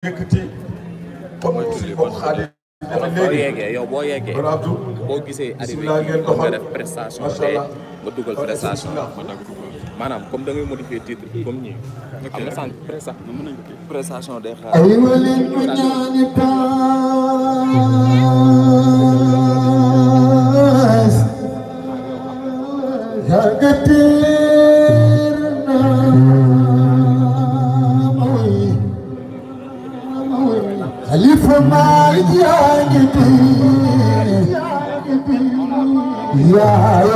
yëkkati ba mu boo yeggee boo gisee arrivé bi nga def prestation te nga maanaam comme da ngay modifier titre comme ñi am na sànq prestation day xaar yàggati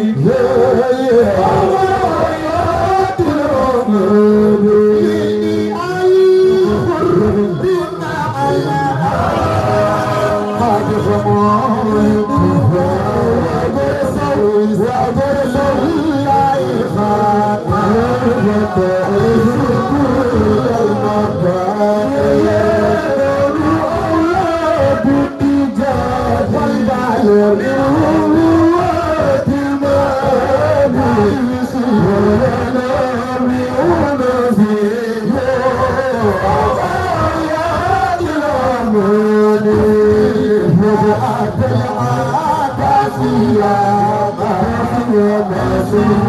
Yeah, yeah. Yeah.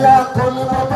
يا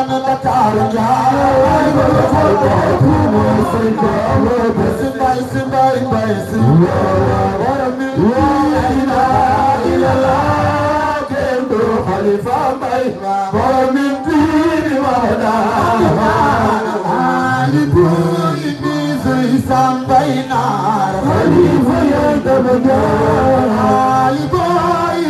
وطن دكار جاي بس بايس باي بايس ورمي لا اله الا الله كندو خليفه باي ورمي الدين وهدا عالبوي بيزي سام باي نار خليفه يا دمجا عالبوي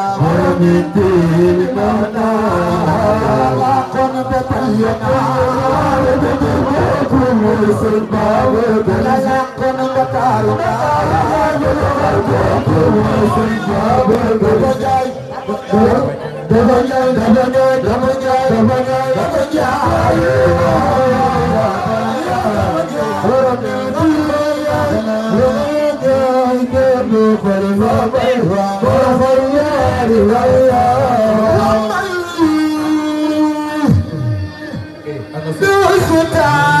Por favor, Deus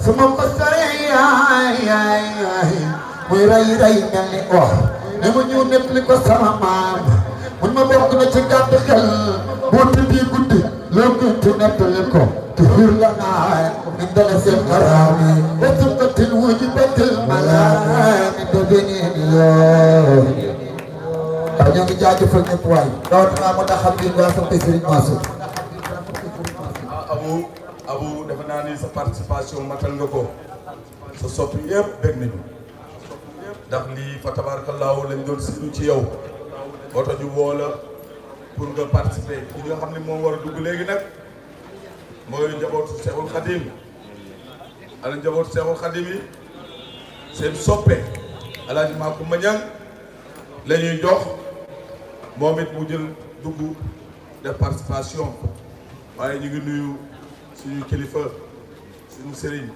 Oh. sama mbos sare yaay yaay yaay muy ray ray mel ni or ni mu ñëw nepp li ko sama maam mun ma bokk na ci gàtt xel boo tëddee guddi loo gënti nepp li ko te xir la naay ni dala seen xaraam yi bëtul bëtul wuji bëtul malaay ni dobeneen yoo waaw ñoo ngi jaajëfal ñëpp waay rawatina mu taxam li nga sant Serigne Mansour abu naa ni sa participation matal nga ko sa soppi yëpp bëgg nañu ndax lii fa tabaarakallaahu lañ doon siñu ci yow oto ju woo la pour nga participer ki nga xam ne moom war a dugg léegi nag mooy njabootu Seexul Xadim ala njabootu Seexul Xadim yi seen soppe alaaji Makumba Ñaŋ la ñuy jox moom it mu jël dugg def participation waaye ñu ngi nuyu suñu kilifa suñu sëriñ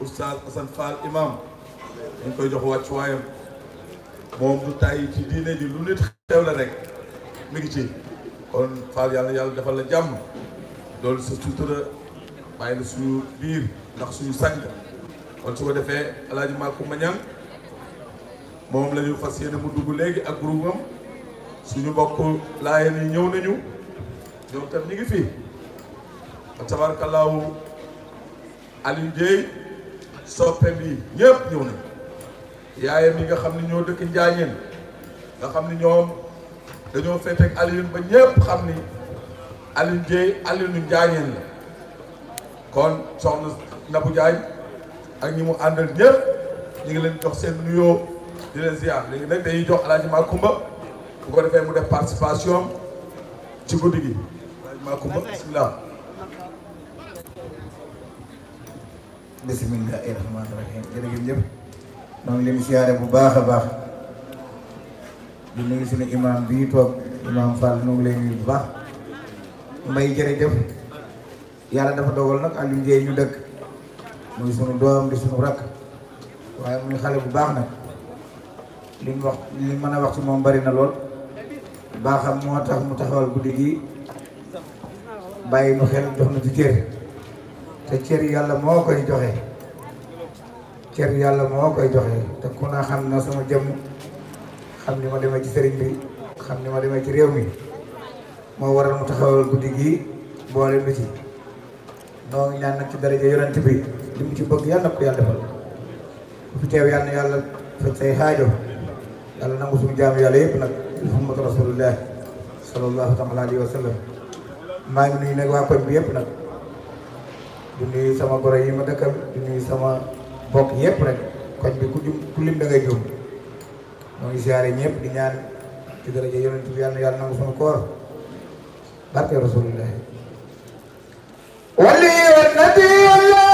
oustaz Assane Fall imam dañ koy jox wàccu waayam moom du tàyyi ci diine ji lu nit xew la rek mi ngi ci kon Fall yàlla yàlla defal la jàmm lool sa sutura bàyyi la suñu biir ndax suñu sang kon su ko defee El Hadj Malcouma Niang moom la ñu fas yéene mu dugg léegi ak groupe suñu bokk laayeen yi ñëw nañu ñoom tam ñu ngi fi tabarakallaahu Aliou Ndiaye soppe bi ñëpp ñëw nañ yaayam yi nga xam ne ñoo dëkk Njaañeen nga xam ne ñoom dañoo fete ak ba ñëpp xam ni Alioune Ndiaye Alioune Njaañeen la kon soxna Nabou Diagne ak ñi mu àndal ñëpp ñu ngi leen jox seen nuyoo di leen ziar léegi nag dañuy jox Alaaji Makumba bu ko defee mu def participation ci guddi gi Alaaji Makumba bisimilah. de rahmaani rahim jërëjëf ñëpp maa ngi leen siyaare bu baax a baax di nuyu suñu imaam bi toog imaam Fall ñu ngi lay bu baax mbay jërëjëf yàlla dafa dogal nag Aliou Ndiaye ñu dëkk muy suñu doom di suñu rakk waaye muy xale bu baax nag li mu wax li mën a wax ci moom bari na lool baaxam moo tax mu taxawal guddi gi bàyyi nu xel jox na ci cër te cër yàlla moo koy joxe cër yàlla moo koy joxe te ku na xam na sama jëmm xam ni ma demee ci sëriñ bi xam ni ma demee ci réew mi moo waral mu taxawal guddi gi boole lu ci noo ngi ñaan nag ci daraja yonent bi li mu ci bëgg yàlla ku fi teew yàlla yàlla faj say xaajo yàlla nangu suñu jaamu yàlla yëpp nag muhammadu rasulullah sallallahu taala alayhi wa sallam maa ngi nuyu nag waa koñ bi yëpp nag di nuyu sama goro yi ma dëkkal di nuyu sama bokk yëpp rek koñ bi ku jum ku lim da ngay jum moo ngi siyaare ñëpp di ñaan ci daraja yonent bi yàlla yàlla nangu sunu koor barke rasulillah wali wa nabi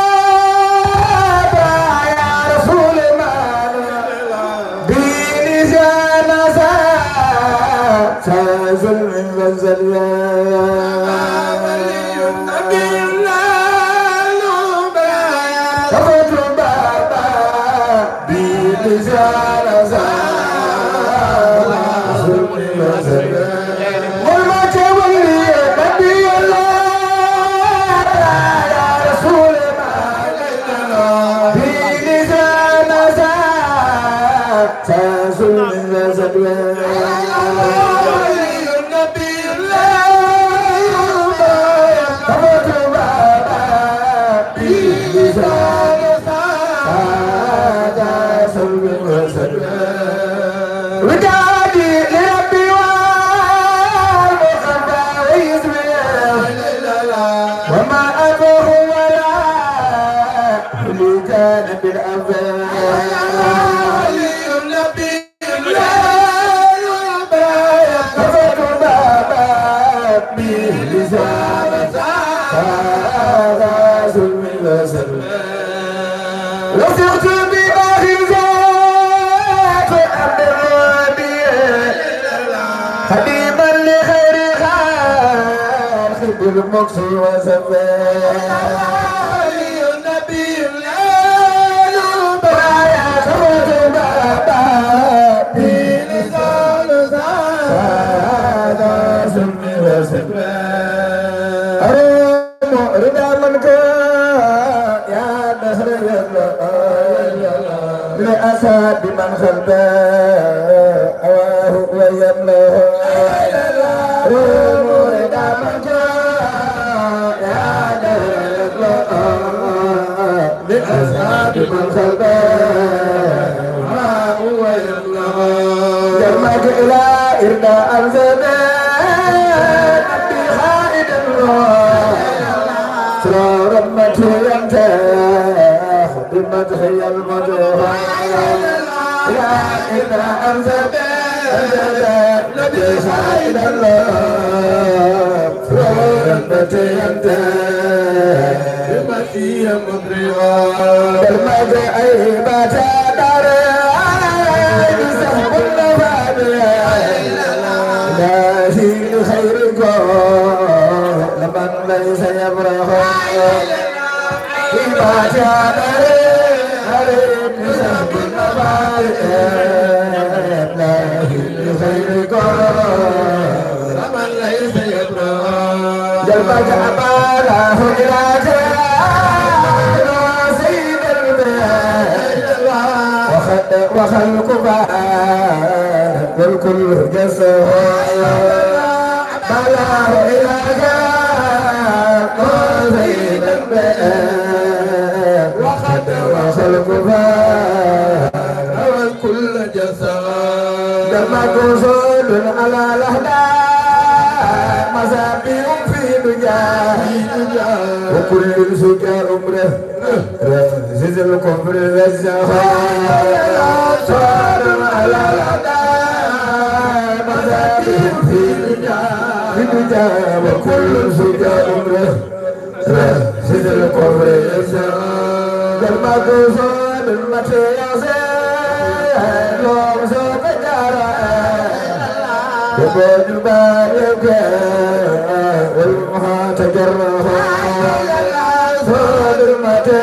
بالمكس وزمان لأسى بمن خلبه أواه ويملاه أسعد من خلقه ما هو يبلغ جمعك إلى إرداء الزمان أبي خائد الله سرى رمته ينتهي بالمدح المجروح يا إرداء الزمان نبي خائد الله سرى رمته ينتهي يأتي مضرما بالمد أيما تدر سحب النوام لا في خيركم لمن ليس يبرح إما تدر سحب النوام لا في خيركم ليس يبرأ جلبك أمانه إلى جهة وخلقها والكل جزاء بلاه إلهك قضينا وقد وخلقها والكل جزاء دمك زول على لهنا مزابيهم في دجاه وكل سجى عمره ذي الكفر والزوال صار على الأداء مذاهب في البداية وكل سجى أمره ذي الكفر والزوال المقصود المتي يصير يوم سوف يكون المالك والمحا تجرها صادر متي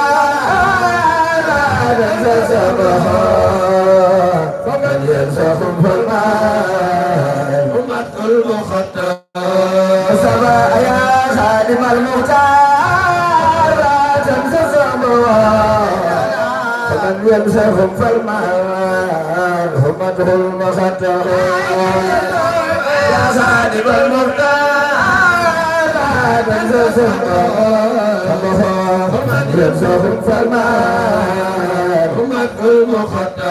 ينسهم فالمهار هم ادخل المخدر يا صاحب المختار لا تنسى سهمهم ينسهم فالمهار هم ادخل المخدر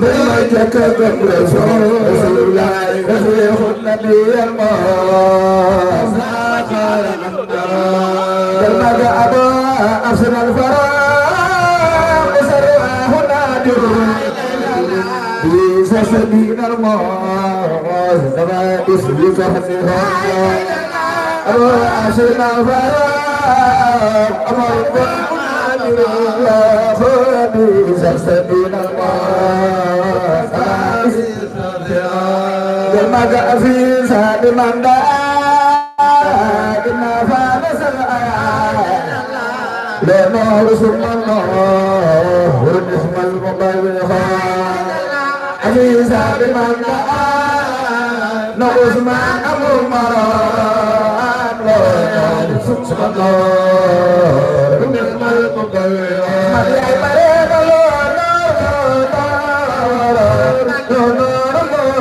بيتك من رسول الله يخيخ النبي الماء ساقر بالمدى أبا أسر الفراء بسرواه نادر بيس سبيل الماء سبا اسم زهنها أبا أسر الفراء أبا نادر الله بيس سبيل الماء دمك أفيسا بمن دعا إنا فانس الآيات لأنه رسول الله ونحم المبلغ أفيسا بمن دعا نعوذ ما أمر مران لأنه رسول الله ونحم المبلغ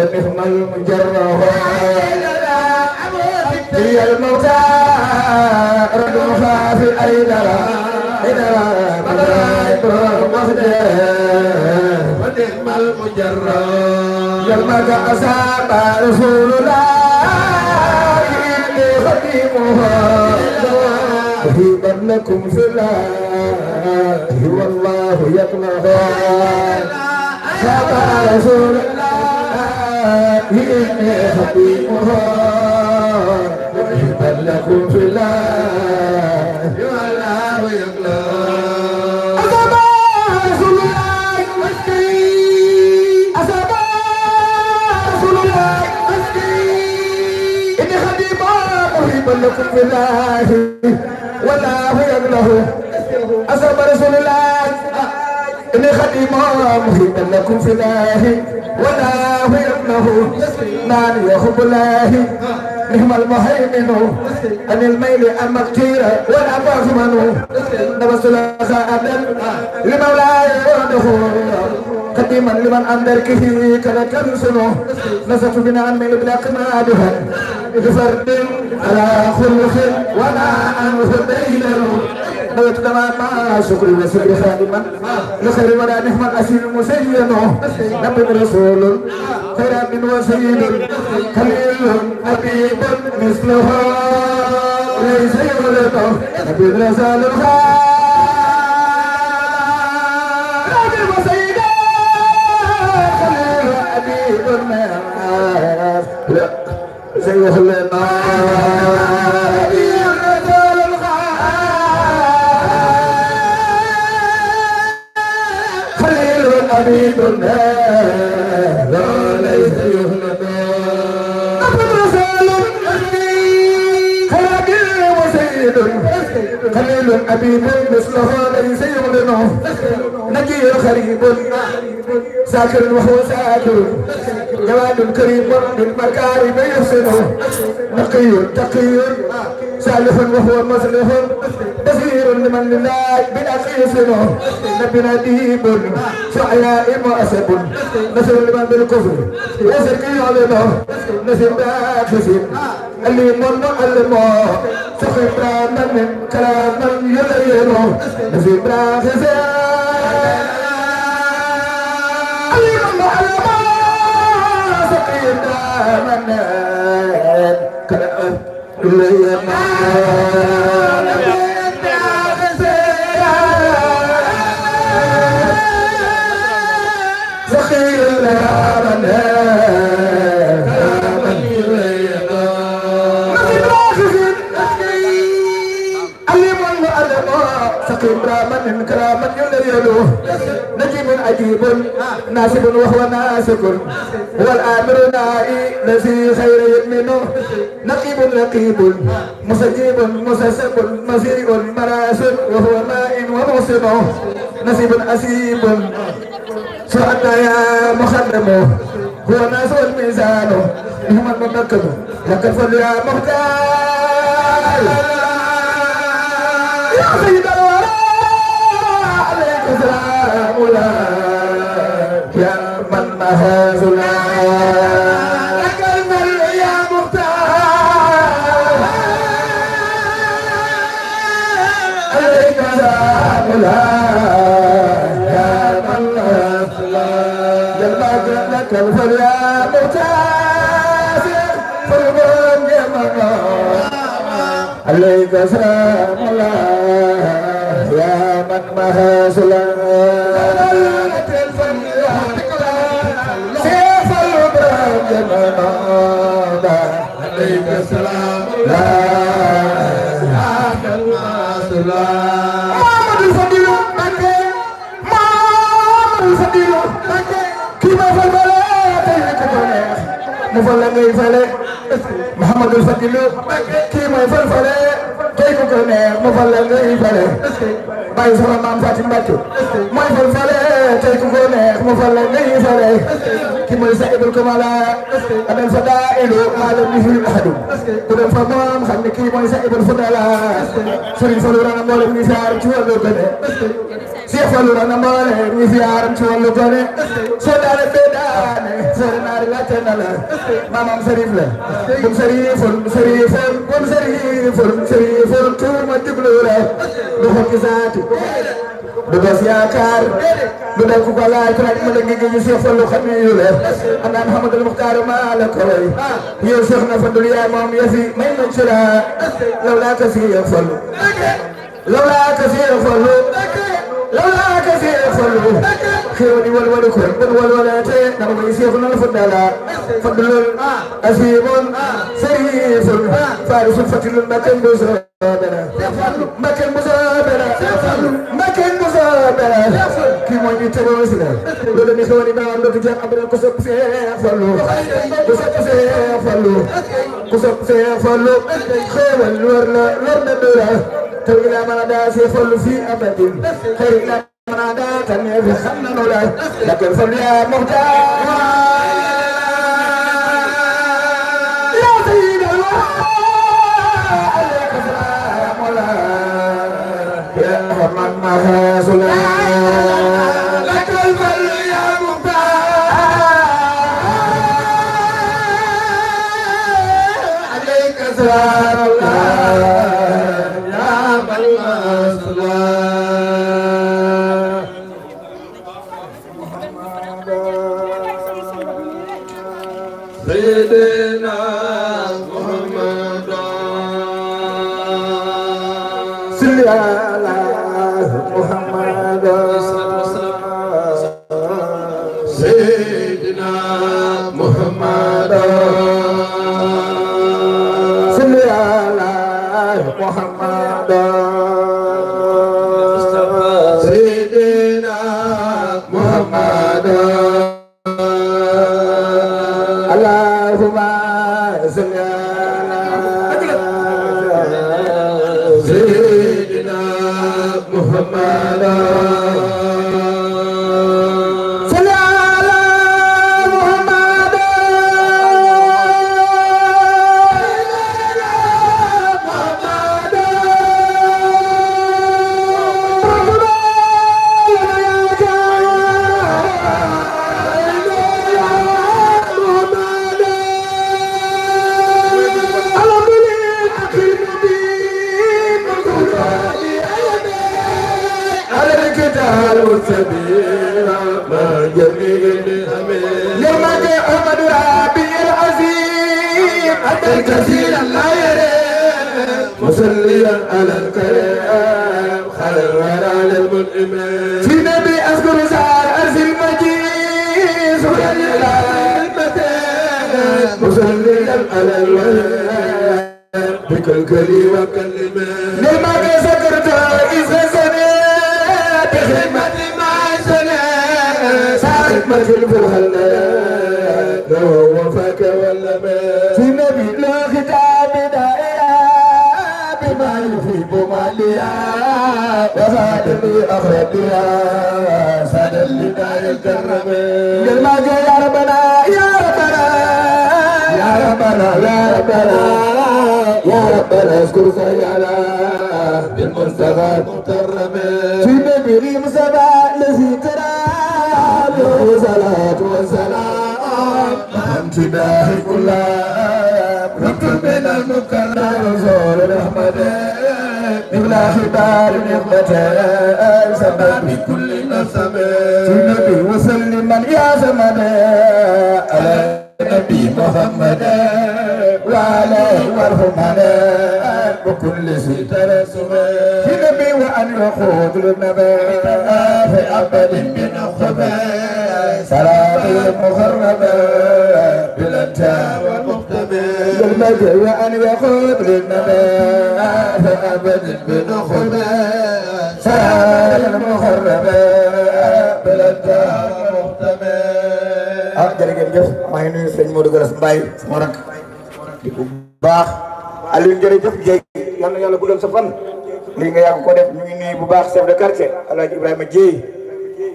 ونقف من جرها هي الموتى ردمها في الأيدرة إدرة مدرائك وفده ونعم المجرى يلمك أصاب رسول الله إني خديمها رهيبا لكم في الله والله يقنعها صاب رسول الله إني خطيئها وإذا لكم في الله والله يقلق لكم بالله والله يبله أصحاب رسول الله إني خديمة محبا لكم في الله والله الله إنه من يحب الله نعم المهيمن أن الميل أما الكير ولا بغمن نبس الأخاء لمولاي وده قديما لمن عن دركه كان كنسنه نزت بنا عن من بلا قنابها بفرد على خلق ولا أنه بينه بيت دما ما شكر وسكر خادما لخير ولا نحم الأسير مسيد نبي رسول خير من وسيد خليل حبيب مثله ليس يولده نبي رسول الخادم زي هلا ما مريضنا لا ليس يهمنا أبو سالم خلاقي وسيد خليل أبيب مصطفى ليس يغنى نجي خريب ساكن وهو ساكن جواد كريم بالمكارم يحسنه نقي تقي سالف وهو مسلم نذير لمن لله بالعزيز نور نبينا ديب فعياء مؤسب نسر لمن بالكفر وزكي علمه نسر باكسين عليم علمه سخي براما كلاما يغيره نسر باكسين عليم علمه سخي براما كلاما يغيره من كرامة يليلو نجيب عجيب ناسب وهو ناسك هو الآمر نائي الذي خير يؤمن نقيب نقيب مسجيب مسسب مسيء مراسل وهو ماء وموسم نسيب أسيب سعد يا مخدم هو ناس الميزان هم المنكب لك الفضل يا مختار يا سيدنا عليك سلام الله يا من مهاز Mouhamadou Fadilou kii mooy fal fale tey ku ko neex mu fal la ngay fale bàyyi sama maam Fatim Mbacke mooy fal fale tey ku ko neex mu fale nañu fale ki mooy sa ibul kamala a dem fa daa ilu maa lam nihi ahadu ku dem fa moom xam ne kii mooy sa ibul fudala sëriñ Fallou Rana mboolem ñi siyaar ci wàllu gone Cheikh Fallou Rana mboolem ñi siyaar ci wàllu gone soo daane bee daane sëriñ naari laajte na la maamam sërif la bum sëriful sëriful bum sëriful sëriful tuuma diglu la du xool ki saati du des yaakaar du dee ku ko laaj rek ma ne ngi ngi ñu Cheikh Fallou xam yu leer ana Mouhamadou Mokhtar maa la ko way yow Cheikh na Fadul yaa moom yafi may na ci laa law laa ka si Cheikh Fallou law laa ka si Cheikh Fallou law laa ka si Cheikh Fallou xew ni walwalu ko bon walwalaate dama may Cheikh na fadala fadlul asimun sarifun farisun fatilun mbakken bu soobera mbakken bu soobera mbakken mel kii mooy ñu tëral si la loolu ni xewani maam dootu jeex am na ku sopp Seex Fallu ku sopp Seex Fallu ku sopp Seex Fallu xewal lor la lor na dora te wi la mën a daa Seex Fallu fii abadin xëy na mën a daa tànneef xam na nu la lakin Fallu yaa muxtaar مخاصنا كثيرا لا يريد مسليا على الكريم خير ولا للمنعم في نبي اذكر زار ارز المجيد مسليا مسليا على الوهاب بكل كلمه كلمه الرحمة في الخلق ووفاك واللماس في نبي لا ختام دائما بما يفيد ماليا وخادمي أخرجيا سادا لما يلترم قل ما جاء يا ربنا يا ربنا يا ربنا يا ربنا يا ربنا اذكر سيالا بالمنتهى المكرم في نبي غيم سبا امتداح كل ربط من المكلا رسول الرحمة بلا خبار نقمة سما بكل نسمة سنبي وسلم يا زمن على نبي محمد وعليه وارحمنا وكل ستر سماء في نبي وأن يخوض النبي في أبد من الخبا سلام مخربا أبي ah, وأن maa ngi nuyu sëñ Modou Garas Mbaye sama rakk di ko baax Alioune jërëjëf Dieye yal na yàlla guddal sa fan lii nga yàgg ko def ñu ngi nuyu bu baax chef de quartier Alhaji Ibrahima Dieye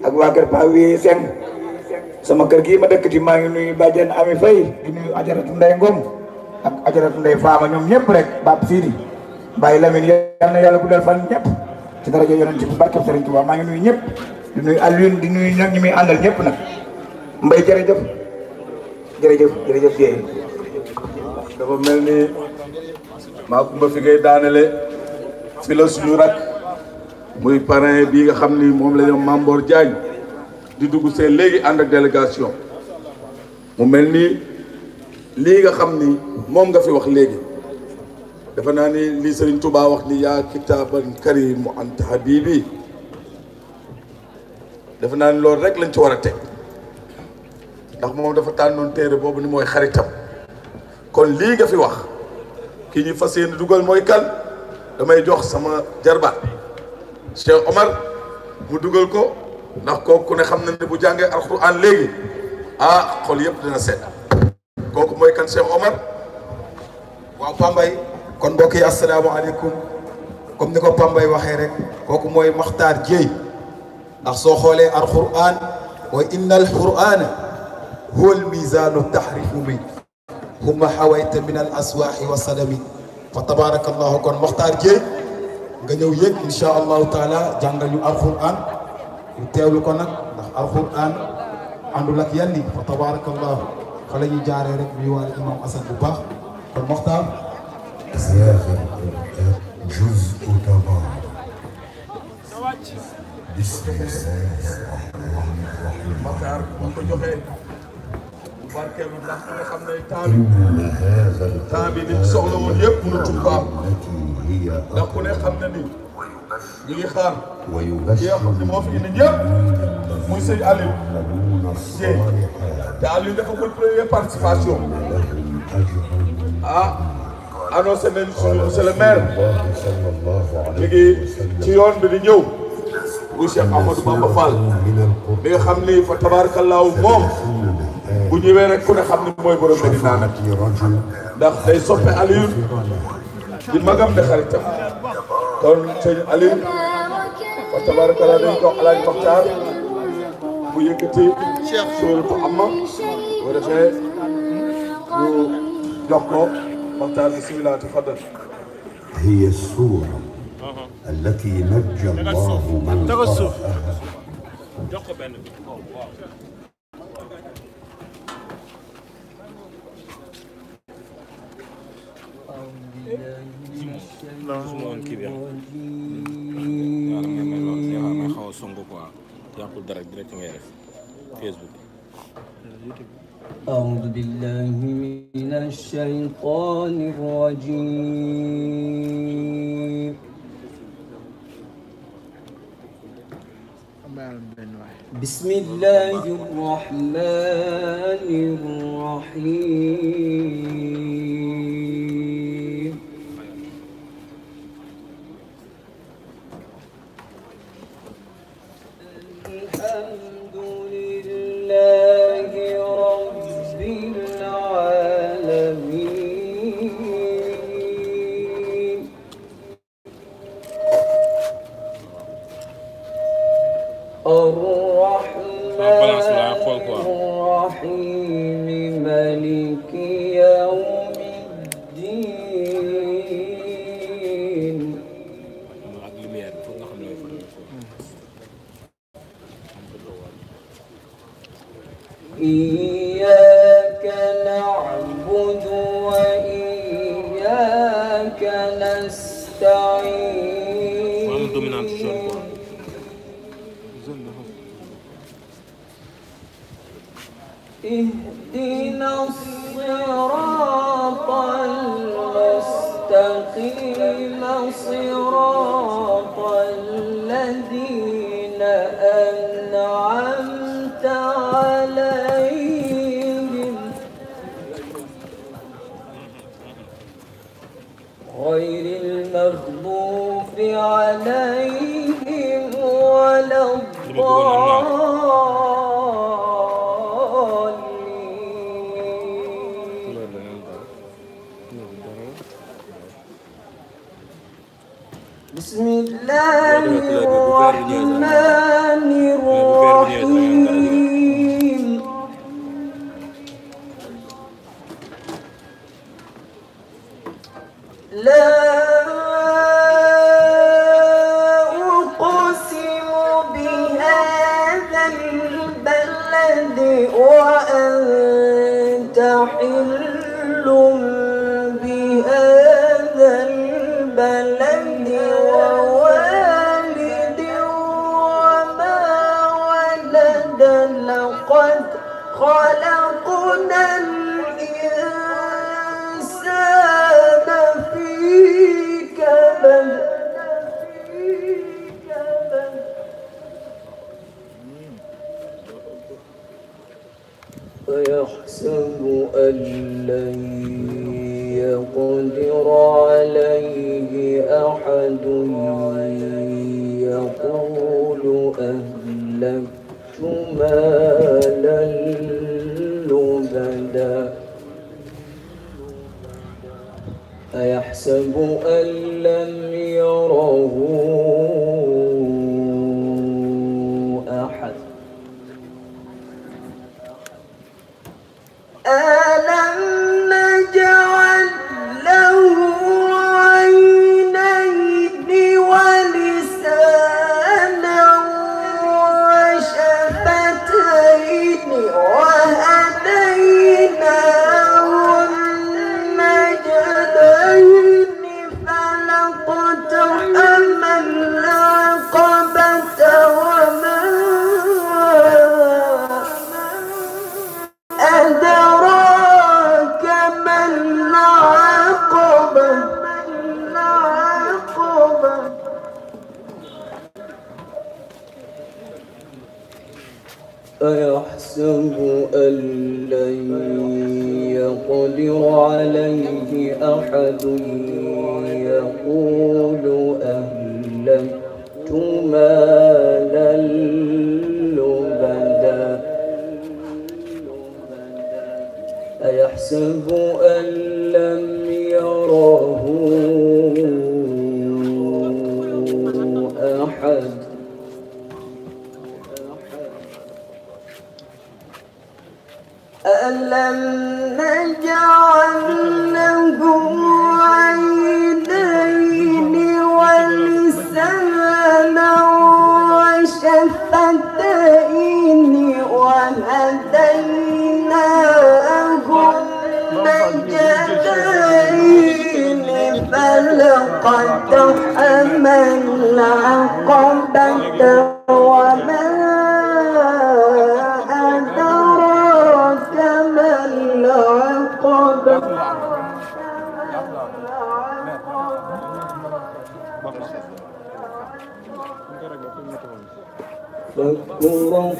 ak waa kër Paa Wee Seng sama kër gii ma dëkkati maa ngi nuyu bàjjen Ami Faye di nuyu Ajaratu Ndey Ngom ak ajaratu ndey faama ñoom ñëpp rek baab siidi bàyyi lamin yal na yàlla guddal fan ñëpp ci daraja yonent ci barkeb Sëriñ Tuubaa maa ngi nuyu ñëpp di nuyu Alioune mbay jërëjëf jërëjëf jërëjëf Dieye dafa mel ni maa kumba fi ngay daanele fi la suñu rak muy parrain bii nga xam ni moom la ñoom Mamboor Diagne di dugg seen léegi ànd ak délégation mu mel ni lii nga xam ni moom nga fi wax léegi dafa naa ni lii Sëriñ Tuubaa wax ni yaa kitaaban karimu anta habibi dafa naa ni loolu rek lañ ci war a teg ndax moom dafa tànnoon téere boobu ni mooy xaritam kon lii nga fi wax ki ñu fas yéene dugal mooy kan damay jox sama jarbaat Cheikh Omar mu dugal ko ndax kooku ne xam na ne bu jàngee alxuraan léegi ah xol yëpp dina sedd kooku mooy kan Cheikh Omar waaw Pambay kon mbokk yi asalaamaaleykum comme ni ko Pambay waxee rek kooku mooy Makhtar Dieye ndax soo xoolee al quran mooy inna al qurana huwa al mizaanu tahrifu mi huma hawayta min al aswaaxi wa salami fa tabaraka kon Makhtar Dieye nga ñëw yéeg insha allahu taala jàngal ñu al quran ñu teewlu ko nag ndax al quran àndul ak yanni fa tabaraka fa la ñuy jaaree rek waale imam Assane bu baax kon Moxtaar. Moxtaar bu ko joxee ñu ngi xaar ki nga xam ne moo fi indi ñëpp muy sëñ Aliou Dieng te Aliou dafa ko première participation ah annoncé nañ monsieur le maire mi ci yoon bi di ñëw bu Cheikh Ahmadou Bamba Fall mi nga xam ni fa moom bu ñëwee rek ku ne xam ne mooy borom Medina nag ndax day soppe Aliou di magam de xaritam kon sëñ Aliou fa tabarakalla dañ ko alaaj Maxtaar bu yëkkati suul bu am ma bu defee ñu jox ko Maxtaar bismillah tafaddal هي السورة التي نجى الله من gisuma woon kii bi yàlla may xaw a songu quoi yàqul dara direct ngay def Facebook. أعوذ بالله من الشيطان الرجيم بسم الله الرحمن الرحيم الرحمن الرحيم ملك يوم إياك نعبد وإياك نستعين اهدنا الصراط عليهم ولا الضالين بسم الله الرحمن الرحيم ويحسب أن لن يقدر عليه أحد يقول أهلكت مالا لبدا أيحسب أن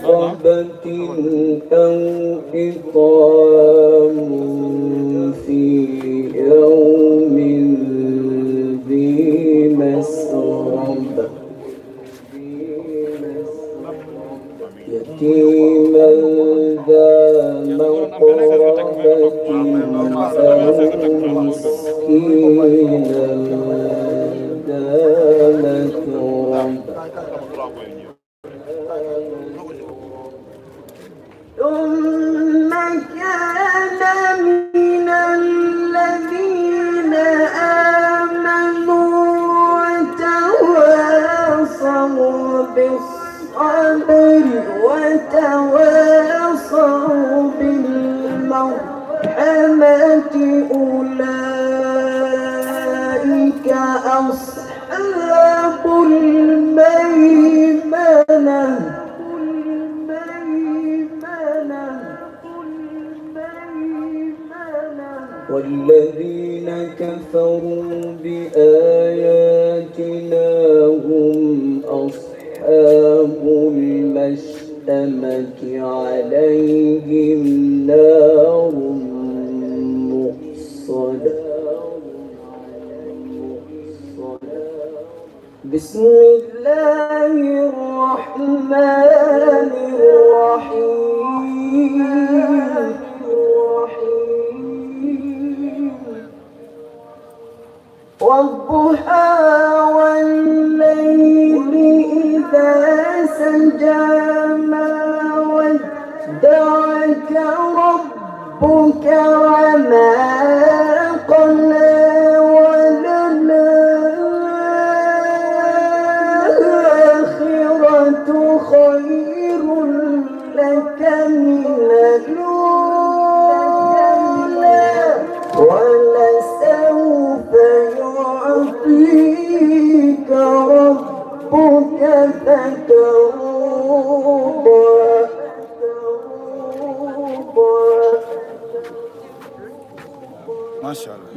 صحبة أو إقام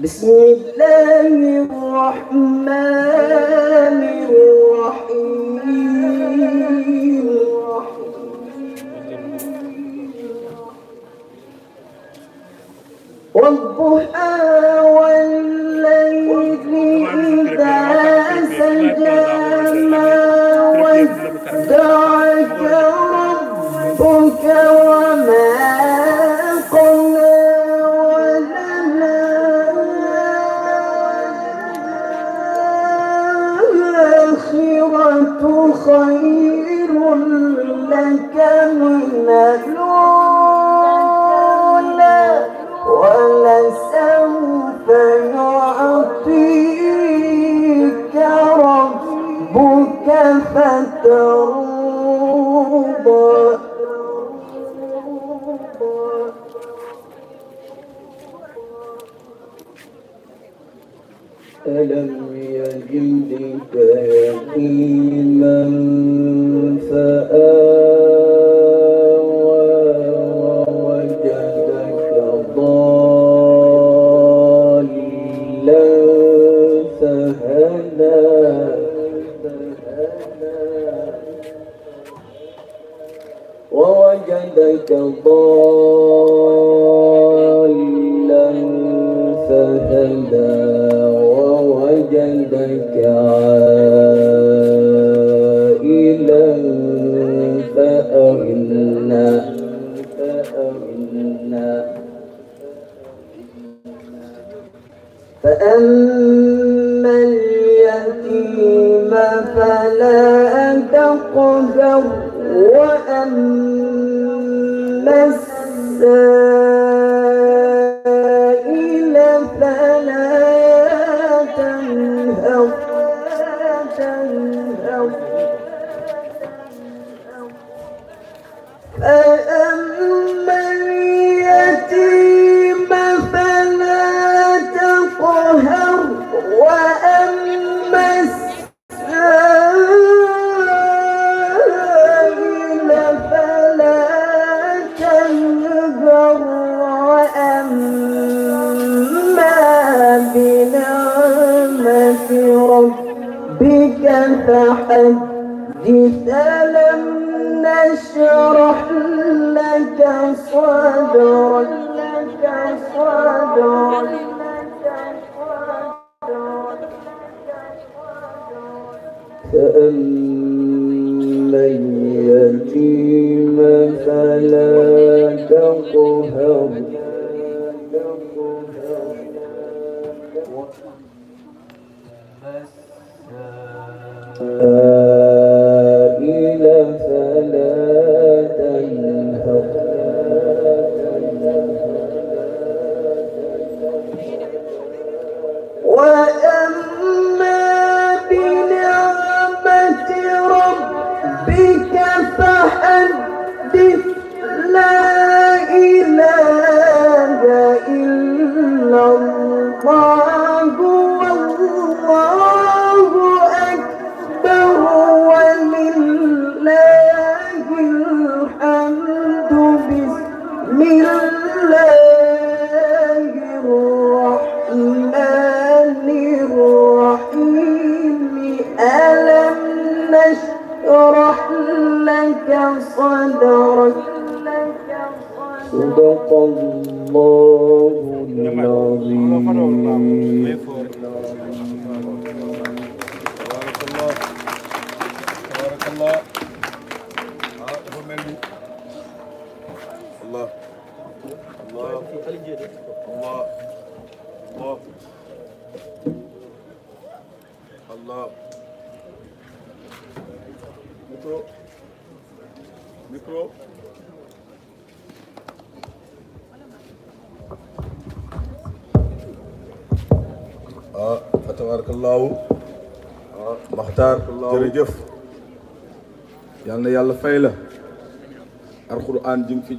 بسم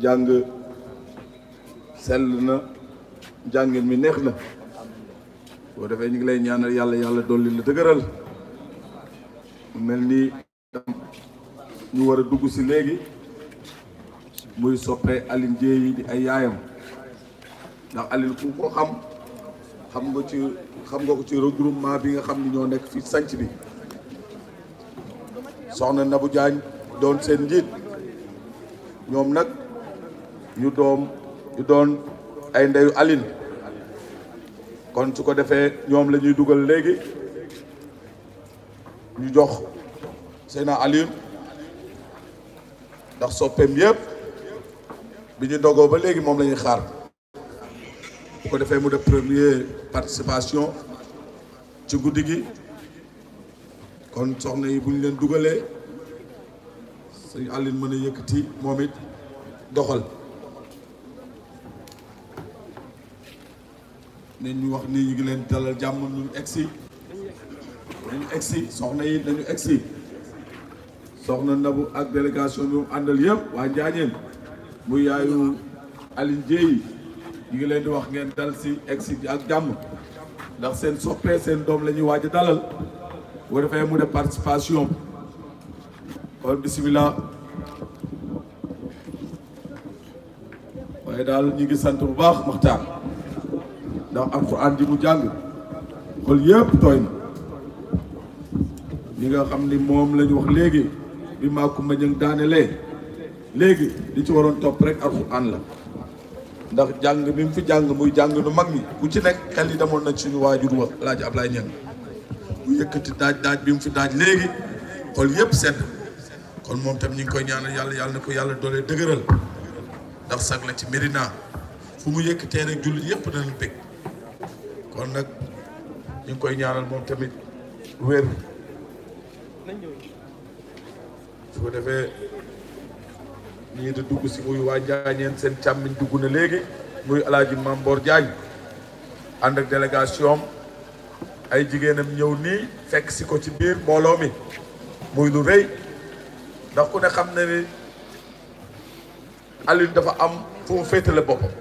jàng sell na jàngin mi neex na boo defee ñu ngi lay ñaanal yàlla yàlla dolli la dëgëral mel ni ñu war a dugg si léegi muy soppee Aline Dieye di ay yaayam ndax Aline ku ko xam xam nga ci xam nga ci regroupement bi nga xam ni ñoo nekk fi sanc bi soxna Nabou Diagne doon seen njiit ñoom nag ñu doom ñu doon ay ndeyu Aline kon su ko defee ñoom la ñuy dugal léegi ñu jox Seyna Aline ndax soppeem yëpp bi ñu dogoo ba léegi moom la ñuy xaar bu ko defee mu de première participation ci guddi gi kon soxna yi bu ñu leen dugalee sëñ Aline mën a yëkkati moom it doxal ne ñu wax ni ñu ngi leen dalal jàmm ñu egsi nañu egsi soxna yi nañu egsi soxna Nabou ak délégation bi mu àndal yëpp waa Njaañeen mu yaayu Aline Dieye ñu ngi leen di wax ngeen dal si egsi ak jàmm ndax seen soppee seen doom la ñuy dalal bu defee mu def participation kon bisimilah waaye daal ñu ngi sant bu baax Maxtaar ndax alquran ji mu jàng xol yëpp tooy na li nga xam ni moom lañu wax léegi bi Makumba Ñaŋ daanelee léegi li ci waroon topp rek alquran la ndax jàng bi mu fi jàng muy jàng nu mag ñi ku ci nekk xel yi demoon nañ suñu waajur wa Alaaji Ablaye Ñaŋ mu yëkkati daaj daaj bi mu fi daaj léegi xol yëpp sedd kon moom tam ñu ngi koy ñaanal yàlla yàlla na yàlla doole dëgëral ndax sag la ci Medina fu mu yëkkatee rek jullit yëpp danañ bëgg kon nag ñu ngi koy ñaanal moom tamit wér su ko defee ñii di dugg si muy waa Njaañeen seen càmmiñ dugg na léegi muy alaaji Mamboor Diagne ànd ak délégation ay jigéenam ñëw nii fekk si ko ci biir mbooloo mi muy lu rëy ndax ku ne xam ne ni Alioune dafa am fu mu féetale boppam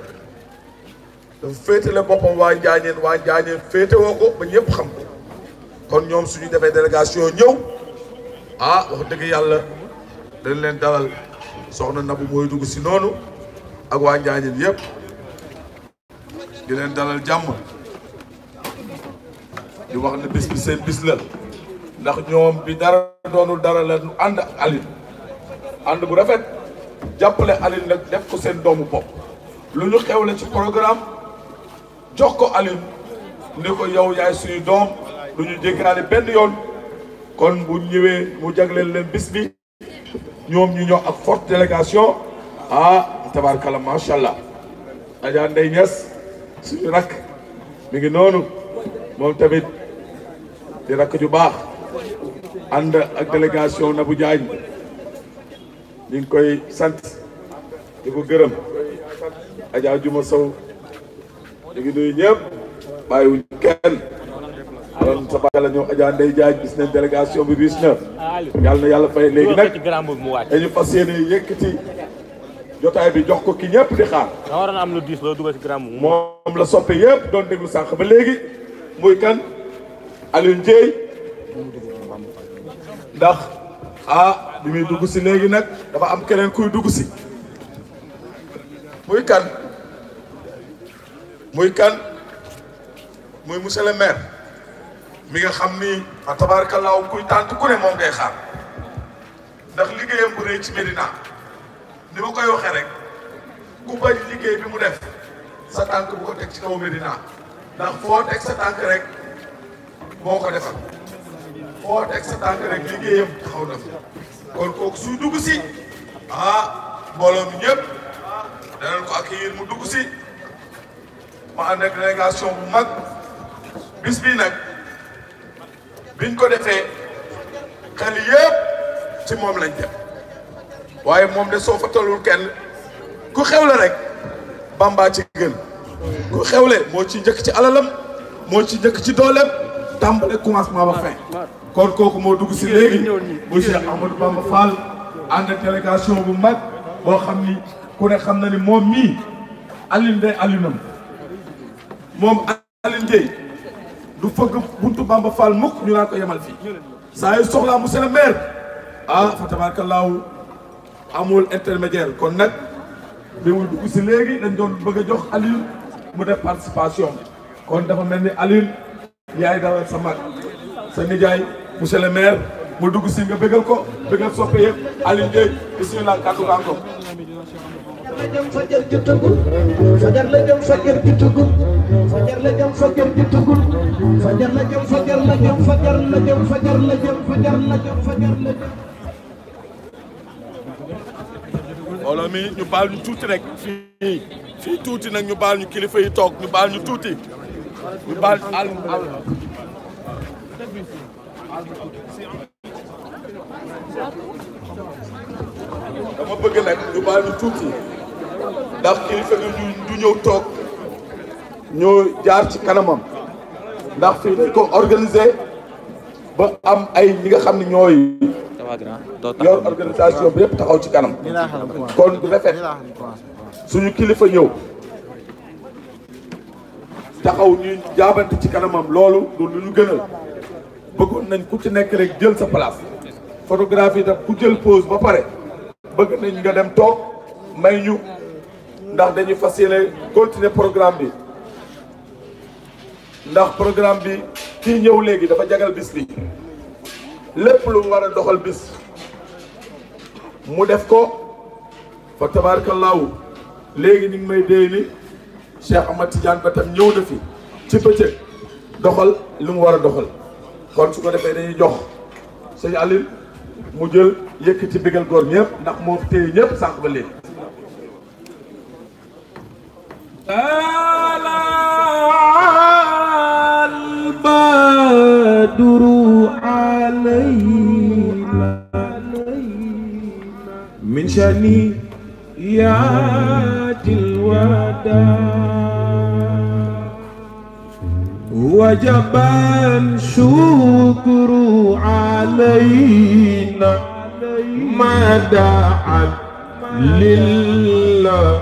dafa féete la boppam waa Njaañeen waa Njaañeen féete woo ko ba ñëpp xam kon ñoom suñu defee délégation ñëw ah wax dëgg yàlla dañ leen dalal soxna Nabu mooy dugg si noonu ak waa Njaañeen yépp di leen dalal jàmm di wax ne bis bi seen bis la ndax ñoom bi dara doonul dara la ñu ànd ak ànd bu rafet jàppale Aline nag def ko seen doomu bopp lu ñu xewle ci programme jox ko Alioune ni ko yow yaay suñu doom lu ñu jéggaale benn yoon kon bu ñëwee mu jagleel leen bis ñoom ñu ñëw ak forte délégation ah tabarkalla macha allah. Adja Ndeye Niass suñu rakk mi ngi noonu moom tamit di rakk ju baax ànd ak délégation Nabou Diagne ñu ngi koy sant di ko gërëm Adja Juma Sow. ñu ngi nuyu ñëpp bàyyiwuñ kenn kon sa bàyyi la ñëw Adja Ndeye Diagne gis nañ délégation bi bis na yàlla a yàlla fay léegi nag dañu fas yéene yëkkati jotaay bi jox ko ki ñëpp di xaar. am lu diis loo dugal ci grand moom. moom la soppe yëpp doon déglu sànq ba léegi muy kan Alioune Ndiaye ndax ah bi muy dugg si léegi nag dafa am keneen kuy dugg si muy kan. muy kan muy monsieur le maire mi nga xam ni a tabaarkallaaw kuy tànt ku ne moom day xaar ndax liggéeyam bu rëy ci Médina ni ma koy waxe rek ku bañ liggéey bi mu def sa tànk bu ko teg ci kaw Médina ndax foo teg sa tànk rek moo ko defal foo teg sa tànk rek liggéeyam taxaw na kon kooku suy dugg si ah mbooloo mi ñëpp danañ ko accueillir mu dugg si ma ànd ak bu mag bis bii nag biñ ko defee xel yëpp ci moom lañ jëm waaye moom de soo fa tolul kenn ku xewle rek bamba ci gën ku xewle moo ci njëkk ci alalam moo ci njëkk ci dooleem tàmbale commencement ba fin kon kooku moo dugg ci léegi monsieur Amadou Bamba Fall ànd ak bu mag boo xam ni ku ne xam na ni moom mii aline day alinam moom Alioune Gueye du fëgg buntu Bamba Fall mukk ñu naan ko yemal fii saa yu soxlaa mu le maire ah fa tabaarakallaahu amul intermédiaire kon nag mi ngi dugg si léegi dañ doon bëgg a jox Alioune mu def participation kon dafa mel ni Alioune yaay dawal sa mag sa nijaay monsieur le maire mu dugg si nga bëggal ko bëggal soppe yëpp Alioune Gueye bisimilah kàddu ko la jëm fajar jotagul fajar la jëm fajar jotagul fajar la jëm fajar jotagul fajar la jëm fajar la jëm fajar la jëm fajar la jëm fajar la jëm fajar la jëm. mbooloo mi ñu baal ñu tuuti rek fii fii tuuti nag ñu baal ñu kilifa yi toog ñu baal ñu tuuti ñu baal àll àll. dama bëgg nag ñu baal ñu tuuti. ndax kilifa gi du ñëw toog ñu jaar ci kanamam ndax fii dañ ko organiser ba ay ñi nga xam ne ñooy yor organisation bi yëpp taxaw ci kanam kon du rafet suñu kilifa ñëw taxaw ñu jaabante ci kanamam loolu du lu ñu gënal bëggoon nañ ku ci nekk rek jël sa place photographie tam ku jël pose ba pare bëgg nañ nga dem toog may ñu ndax dañuy fas yéene continuer programme bi ndax programme bi kii ñëw léegi dafa jagal bis bi lépp lu mu war a doxal bis mu def ko fa tabarakallahu léegi ñu ngi may déy ni Cheikh Ahmad Tidiane ba tam ñëw na ci bëccëg doxal lu mu war a doxal kon su ko defee dañuy jox sëñ Alil mu jël yëkkati bigal góor ñëpp ndax moo téye ñëpp sànq ba léegi البدر علينا من شأني يات الوداع وجبا شكر علينا ما دعا لله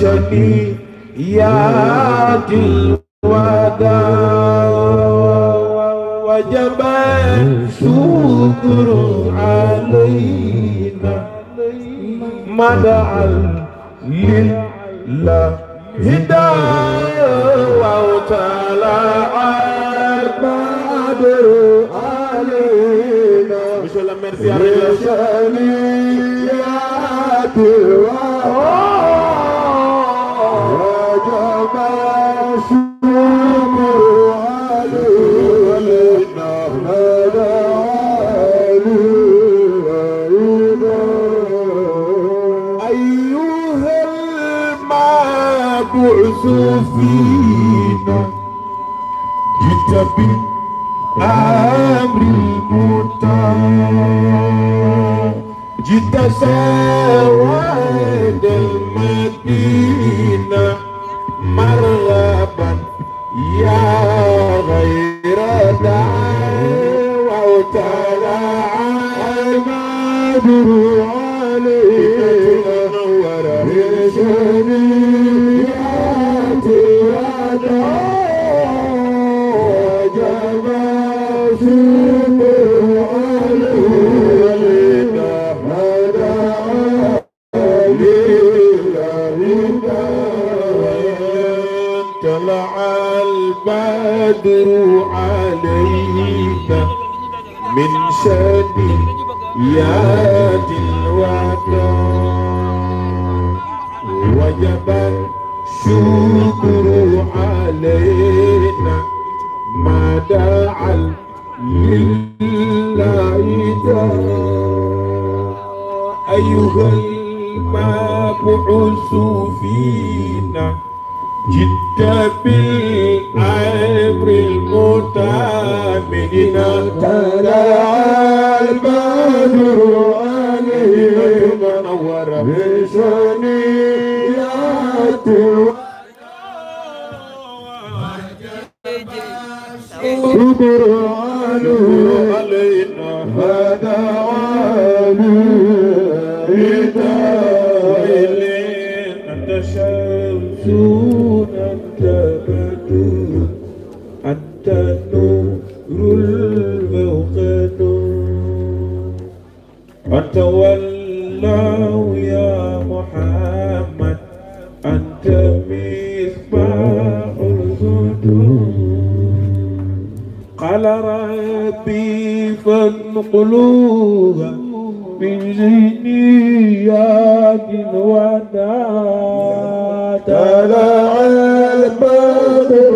شنيات الوداع وجب الشكر علينا مدعا لله هداية وتلا القدر علينا بشلم مرسي علينا شنيات الوداع سفينة لتبت أمر المتعب جئت سواد المدينة مرغبا يا غير داعي وتلا عمد القدر عليك من شديات الوعد وجب الشكر علينا ما دعا لله أيها المبعوث فينا جئت بالله عابدنا تلا البدر عليه منور بشنيات شكر عليه ربي فانقلوها من زينيات ودا تلا البدر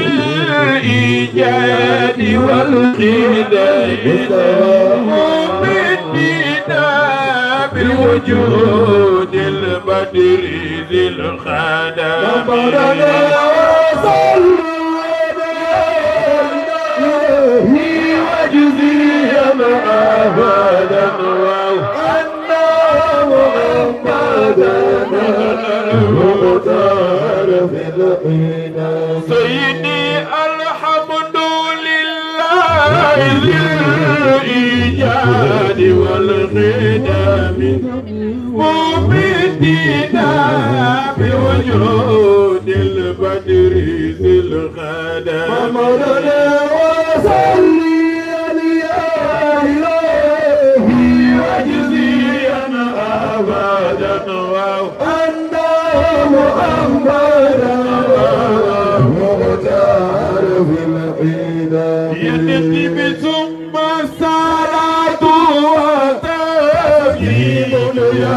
الجاد والخلد ومدينا بالوجود البدر ذي الخدم نبرنا وصلنا وجزي معه وأن محمدا المختار في الحين سيدي خير الإيجاد والقدم مبدنا بوجود البدر ذي القدم ومرنا وصلنا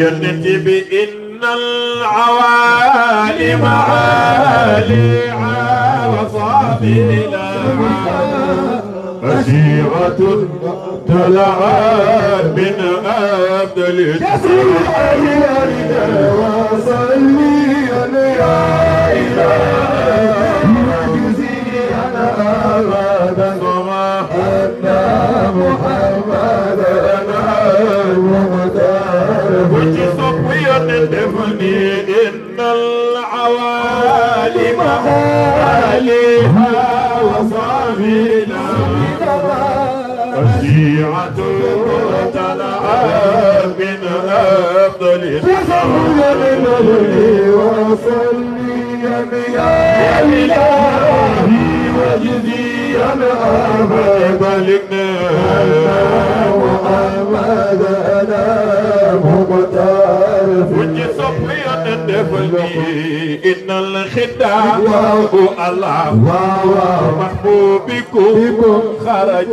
يونت بإن العوالم عالي وصابلا أسيرة تلعب من أبدل تسير إلى وصلي يا إله يجزي أنا أبدا وما أن محمدا أنا ci sopp yonent def ni innal awaalima aliha wa saamina وشيعة تلعب من أفضل خلقه وصلي يا إلهي وجزي محمد أنا مختار في وجهي إن الخداع الله محبوبكم خرج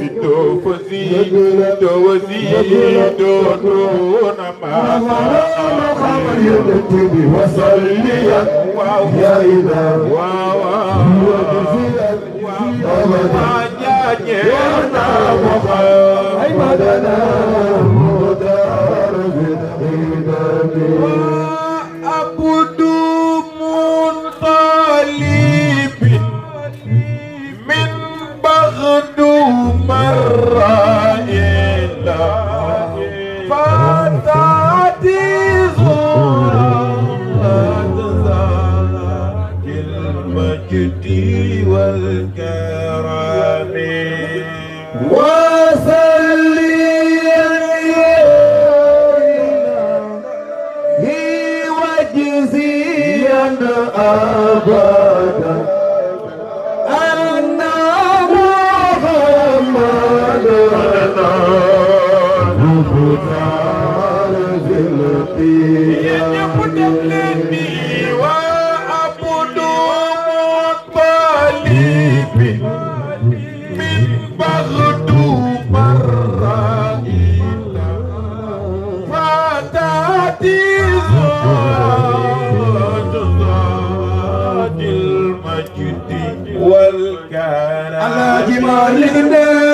زد فزيد وزيد دون ما وصلي يا إله وجزيلا وما جاء محمدنا والكرم على جمال الدين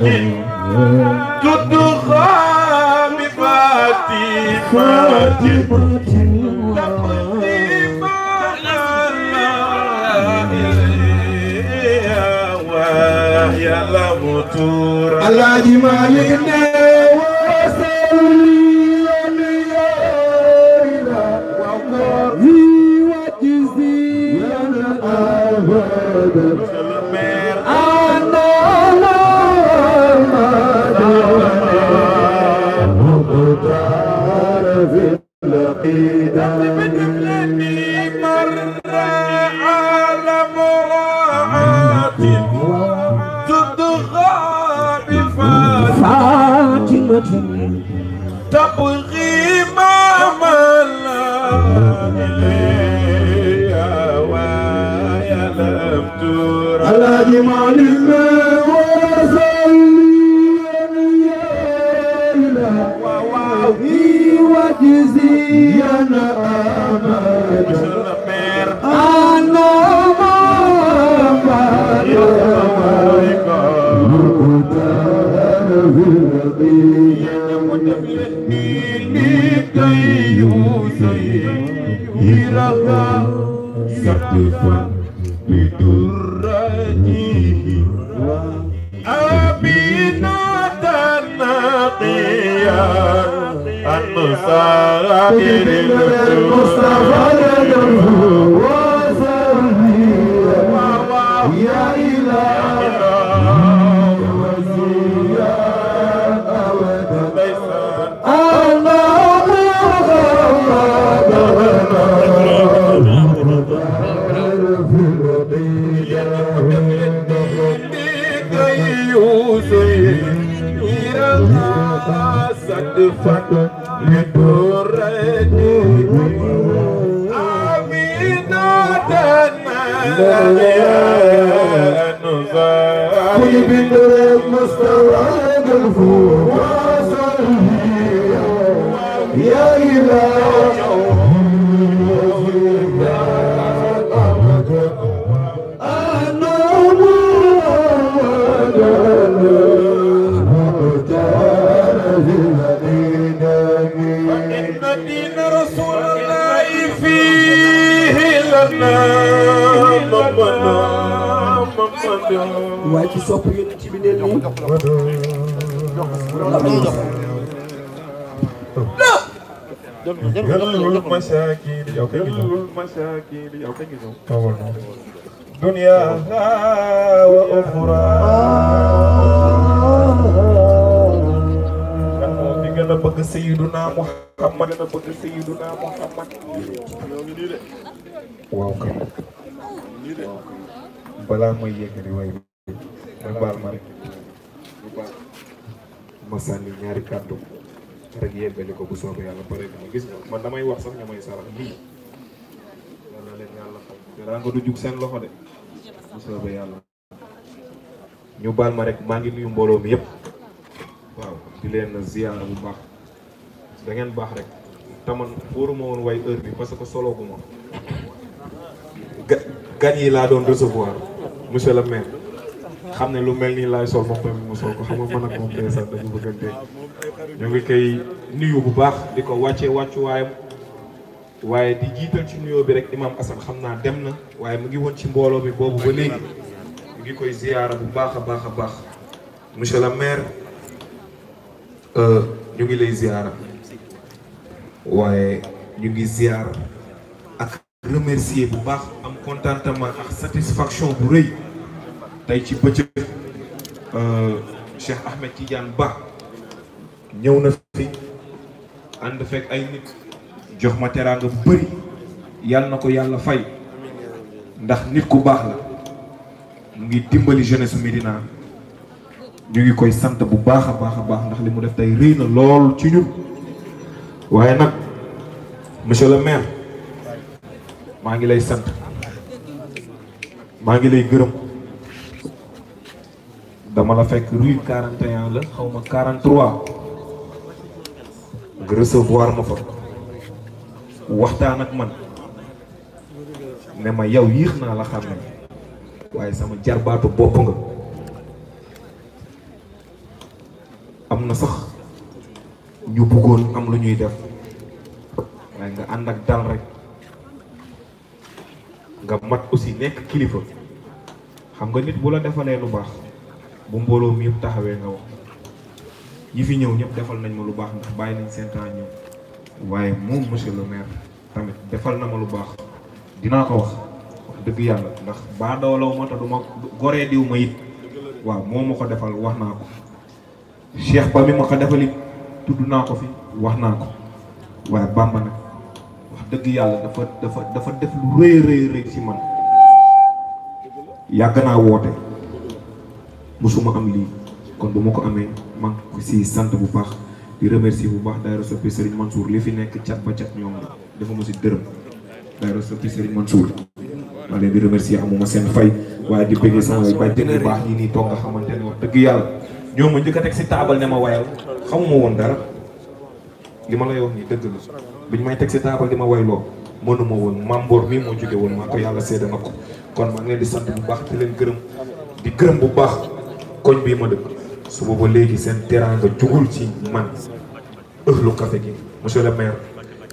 tudd xaami baati baati Alaaji Maalik ne الفضل لدورتي كل بدر مستوى الفوق وصلي يا إله waaye ci sopp yéen ci bi ne nii. يغلل المساكين يغلل المساكين دنياها وأخراها gën a bëgg Seydina Muhammad gën a bëgg Seydina Muhammad waaw kay balaa may yëkkati way ma baal ma rek ma sànni ñaari kàddu rek yeggali ko bu soobee yàlla pare na man damay wax sax ña may sarax lii yàlla leen du jug seen loxo de bu soobee yàlla ñu baal ma rek maa ngi nuyu mbooloo mi yëpp waaw di leen ziyaara bu baax da baax rek taman wóoruma woon way heure bi parce que solo gu ma gan yi laa doon recevoir monsieur le maire xam ne lu mel nii laay sol moom tamit mu sol ko xam nga man ak moom tey sax dañu bëggante ñu ngi koy nuyu bu baax di ko wàcce wàccuwaayam waaye di jiital ci nuyoo bi rek imam Assane xam naa dem na waaye mu ngi woon ci mbooloo mi boobu ba léegi mu ngi koy ziyaara bu baax a baax a baax monsieur le maire euh, ñu ngi lay ziyaara waaye ñu ngi ziyaara remercier bu baax am contentement ak satisfaction bu rëy tey ci bëccëg euh, Cheikh Ahmed Tidiane Ba ñëw na fi ànd fekk ay nit jox ma teraanga bu bëri yàlla na ko yàlla fay ndax nit ku baax la mu ngi dimbali jeunesse Médina ñu ngi koy sant bu baax a baax a baax ndax li mu def tey rëy na lool ci ñun waaye nag monsieur le maire maa ngi lay sant maa ngi lay gërëm dama la fekk rue 41 la xaw ma 43 nga recevoir ma fa waxtaan ak man ne ma yow yéex naa la xam ne waaye sama jarbaatu bopp nga am na sax ñu bëggoon am lu ñuy def waaye nga ànd ak dal rek nga mat aussi nekk kilifa xam nga nit bu la defalee lu baax bu mbooloo mi yëpp taxawee nga wax ñi fi ñëw ñëpp defal nañ ma lu baax ndax bàyyi nañ seen temps ñëw waaye moom monsieur le maire tamit defal na ma lu baax dinaa ko wax wax dëgg yàlla ndax baa doolaw ma te du ma goree diw ma it waaw moo ma ko defal wax naa ko Cheikh Ba mi ma ko defal tudd naa ko fi wax naa ko waaye Bamba nag dëgg yàlla dafa dafa dafa def lu rëy rëy rëy ci man yàgg naa woote musuma am lii kon bu ma ko amee man ko si sant bu baax di remercier bu baax daayira soppi Serigne Mansour li fi nekk cat ba cat ñoom la dafa ma si dërëm daayira soppi Serigne Mansour maa leen di remercier amuma seen fay waaye di bëggee sama bàjjen bu baax yi nii toog nga xamante ne wax dëgg yàlla ñoo ma njëkk a teg si taabal ne ma wayal xamuma woon dara li ma lay wax nii dëgg la biñ may teg si taabal di ma wayloo mënuma woon mamboor mii moo jóge woon maa ko yàlla seede na ko kon maa ngi leen di sant bu baax di leen gërëm di gërëm bu baax koñ bii ma dëkk su booba léegi seen teraanga jugul ci man ëxlu café gi monsieur le maire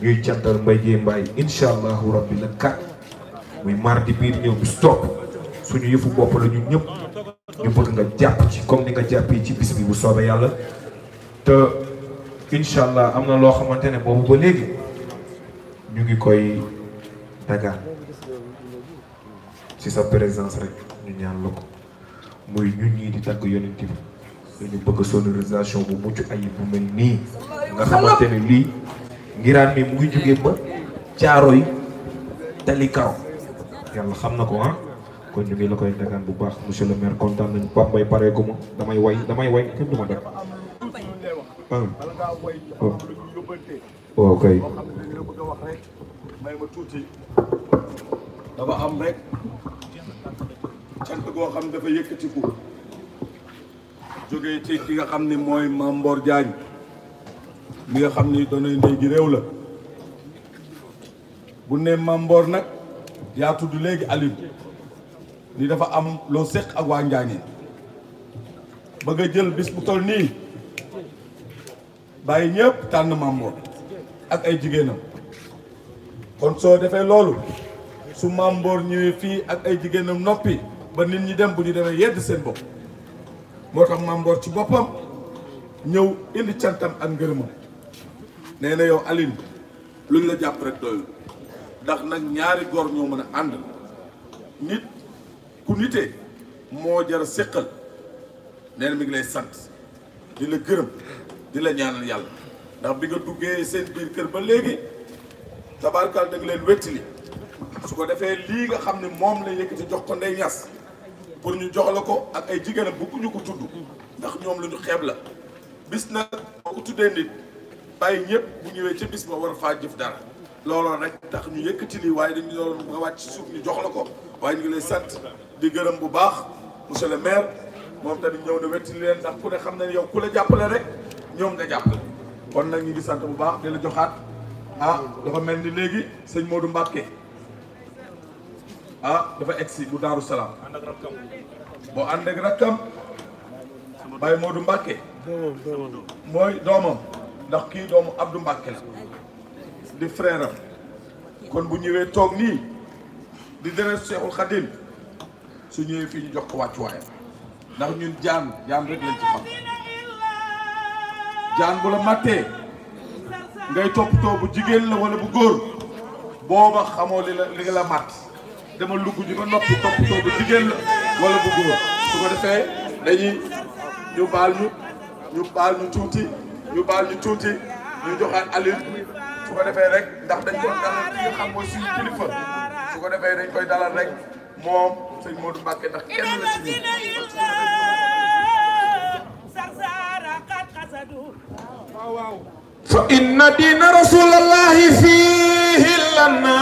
ñuy cantal mbay jee mbaay incha allahu rabbi la kat muy mardi bii di ñëw bis topp suñu yëfu bopp la ñun ñëpp ñu bëgg nga jàpp ci comme ni nga jàppee ci bis bi bu soobee yàlla te incha allah am na loo xamante ne boobu ba léegi ñu ngi koy dagaan ci sa présence rek ñu ñaan la ko muy ñun ñii di tàgg yonent bi dañu bëgg sonorisation bu mucc ayib bu mel nii nga xamante ne lii ngiraan mi mu ngi jóge ba caaro yi tali kaw xam na ko ah kon ñu ngi la koy dagaan bu baax monsieur le maire kontaan nañu Pape Mbaye paree ko damay way damay way kenn du ma def ah. oh. waaw kay. boo a wax ma tuuti dama am rek cant goo xam ne dafa yëkkatiku jógee ci ki nga xam ni mooy Mame Mor Diagne nga xam ni doonay ndey gi réew la bu ne Mame nag yaa tudd léegi Aliou ni dafa am loo séq ak waa Njaañeen bëgg a jël bis bu toll nii bàyyi ñëpp tànn Mame ak ay jigéenam kon soo defee loolu su Mame Mor ñëwee fii ak ay jigéenam noppi ba nit ñi dem bu ñu demee yedd seen bopp moo tax Mame Mor ci boppam ñëw indi cantam ak ngërëmam nee na yow Aline lu ñu la jàpp rek ndax nag ñaari góor ñoo mën a ànd nit ku nitee moo jar a séqal nee mi ngi lay sant di la gërëm di la ñaanal yàlla ndax bi nga duggee seen biir kër ba léegi tabaarkaal da nga leen li su ko defee lii nga xam ne moom la yëkkati jox ko ndey ñas pour ñu jox la ko ak ay jigéenam bëgguñu ko tudd ndax ñoom lu ñu xeeb la bis nag boo ko tuddee nit bàyyi ñëpp bu ñëwee ci bis ba war faa jëf dara looloo nag tax ñu yëkkati lii waaye dañu doon nga wàcc suuf ñu jox la ko waaye ñu ngi lay sant di gërëm bu baax monsieur le maire moom tamit ñëw na wetti leen ndax ku ne xam ne yow ku la jàppale rek ñoom nga jàppale kon nag ñi ngi sant bu baax di la joxaat ah dafa mel ni léegi sëñ Modou Mbacke ah dafa egsi bu Daaru Salaam boo ànd ak rakkam Baye Modou Mbacke mooy doomam ndax kii doomu Abdou Mbacke la di frère kon bu ñëwee toog nii di deret Seexul Xadim su ñëwee fii ñu jox ko wàccuwaayam ndax ñun jaan jaan rek lañ ci xam jaan bu la màttee ngay toppatoo toogu jigéen la wala bu góor booba xamoo li la li nga la màtt dama lugg ji ba noppi toppatoo bu jigéen la wala bu góor su ko defee dañuy ñu baal ñu ñu baal ñu tuuti ñu jox ñu tuuti ñu su ko defee rek ndax dañ ko dalal ki nga xam mooy suñu kilifa su ko defee dañ koy dalal rek moom sëñ Modou Mbacké ndax kenn la si ñun fa inna diina rasulallahi fiihi lana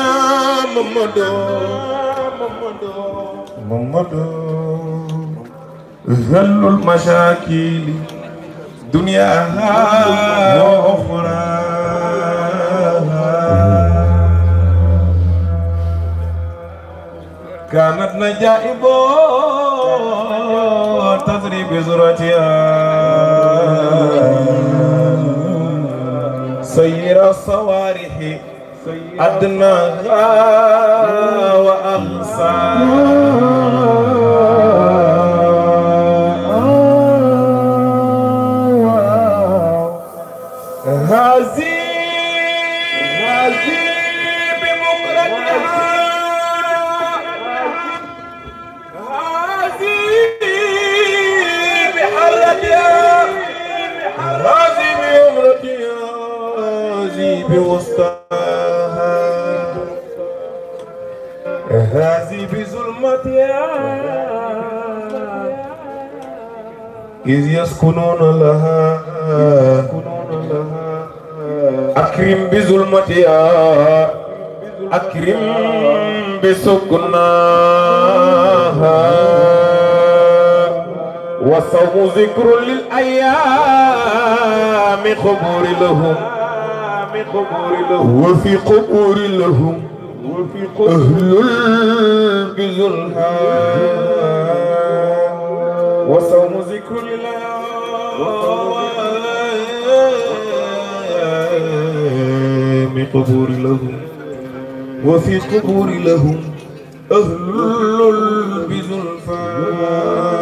mamado mamado ذل المشاكل دنياها وأخراها كانت نجائب تضرب بذرتها سير الصوارح أدناها وأقصاها إذ يسكنون لها أكرم بظلمتها أكرم بسكنها والصوم ذكر للأيام قبور لهم وفي قبور لهم أهل البرهان وصوم ذكر الله من قبور لهم وفي قبور لهم أهل بزلفان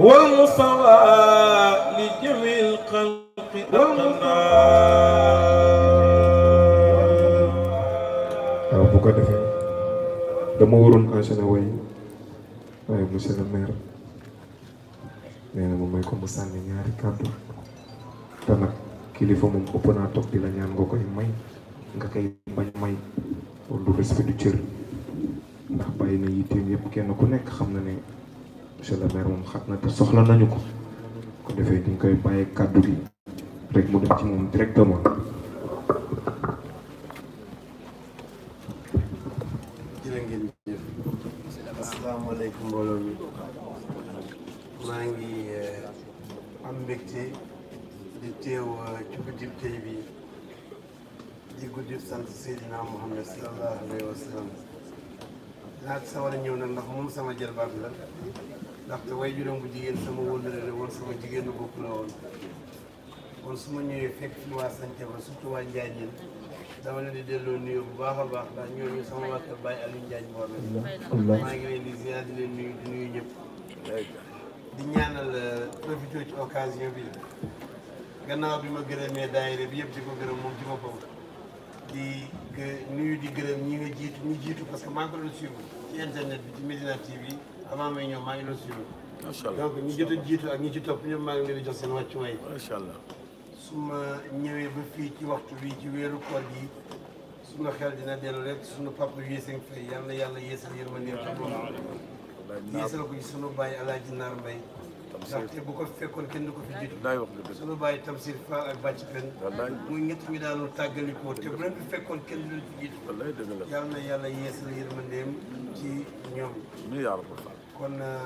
والمصطفى لجميع الخلق waaw bu ko defee dama waroon enchaîner way waaye monsieur le maire nee na may ko mu sànni ñaari kàddu te nag kilifa moom ëpp naa toog di la ñaan nga koy may nga koy bañ may loolu du respect du cër ndax bàyyi na yitteem kenn ku nekk xam na ne monsieur le maire moom xam na te soxla nañu ko ko defee duñ koy bàyyi kàddu gi rek mu dem ci moom directement. jërë ngeen jëf. mbooloo mi maa ngi eh, am mbégte di teew eh, ci guddib tey bi di guddib sant Seydina Mouhamed sallallahu alayhi wa sallam. naat sawar a ñëw nag ndax moom sama jëlbaat la. ndaxte way juróom bu jigéen sama wëllëre la woon suma jigéenu bopp la woon kon su ma ñëwee fekk ci waa sante ba surtout waa Njaañeen dama leen di delloo nuyu bu baax a baax ndax ñooñu sama waa kër Baye Aliou Njaañ moo maa ngi leen di ziar di leen nuyu di nuyu ñëpp di ñaanal euh, profité ci occasion bi gannaaw bi ma gërëmee daayira bi yëpp di ko gërëm moom ci boppam di nuyu di gërëm ñi nga jiitu ñu jiitu parce que maa ngi ko doon suivre ci internet bi ci Medina TV avant may ñëw maa ngi doon suivre. macha allah a jiitu ak ñi ci topp ñoom maa ngi leen di jox su ma ñëwee ba fii ci waxtu bi ci weeru koor gi suñu xel dina dellu rek suñu papa yu yeesee yàlla yeesal yërmandeem ci moom. yeesal ko bàyyi Alaaji Naar Mbay. ndaxte bu ko fekkoon kenn du ko fi jiitu. daay wax dëgg sunu bàyyi Tamsir Fa ak Bàcc Pen. wallaay muy ñett mi daanu tàggalikoo te bu leen fi fekkoon kenn du leen fi jiitu. wallaay dëgg yàlla yeesal yërmandeem ci ñoom. kon euh,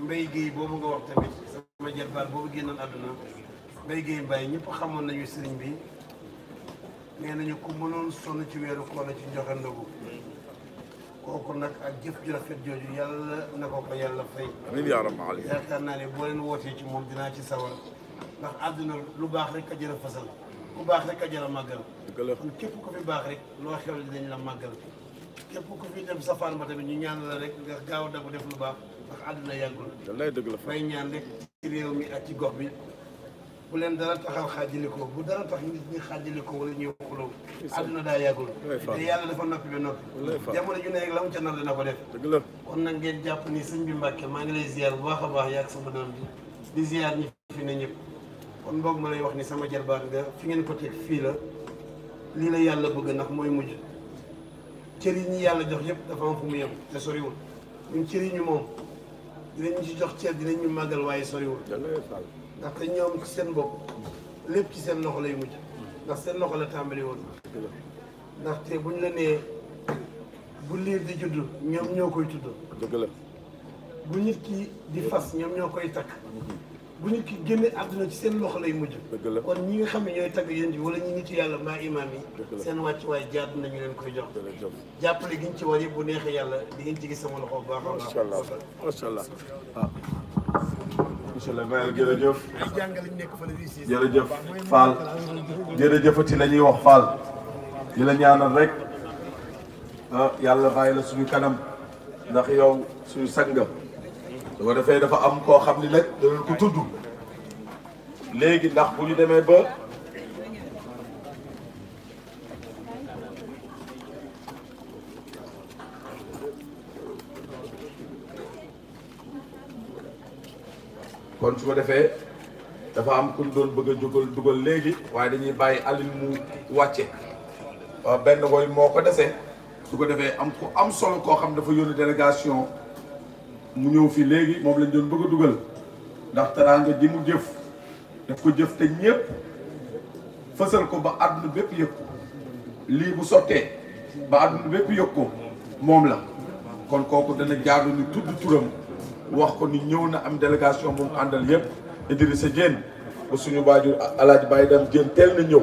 Mbaye boo mu nga wax tamit sama jarbaat boobu génnoon àdduna Mbaye Guèye Mbaye ñëpp xamoon nañu sëriñ bi nee nañu ku mënoon sonn ci weeru koor la ci joxe ndogu kooku nag ak jëf ju rafet jooju yàlla na ko ko yàlla fay. amiin yaa rabbal yaakaar naa ne boo leen wootee ci moom dinaa ci sawar ndax àdduna lu baax rek a jëra fasal ku baax rek a jëra màggal. kon képp ko fi baax rek loo xew li dañ la màggal. képp ku fi dem safaan ba tamit ñu ñaan la rek nga gaaw da ko def lu baax ndax àdduna yàggul la fay ñaan rek ci réew mi ak ci gox bi bu leen dara taxal xaajalikoo bu dara tax nit ñi xaajalikoo wala ñuy xuloo àdduna daa yàggul te yàlla dafa noppi ba noppi jamono ju nekk la mu ca nar dina ko def dëgg la kon nag ngeen jàpp ni sëñ bi Mbàkke maa ngi lay ziar bu baax a baax yàgg sama doom bi di ziar ñi fi ne ñëpp kon boog ma lay wax ni sama jarbaat nga fi ngeen ko fii la lii la yàlla bëgg ndax mooy mujj cër yi ñu yàlla jox yëpp dafa am mu yem te soriwul ñun cër yi ñu moom dinañ ci jox cër dinañ ñu màggal waaye soriwul ndaxte ñoom seen bopp lépp ci seen loxo lay mujj ndax seen loxo la tàmbali woon ndaxte buñ la nee bu liir di judd ñoom ñoo koy tudd dëgg la bu nit ki di fas ñoom ñoo koy takk bu ñu ki génne àdduna ci seen loxo lay mujj kon ñi nga xam ne ñooy tagg yéen ji wala ñi nit yàlla mbaa imaam yi seen wàccuwaay jaadu nañu leen koy jox jàppale gi ñu ci war yëpp bu neexee yàlla di ngeen ci gis sama loxo bu baax a baax macha allah waaw incha allah bayal jërëjëf jërëjëf Fall jërëjëfati la ñuy wax Fall di la ñaanal rek ah, yàlla bàyyi la suñu kanam ndax yow suñu sag sangam da ko defee dafa am koo xam ni nag danañ ko tudd léegi ndax ku ñu demee ba kon su ko defee dafa am ku doon bëgg a dugal dugal léegi waaye dañuy bàyyi Aline mu wàcce benn woy moo ko dese su ko defee am ku am solo koo xam dafa yónni délégation mu ñëw fii léegi moom lañ doon bëgg a dugal ndax teraanga ji mu jëf daf ko jëf te ñépp fësal ko ba àdduna bépp yëg ko lii bu sottee ba àdduna bépp yëg ko moom la kon kooku dana jaadu ni tudd turam wax ko ni ñëw na am délégation bu mu àndal yëpp Idrissa Diène ba suñu waajur alaaj Baye dem jën teel na ñëw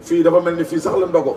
fii dafa mel ni fii sax la ndogo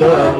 So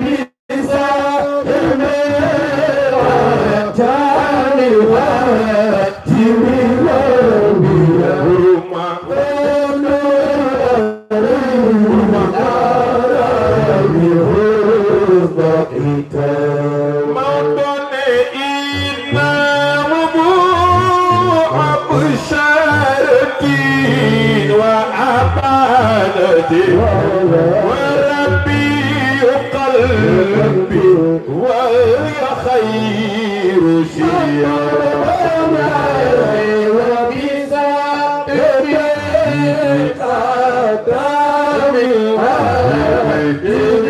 ذاتي وربي قلبي وهي خير شيء وبسائر قدمي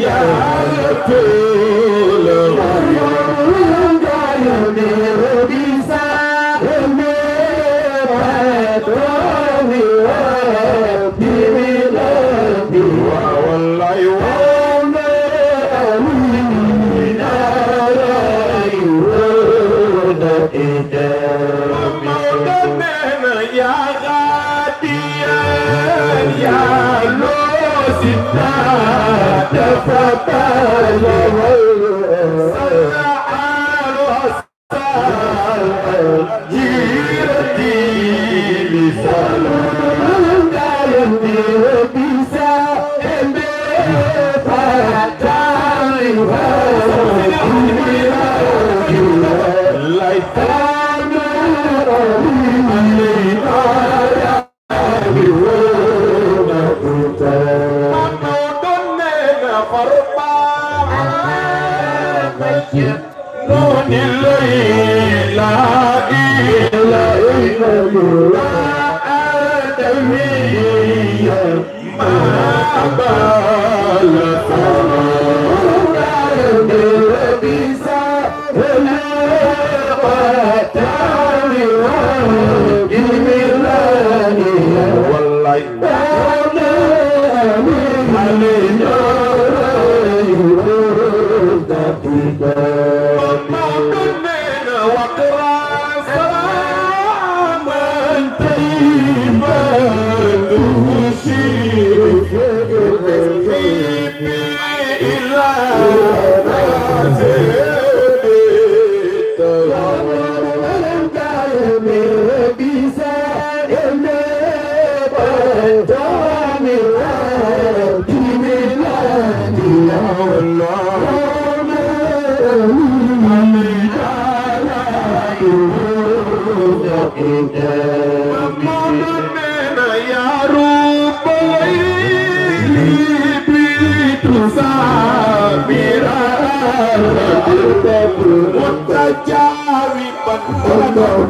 يا ربي Baba, Baba,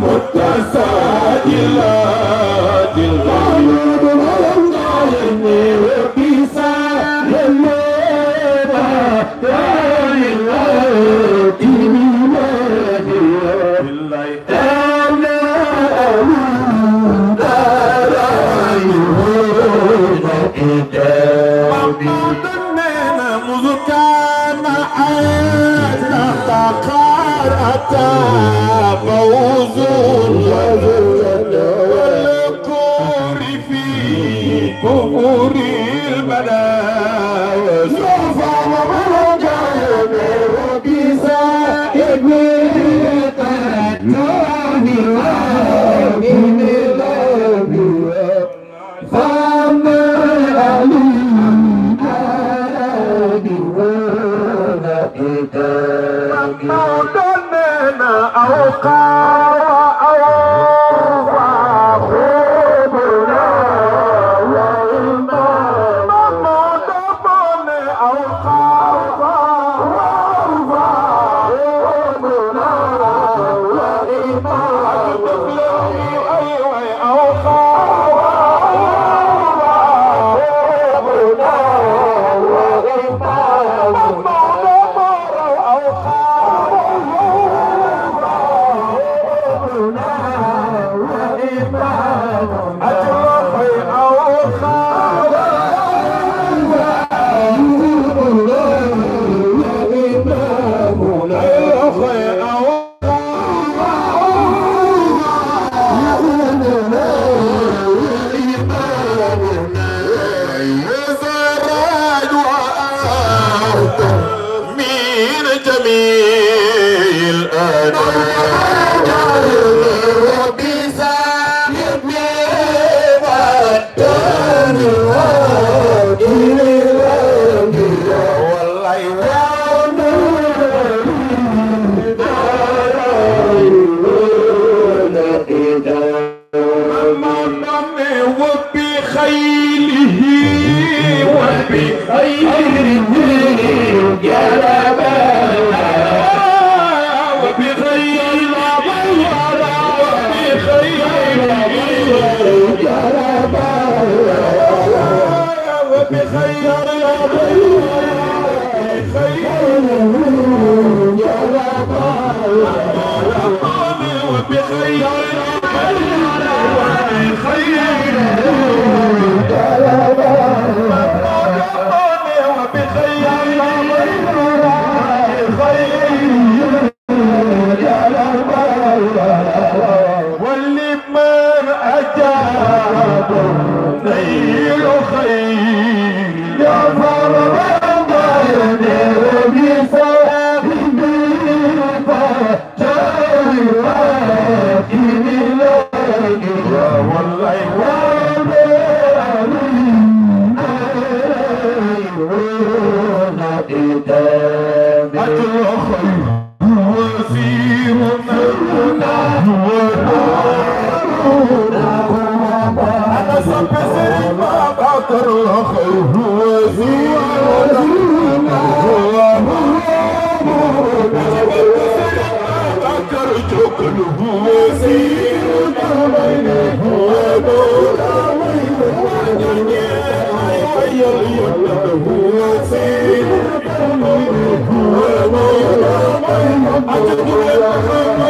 المتسائلات الغالية وبخير Thank you.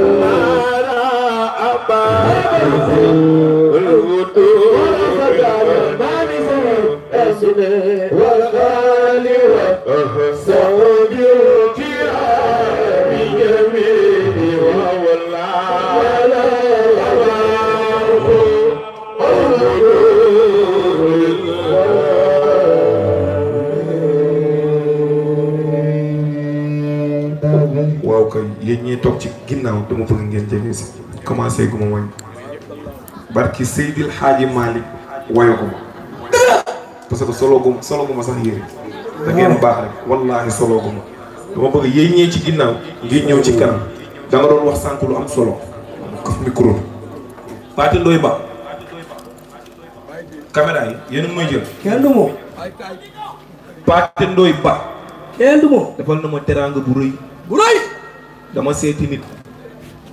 commencé gu ma woy barki Seydil Xaaji Malick woyoo ko ma parce que solo gu solo gu ma sax yére da ngeen baax rek wallaahi solo gu ma dama bëgg yéen ñee ci ginnaaw ngeen ñëw ci kanam da doon wax sànq lu am solo kaf micro Pathé Ndoye Ba caméra yi yéen a jël kenn du moom Pathé Ba kenn du moom defal na ma teraanga bu rëy bu rëy dama seeti nit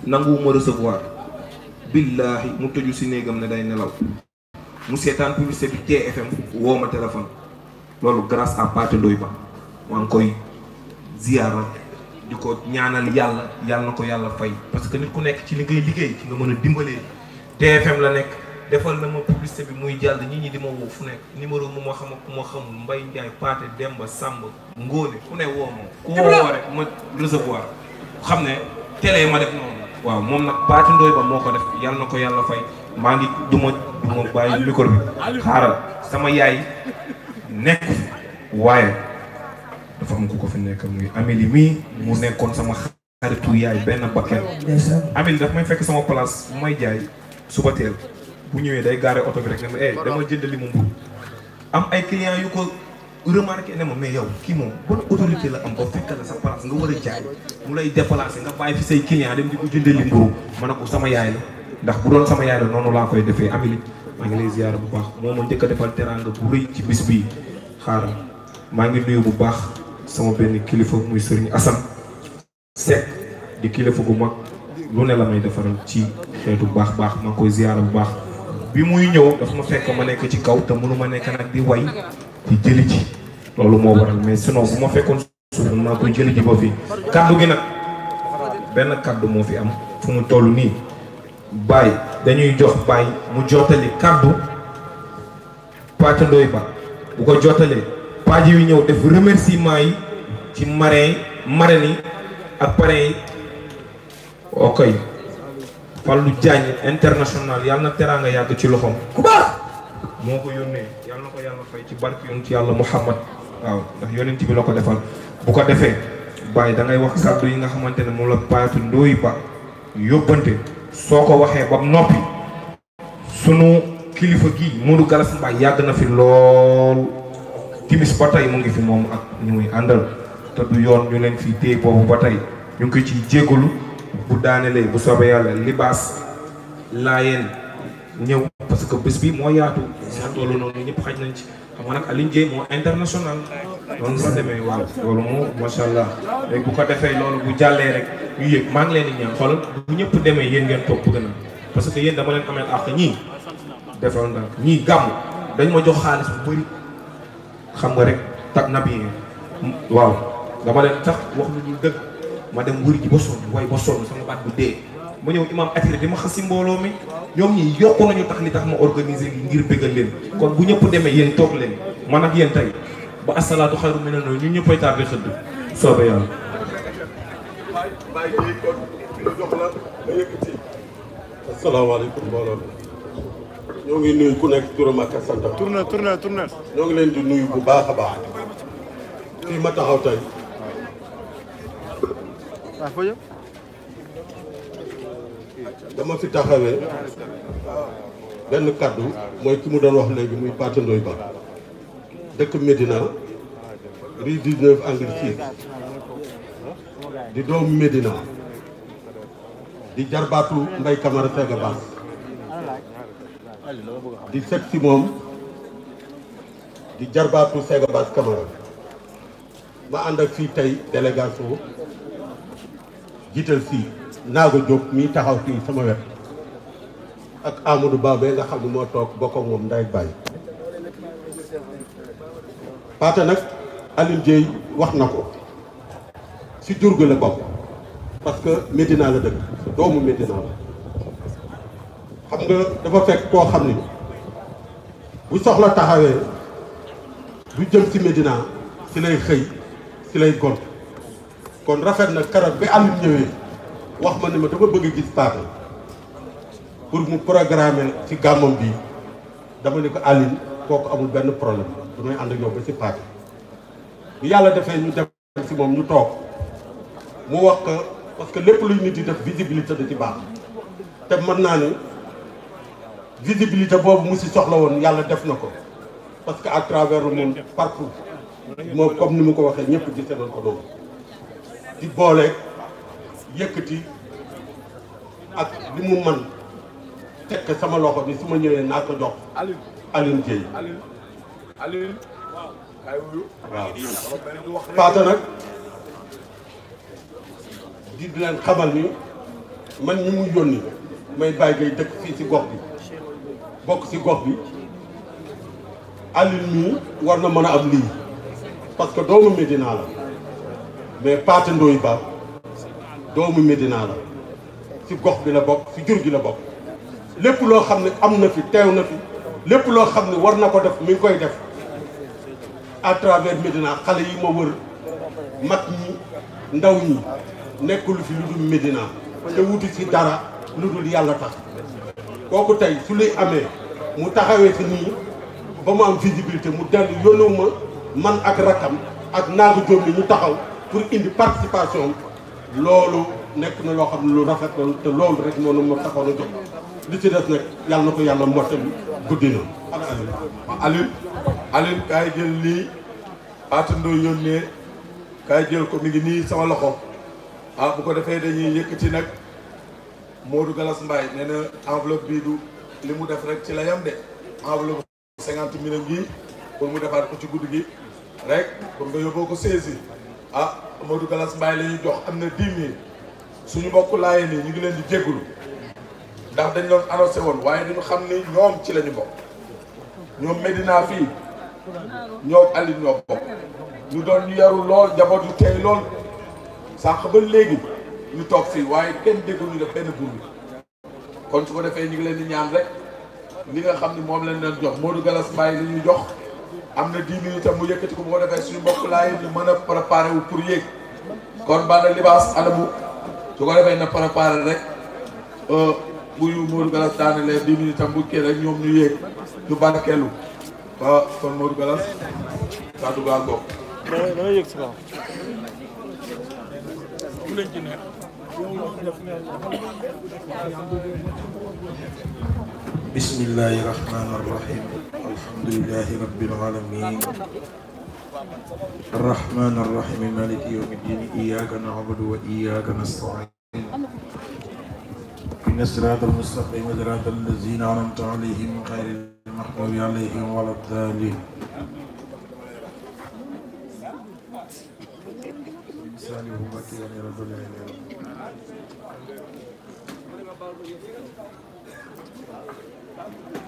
nanguwuma recevoir billaahi mu tëju si néegam ne day nelaw mu seetaan publicité bi TFM woo ma téléphone loolu grâce à Pathé Ndoye Ba maa ngi koy ziyaara di ko ñaanal yàlla yàlla na ko yàlla fay parce que nit ku nekk ci li ngay liggéey ci nga mën a dimbalee TFM la nekk defal na ma publicité bi muy jàll nit ñi di ma woo fu nekk numéro mu ma xam ak ku ma xamul Mbaye Ndiaye Pathé Demba Samb Ngóone ku ne woo ma ku woo rek ma recevoir xam ne télé ma def noonu waaw moom nag Bathie Ndoye ba moo ko def yàlla na ko yàlla fay maa ngi du ma du ma bàyyi micro bi xaaral sama yaay nekk waaye dafa am ku ko fi nekk muy Amélie mii mu nekkoon sama xaritu yaay benn bakkeel Amélie daf may fekk sama place may jaay suba teel bu ñëwee day gaare oto bi rek eh, dama jënd li mu mburu am ay client yu ko remarqué ne ma mais yow kii moom bonne autorité la am ba fekk la sa place nga war a jaay mu lay déplacé nga bàyyi fi say client dem di ko jëndali mburu ko sama yaay la ndax bu doon sama yaay la noonu laa koy defee amili maa ngi lay ziar bu baax moo ma njëkk a defal teraanga bu rëy ci bis bii xaaral maa ngi nuyu bu baax sama benn kilifa muy sëriñ Assane Seck di kilifa gu mag lu ne la may defaral ci xeetu baax baax maa ngi koy ziar bu baax bi muy ñëw dafa ma fekk ma nekk ci kaw te mënu ma nekk nag di way di jëli ji loolu moo waral mais sinon bu ma fekkoon suuf maa koy jëli ji ba fii kàddu gi nag benn kàddu moo fi am fu mu nii bàyyi dañuy jox bàyyi mu jottali kàddu Pathé Ndoye Ba bu ko jottalee paaji yu ñëw def remerciement yi ci marraine marraine yi ak parrain yi ok Fallou Diagne international yàlla na teraanga yàgg ci loxoom. moo ko yónnee yàlla na ko yàlla fay ci barke ci yàlla Muhammad waaw ndax yonent bi la ko defal bu ko defee Baye da ngay wax kàddu yi nga xamante ne moom la baatu ndóoy ba yóbbante soo ko waxee ba noppi sunu kilifa gii Modou Galas Mbaye yàgg na fi lool timis ba tey mu ngi fi moom ak ñu muy àndal te du yoon ñu leen fii téye boobu ba tey ñu ngi ko ciy jégalu bu daanelee bu soobee yàlla libaas laayeen ñëw parce que bés bi moo yaatu. moo toll noonu ñëpp xaj nañ ci xam nga nag Alioune Dieye moo international. noonu la demee waaw loolu moom macha allah léegi bu ko defee loolu bu jàllee rek ñu yëg maa ngi leen di ñaan xoolal bu ñëpp demee yéen ngeen topp gën a parce que yéen dama leen ameel àq ñii defal na ñii gàmm dañ ma jox xaalis bu bëri xam nga rek tag na bi waaw dama leen tax wax lu dul dëgg ma dem wuri ji ba sonn way ba sonn sama baat bu dee. ma ñëw imaam attiré di ma xas si mbooloo mi ñoom ñi yokku nañu tax li tax ma organiser ngir bëggal leen kon bu ñëpp demee yéen toog leen man ak yéen tey ba asalaatu xayru mina noonu ñun ñëppay tardé xëdd soobee yàlla ngi nuyu ku nekk turam ak santam tournel tournel tournel ñoo ngi leen di nuyu bu baax a baax fii ma taxaw tey dama fi taxawee benn kàddu mooy ki mu doon wax léegi muy Pathé Ndoye Ba dëkk Médina rue 19 angle 6 di doomu Médina di jarbaatu Ndeye Camara Sega Bass di sët si moom di jarbaatu Sega Bass Camara ma ànd ak fii tey délégation jiital sii naago Diop mii taxaw fii sama wet ak Amadou Ba nga xam ne moo toog bokk ak moom ndey bàyyi paate nag Alioune Dieye wax na ko si jur gi la bokk parce que Médina la dëkk doomu Médina la xam nga dafa fekk koo xam ni bu soxla taxawee du jëm ci Médina si lay xëy si lay gont kon rafet na keroog bi Alioune ñëwee wax ma ne ma dama bëgg gis Pape pour mu programmer ci gàmmam bi dama ne ko Aline kooku amul benn problème damay ànd ak yow ba ci Pape bi yàlla defee ñu def si moom ñu toog mu wax ko parce que lépp luy nit di def visibilité da ci baax te mën naa ne visibilité boobu mu si soxla woon yàlla def na ko parce que à travers moom parcours moom comme ni mu ko waxee ñëpp gisee nañ ko loolu di boole. yëkkati ak li mu mën tekk sama loxo bi su ma ñëwee naa ko jox Alioune Dieye waaw Faata nag di di leen xamal ni man ñu mu yónni may bàyyi ngay dëkk fii ci gox bi bokk ci gox bi Alioune mii war na mën a am lii parce que doomu Médina la mais Paate Ndoye Ba doomu Médina la ci gox bi la bokk ci jur gi la bokk lépp loo xam ne am na fi teew na fi lépp loo xam ne war na ko def mi ngi koy def à travers Médina xale yi ma wër mag ñi ndaw ñi nekkul fi lu dul Médina te wuti ci dara lu dul yàlla tax kooku tey su luy amee mu taxawee ci nii ba mu am visibilité mu dellu yónnu ma man ak rakam ak naagu jóom ñu taxaw pour indi participation loolu nekk na loo xam ne lu rafet la te loolu rek noonu moo taxoon a jóg li ci des nag yàlla na ko yàlla mottal guddi na. Alioune Alioune kaay jël lii àttandoo yónnee kaay jël ko mi ngi nii sama loxo ah bu ko defee dañuy yëkkati nag Modou Galas Mbaye nee enveloppe bii du li mu def rek ci la yam de enveloppe cinquante millions yi pour mu defaat ko ci guddi gi rek pour nga yóbboo ko saisi ah, Modou Galas Mbaye la jox am na 10 000 suñu bokk laayeen yi ñu ngi leen di jégalu ndax dañ doon annoncé woon waaye dañu xam ni ñoom ci lañu ñu bokk fii ñoom Aliou ñoo bokk doon ñu yaru lool njaboot yu tey lool sànq ba léegi ñu toog fii waaye kenn dégguñu def benn buur kon su ko defee ñu ngi leen di ñaan rek li nga xam ni moom lañ leen jox Modou Galas Mbaye la jox am na dix minutes mu yëkkati ko bu ko defee suñu mbokk laay ñu mën a préparé wu pour yéeg kon bànn libaas anamu su ko defee na préparé rek euh, bu ñu Modou Galas daanelee dix minutes am bu kii rek ñoom ñu yéeg ñu barkeelu waaw kon Modou Galas kàddu gaa ngoog. damay damay yëg si waaw. alhamdulillahi rabbil alamin الرحمن الرحيم مالك يوم الدين إياك نعبد وإياك نستعين إن الصراط المستقيم صراط الذين أنعمت عليهم غير المغضوب عليهم ولا الضالين Thank you.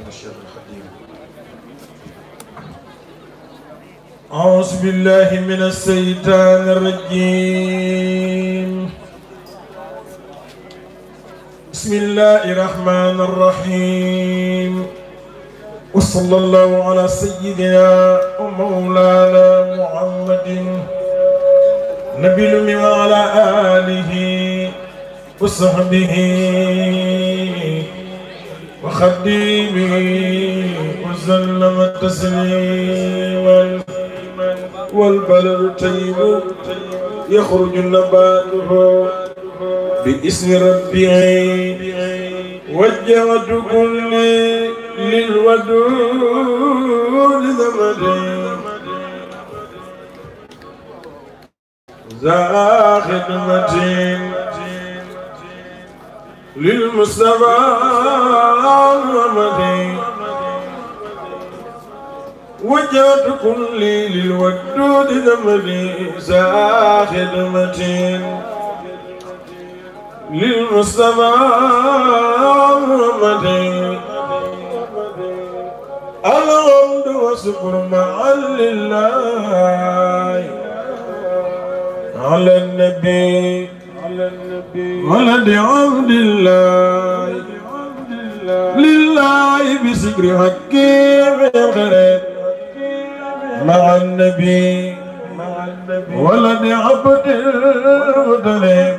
من الشر الخطير أعوذ بالله من الشيطان الرجيم بسم الله الرحمن الرحيم وصلى الله على سيدنا ومولانا محمد نبي وعلى آله وصحبه وخديمي وسلم تسليما والبلد طيب يخرج نباته باسم ربي وجهت كلي للودود زمدي ذا خدمتي للمصطفى المحمدي وجهت كلي للودود ذمدي خدمتي للمصطفى المحمدي الحمد والشكر مع لله على النبي ولد عبد الله لله بسكر حكيم غير مع النبي ولد عبد المطلب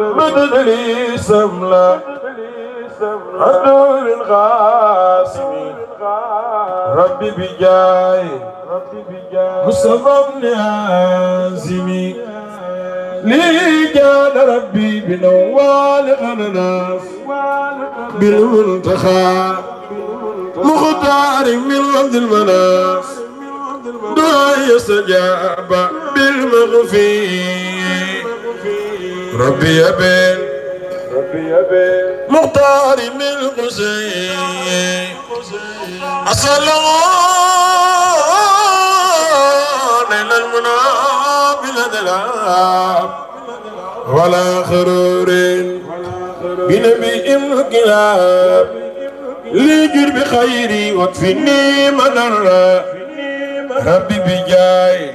مدد لي سملا عدو الغاسم ربي بجاي مصطفى بن عازمي لي جاد ربي بنوال أنناس بالمنتخى مختار من عبد المناس دعي استجاب بالمغفي ربي يبين مختار من الحسين أصلوا انقلاب ولا خرور بنبي انقلاب لجر بخيري واكفني من الرا ربي بجاي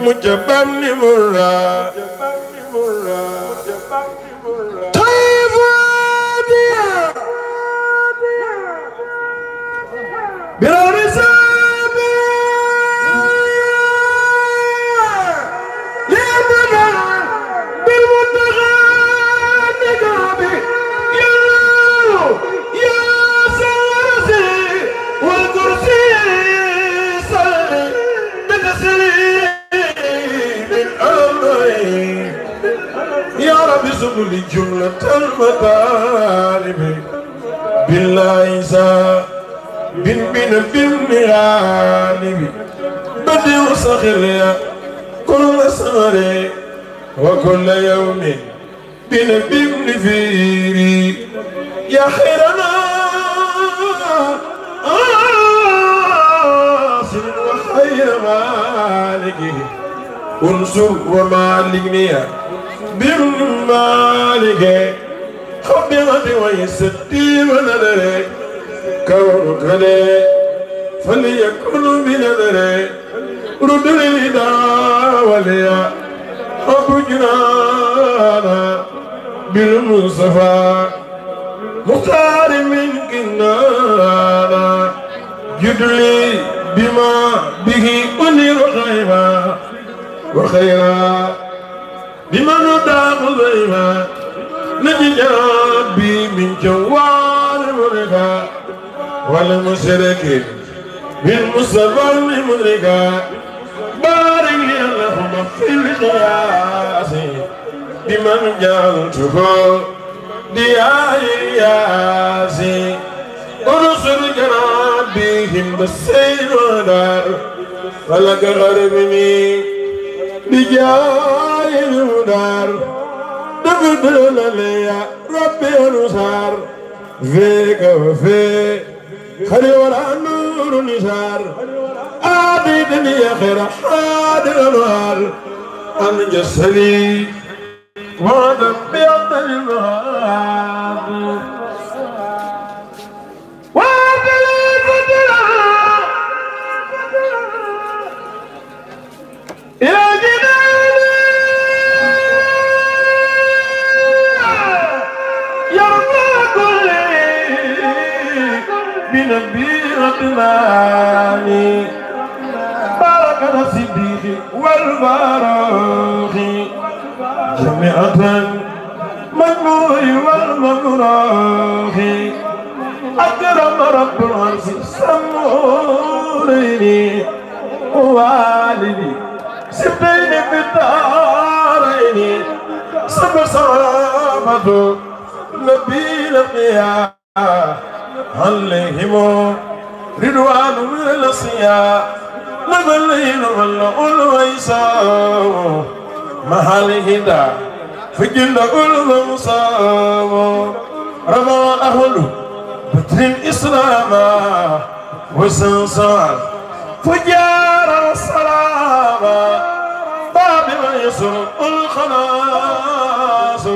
مجبم نمرا طيب واديا برارسان سبل جملة المطالب بالله إساء بن بن بن غالب بدي وسخر كل سمر وكل يوم بن بن فيري يا خيرنا آسر وخير مالك انصر ومالك نيا بالمالك حب غد ويستي ونذري كونك لي فليكن بنذري رد للهدى وليا حب جنانا بالمصطفى مختار من كنانا جدلي بما به أنير خيرا وخيرا بمن دام ضيفا نجد ربي من جوار مدركا والمشرك بالمصطفى المدركا بارك لي اللهم في القياس بمن جعلته دياري ياسي ونصر جنابهم بالسير والدار فلك غربني بجاه الهدار دبدل لي ربي نصار فيك وفي خلي ولا نور نشار عابدني خير حاضر الوار أنجسني وعدم بيض النهار الممنوع والمكروه أكرم رب العرش سموريني والدي سبتيني في الدارين سب سلامة نبي الأنبياء عليهم رضوان من الأصياء نبلين والألويساء محل هداه فجل ألظم صام رفع أهل بدر الإسلام وسنصار فجار السلام باب ويسر الخلاص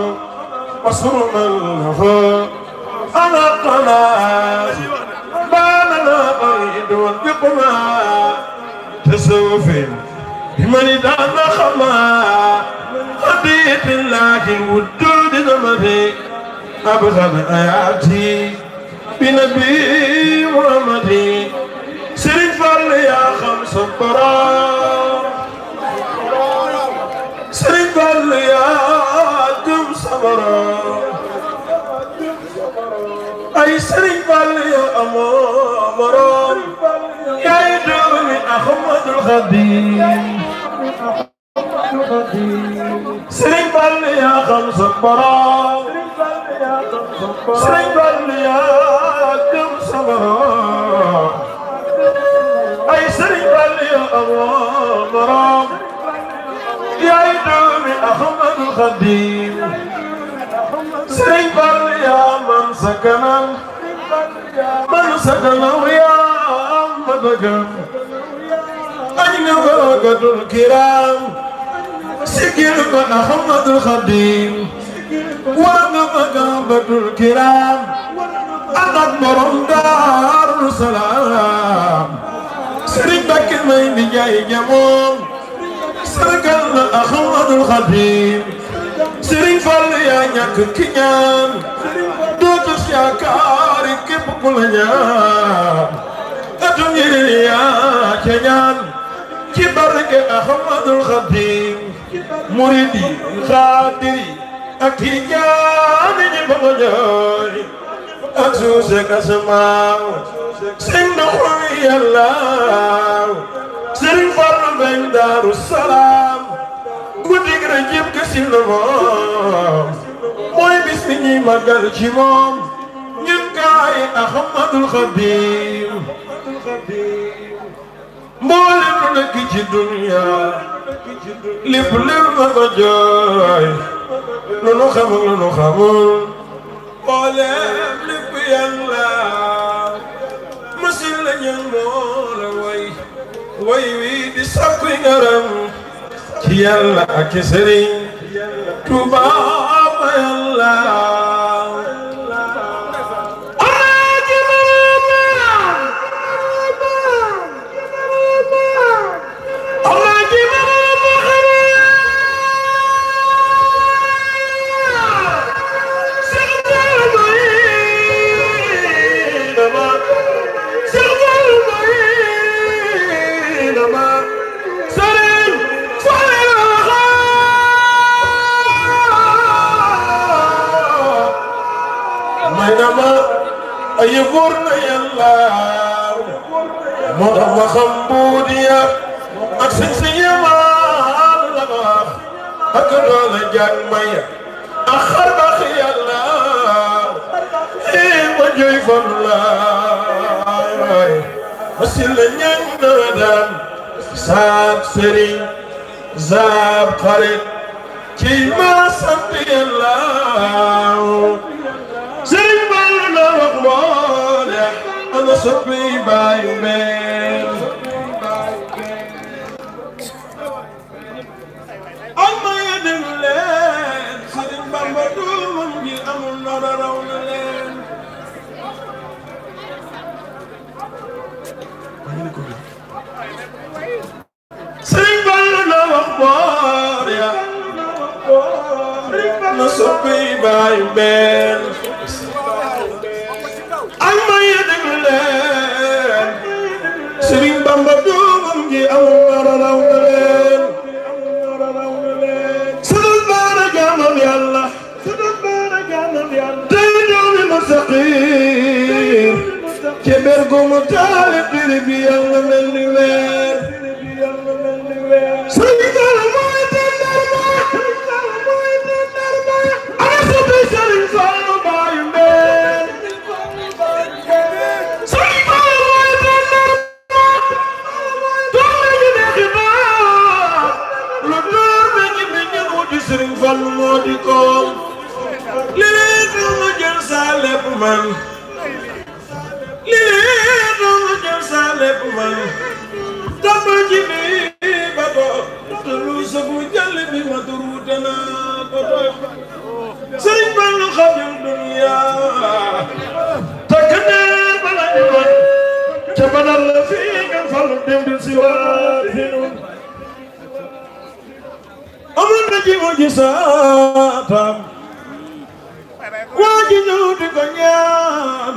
وسر من أنا القناص بان لا قيد والبقمة تسوفين لمن دان خما قضية الله والدود نمري أبغض آياتي بنبي محمد سري فر يا خمس برام سري فر يا دم صبرا أي سري فر يا أمام Ahmad Khadim Serigne Fall yaa xam sa borom Serigne Fall yaa gëm sa borom ay Serigne Fall yaa amoo borom yaay doomi Ahmad Khadim Serigne Fall yaa man sa kanam man sa kanam yaa am ma أين غوغة الكرام سكركن أحمد الخديم ورنا مجابة الكرام أنا برم دار السلام سرق بك مين جاي جموم سرقن أحمد الخديم سرق فليا نك كنيان دوتو شاكاري كيف كل نيان أتمنى يا كنيان ci barke Ahmadul Xadim murid yi xaadir yi ak yi jaani ñi ba ko jooy ak suuf si kasamaaw sëñ na xol yàlla sëriñ Fallu Mbay Daaru Salaam guddi mooy bis bi ñuy moom ñun gaay Ahmadul Xadim mboolem lu nekk ci dunya lépp lépp ma ko jooy lu nu xam lu nu xamul mboolem lépp yàlla masin la ñu moo la way way wi di sakku ngaram ci yàlla ak ci sëriñ Tuubaa ma yàlla yëgur na yàlla moo tax ma ak sëñ si yemaal la ma ak doole jaag may ak xarbax yàlla ee ma jooy fan laay ma si la ñañ daan saab sëriñ saab xarit ci ma sant yàlla soppi baayu mel almaya dem leen Sëriñ Bamba doomam ji amul nara raw na leen Sëriñ Bamba na wax boor ya na soppi baayu mel ak may ya déglu leen Serigne Bamba doomam ji amul dara raw na leen sadal baara jaamal yàlla tey doomi Mustaqim ci bergu mu taale bi yàlla mel ni weer fàllu moo di koom lii doo ma jël saa lépp man lii doo ma jël saa lépp man tamba ji bi ba ko lu sëbu jàll bi ma duru dana ko doy sëriñ Fallu xamul dunya takk na bala ñu man ca banal la fii nga fàllu démb si waa ci mujjisaatam waa ji ñëw di ñaan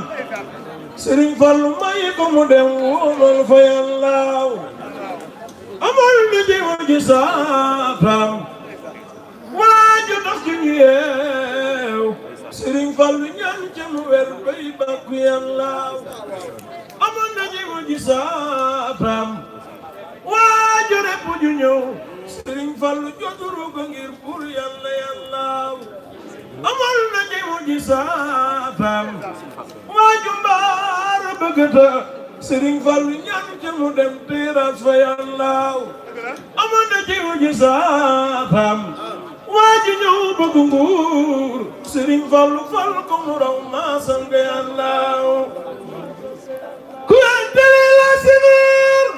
Sëriñ Fallu may ko mu dem wóolal fa yàllaaw amal ñu ci mujjisaatam waa ju dox ci ñu yeew Sëriñ Fallu ñaan ca mu wer bay bàkku yàllaaw amal na ci mujjisaatam waa ju repp ju ñëw sëriñ Fallu joturu ko ngir pour yàlla yàlla amal na ni mu ji saatam waa jumbaar bëggata Fallu ñaan ca dem tiiraas fa yàlla amal na ci mu waa ji ñëw bëgg nguur sëriñ Fallu fal ko mu raw maasal ku yàlla la siniir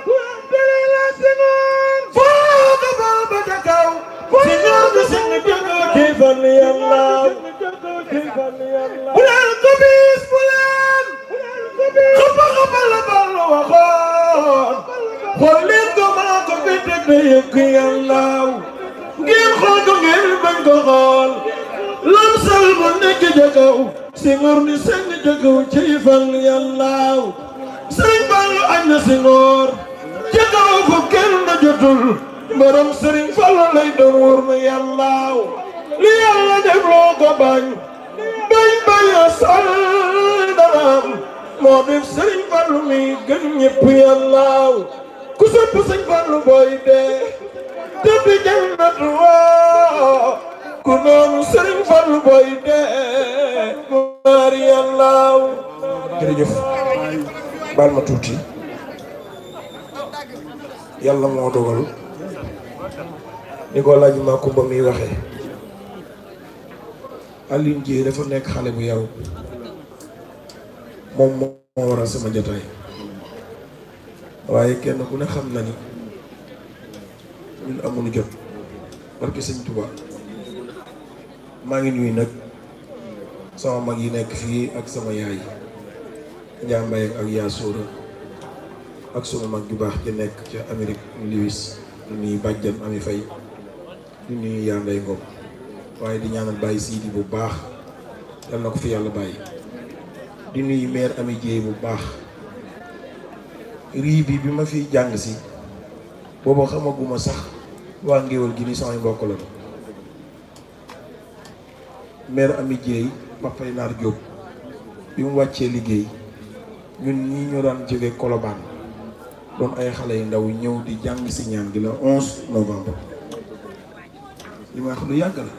Senghor ni sëñ jëgëw ci fan yàllaaw sëñ Ball añ na Senghor ca ko kenn da sëriñ Fallu lay doon wóor na yàllaaw li yàlla def loo ko bañ bañ bañ a sal danaam moo def sëriñ Fallu mi gën ñëpp yàllaaw ku sopp sëriñ Fallu booy dee tëddi jannatu woo ku noonu sëriñ Fallu booy dee maari yàllaaw jërëjëf baal ma tuuti yàlla moo dogal ni ko laaj ma kumba mi waxee Alioune Dieye dafa nekk xale bu yaru moom moo waral sama jotaay waaye kenn ku ne xam na ni ñun amuñu jot barke sëñ Tuubaa maa ngi nuyu nag sama mag yi nekk fii ak sama yaay njàmbaay ak yaa sóora ak suma mag ju baax ja nekk ca Amérique Louis ñu nuy bàjjan ami fay ñu nuy yaanday ngom waaye di ñaanal bàyyi siidi bu baax yal na ko fi yàlla bàyyi di nuy meer ami jéey bu baax rii bi bi ma fi jàng si booba xamaguma sax waa ngéwal gi ni samay mbokk la meer ami jéey papay naar doon ay xale yu ndaw ñëw di jàng si ñaan gi la 11 novembre li ma wax lu yàgg la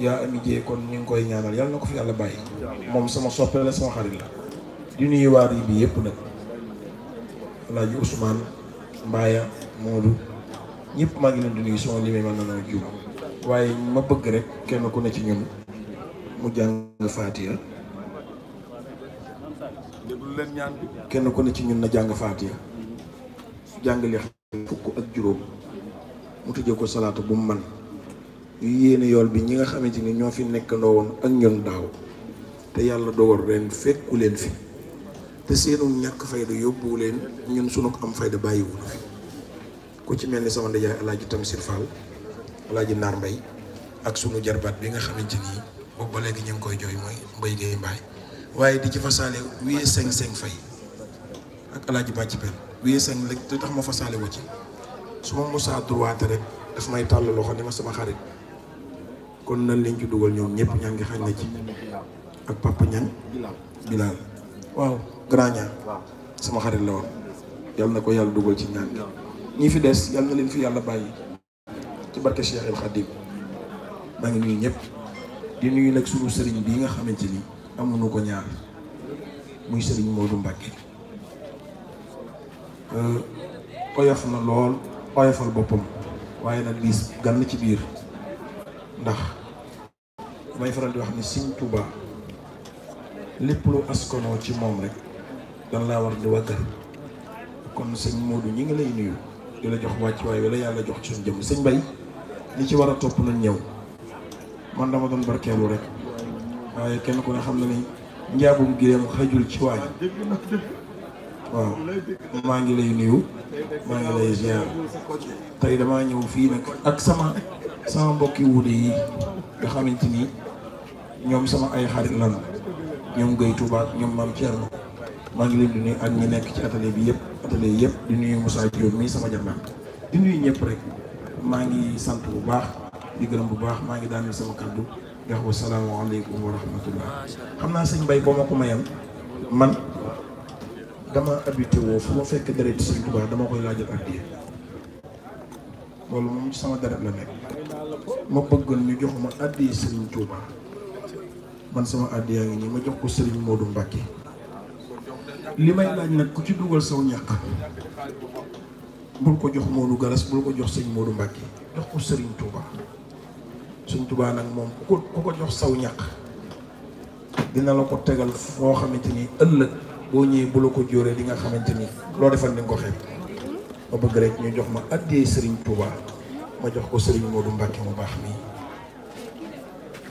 yaa ami jee kon ñu ngi koy ñaanal yàlla na ko fi yàlla bàyyi moom sama soppe la sama xarit la di nuyu waar yi bi yëpp nag Alaaji Ousmane Mbaaya Moodu ñëpp maa ngi leen di nuyu sama limee man na naa waaye ma bëgg rek kenn ku ne ci ñun mu jàng Faatiha lu ñaan bi kenn ku ne ci ñun na jàng faat yi faatiya jàngale fukk ak juróom mu tëjee ko salaatu bu man yu yéene yool bi ñi nga xamante ni ñoo fi nekkandoo woon ak ñun daaw te yàlla dogal ren fekku leen fi te seenu ñàkk fayda yóbbu leen ñun sunu ko am fayda bàyyiwul fi ku ci mel ni sama ndajaay alaaji Tamsir Fall alaaji Naar Mbay ak sunu jarbaat bi nga xamante nii boobu ba léegi ñu koy jooy mooy mbay géey mbaay waaye di ci fasaale wiyee seng seng fay ak alaaji bàcc benn wiyee seng léegi te tax ma fasaale wu ci su ma musaa droite rek daf may tàll loxo ne ma sama xarit kon nan lañ ci dugal ñoom ñëpp ñaa ngi xañ na ci ak papa ñan bilaal waaw grand sama xarit la na ko yàlla dugal ci ñaan ñi fi des yal leen fi yàlla bàyyi ci barke maa ngi nuyu ñëpp di nuyu nag sunu bii nga xamante ni amuñu ko ñaar muy sëriñ Modou Mbacké euh, oyof na lool oyofal boppam waaye nag diis gann ci biir ndax may faral di wax ni Sëriñ Tuubaa lépp lu askanoo ci moom rek dan laa war di waggal kon sëñ Modou ñu ngi lay nuyu di la jox wàcc waaye wala yàlla jox ci suñu jëm sëñ Bay li ci war a topp nañ ñëw man dama doon barkeelu rek waaye kenn ko ne xam na ni njaabum gireem xajul ci waañ waaw maa ngi lay nuyu maa ngi lay ziar tey damaa ñëw fii nag ak sama sama mbokki wuude yi nga xamante ni ñoom sama ay xarit lan ñoom Guèye Touba ñoom Mame Thierno maa ngi leen di nuyu ak ñi nekk ci atelier bi yëpp atelier yëpp di nuyu Moussa Diop mii sama jarbaat di nuyu ñëpp rek maa ngi sant bu baax di gërëm bu baax maa ngi daaneel sama kàddu yow asalaamaaleykum wa rahmatullah xam naa sëñ Mbaye boo ma ko mayan man dama habité woo fu ma fekk deret sëñ Tuubaa dama koy laajal ak diir loolu moom sama deret la nekk ma bëggoon ñu jox ma addiya sëriñ Touba man sama addiya ngi nii ma jox ko sëriñ Modou Mbacke li may laaj nag ku ci dugal saw ñàq bul ko jox Modou Garas bul ko jox sëriñ Modou Mbacke jox ko sëriñ Touba. suñ tubaa nag moom ku ko ku ko jox saw ñàq dina la ko tegal foo xamante ni ëllëg boo ñëwee bu la ko jóoree di nga xamante ni loo defal ni nga ko xeeb ma bëgg rek ñu jox ma addee sëriñ tubaa ma jox ko sëriñ Modou Mbacke mu baax mii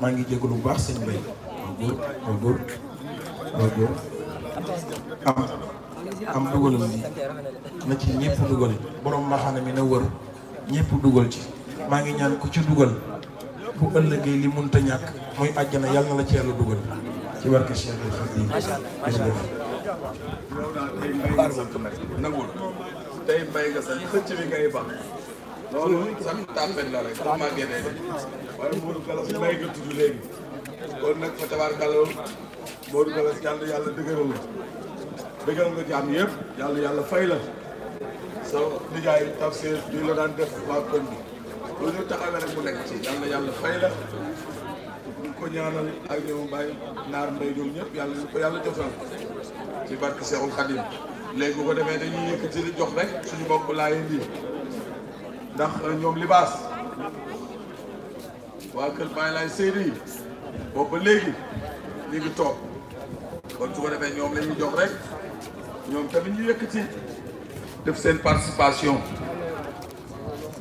maa ngi jégalu bu baax sëñ Mbaye góor ma góor ma góor am am dugalal lii na ci ñëpp dugal borom maxana mi na wër ñëpp dugal ci maa ngi ñaan ku ci dugal bu ëllëgee li mënut a ñàkk muy àjjana yàlla na la ci yàlla dugal ci barke Cheikh tey mbay nga sax xëcc bi ngay baax loolu sax tàmpet la rek bu màggee day waaye Modou Gallass mbay nga tudd léegi kon nag fa tabaar gàlloon Modou Gallass yàlla yàlla dëgëral la dëgëral nga jaam yëpp yàlla yàlla fay la sa nijaay tafsir di la daan def waa koñ bi lu ñu taxawee rek mu nekk ci yàlla yàlla fay la ko ñaanal ak ñoom Baye Naar Mbaye ñoom ñëpp yàlla ñu ko yàlla jotal ci barke Seexul Xadim léegi bu ko demee dañuy yëkkati di jox rek suñu bopp laayeen yi ndax ñoom libaas waa kër Baye Laay Seydi yi ba léegi ñu ngi toog kon su ko defee ñoom lañu ñuy jox rek ñoom tamit ñu ci def seen participation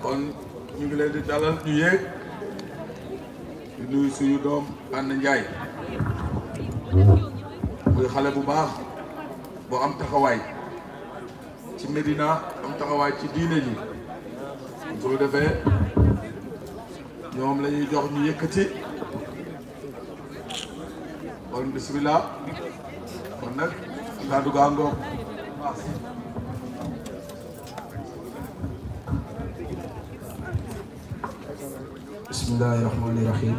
kon ñu ngi leen di dalal ñu yéeg di nuyu suñu doom ànd njaay muy xale bu baax boo am taxawaay ci Médina am taxawaay ci diine ji soo defee ñoom la jox ñu yëkkati kon bismillah kon nag kàddu gaa ngoog bismillahi rahmani rahim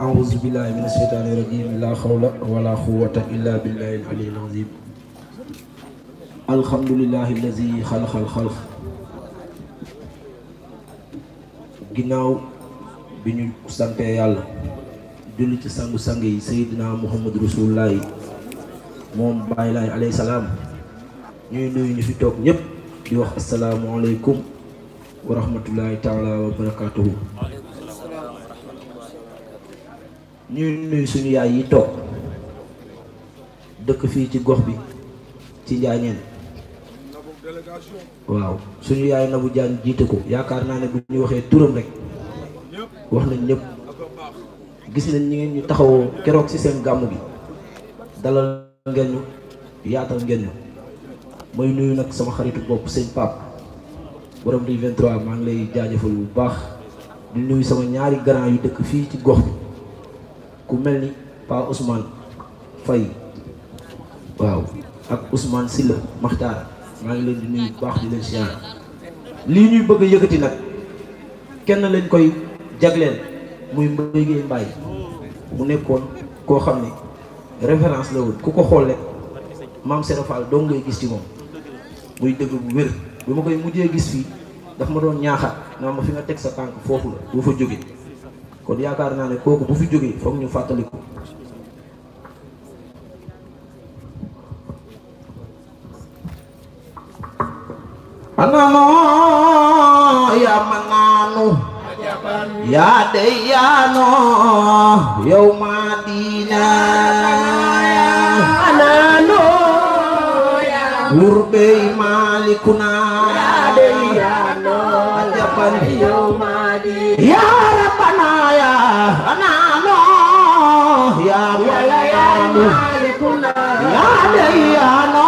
aouzu billahi mina sheytaani rajim la xawla wala quwwata illa billahi al-ali al-azim alhamdulillahi allazi xalaqal xalq ginnaaw bi ñu sante yàlla julli ci sangu-sang yi seydina muhammad rasulullah yi moom bàyyi laay alayhi salaam ñuy nuyu ñu fi toog ñëpp di wax asalaamualeykum wa rahmatullahi taala wa ñuy nuyu suñu yaay yi toog dëkk fii ci gox bi ci njaañeen waaw suñu yaay Nabou Diagne jiite ko yaakaar naa ne bu ñuy waxee turam rek wax nañ ñëpp gis nañ ñi ngeen ñu taxawoo keroog ci seen gàmm bi dalal ngeen yaatal ngeen mooy nuyu nag sama xaritu bopp sëñ Pape borom luy 23 maa ngi lay jaajëfal bu baax di nuyu sama ñaari grand yu dëkk fii ci gox bi ku mel ni Pa Ousmane fay waaw ak Ousmane Silla Makhtar maa ngi leen di nuyu bu baax di leen siyaar lii ñuy bëgg a yëkkati nag kenn lañ koy jagleel muy Mbaye Mbaye mu nekkoon koo xam ne référence la woon ku ko xoole rek maam Serap doo ngay gis ci moom muy dëgg bu wér. bi ma koy mujjee gis fii daf ma doon ñaaxat naa ma fi nga teg sa tànk foofu la boo fa jógee kon yaakaar naa ne kooku bu fi jógee foog ñu fàttaliku anano ya mananu ya dayano yow ma dina anano ya wurbey malikuna اليوم دي يا ربنا يا ربنا يا ولا يا مالكنا يا ديانا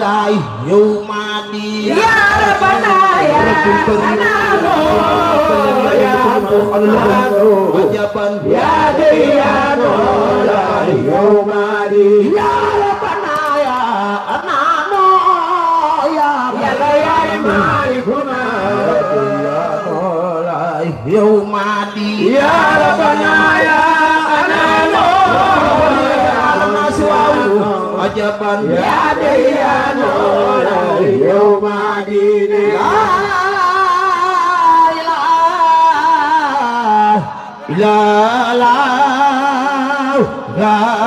لا يوم دي يا ربنا يا ربنا يا وجبا يا ديانا لا يوم دي يا ربنا يا ربنا يا ولا يا مالكنا يوم عدي يا ربنا يا أنا نور يا مسواه عجبا يا ديان يوم عدي لا لا لا لا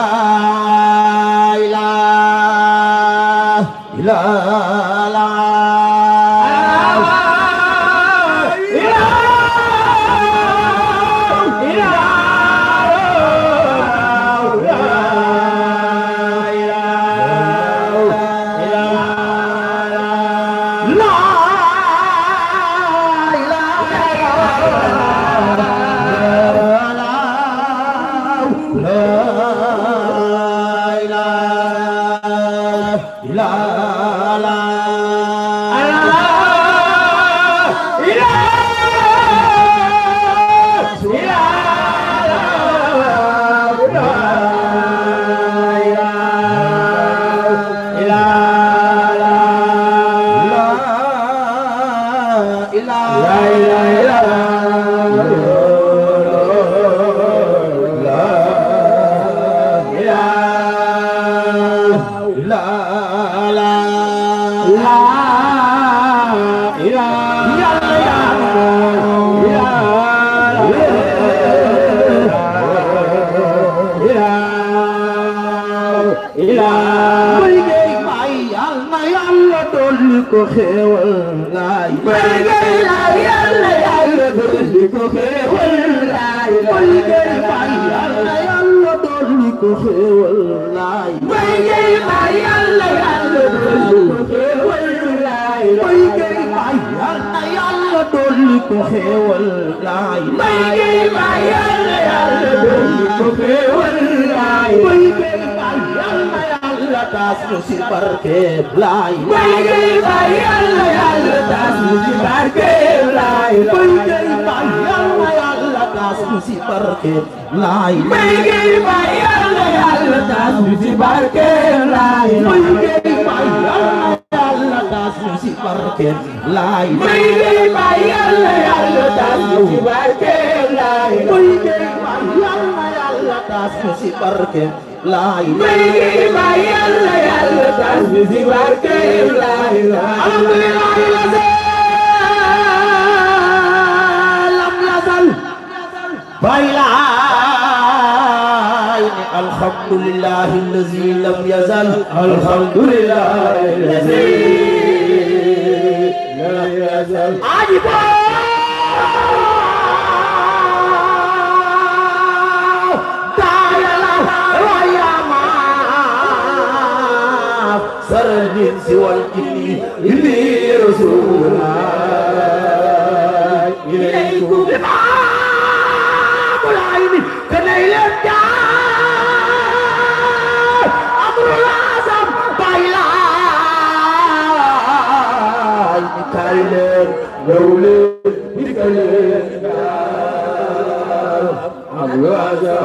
ko xéewal laay bari ngay laay yàlla yàlla dolli ko xéewal laay bari ngay laay yàlla yàlla dolli ko xéewal laay bari ngay laay yàlla yàlla dolli ko xéewal laay bari ngay laay yàlla yàlla dolli ko xéewal laay bari ngay laay yàlla yàlla dolli ko xéewal laay bari ngay laay taas ñu ci barkeem laay bay gay bay yàlla yàlla taas ñu ci barkeem laay bay gay bay la ilaha yalla yalla tas bi si barke la ilaha alhamdulillah lam lazal بايلاي الحمد لله الذي لم يزل الحمد لله الذي لم يزل عجبا سرد سوى الجن إلي رسول الله إليكم إمام العين كنيل أمر العظم بايلان كايلان لولين بكايلان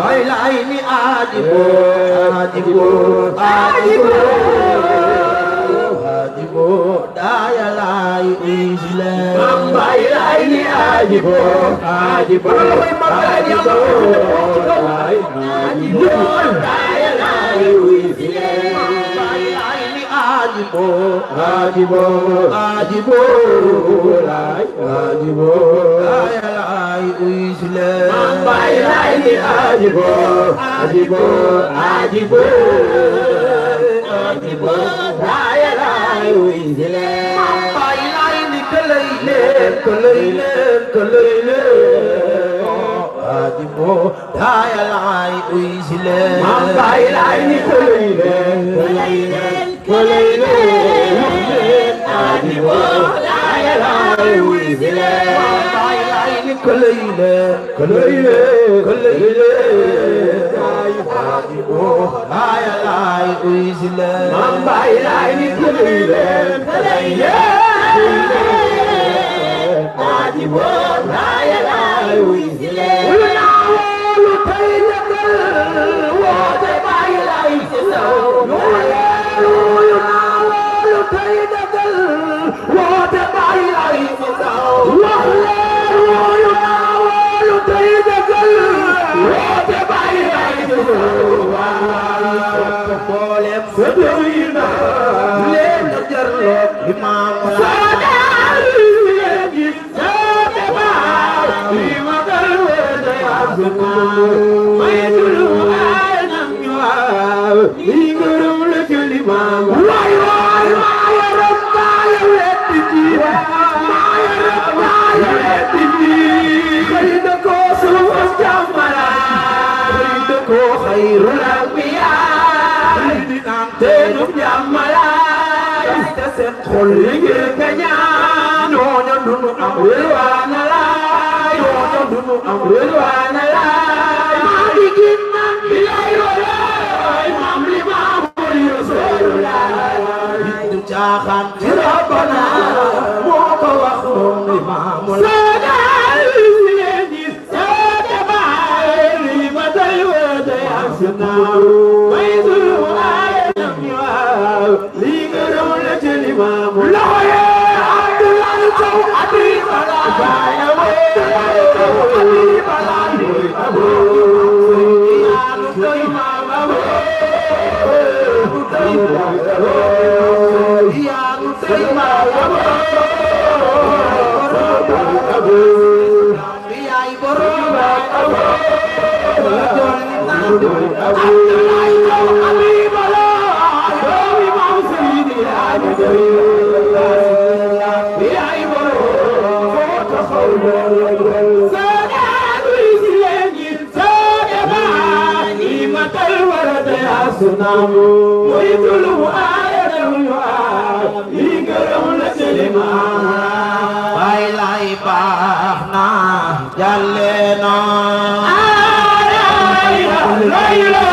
هاي العين آدبو آدبو آدبو daayalaay isle bambay lay ni ajibo ajibo ajibo lay ajibo daayalaay isle bambay lay ni ajibo ajibo ajibo lay ajibo daayalaay isle bambay lay ni ajibo ajibo ajibo ajibo ويلين طايل عيني كليلين كليلين كليلين قادمو طايل عيني ويزلين طايل عيني كليلين كليلين كليلين قادمو طايل عيني ويزلين كليلة كليلة كليلة لا يا لا يزلا من باي لا كليلة كليلة عادي لا يا لا يزلا ولا ولا تيلا ولا باي لا يزلا Amrulwana, caaxaan ci rabbana tsunami. Wait till lii gërëm la sëlimaan bay lay baax na jàlle na aa lay lay lay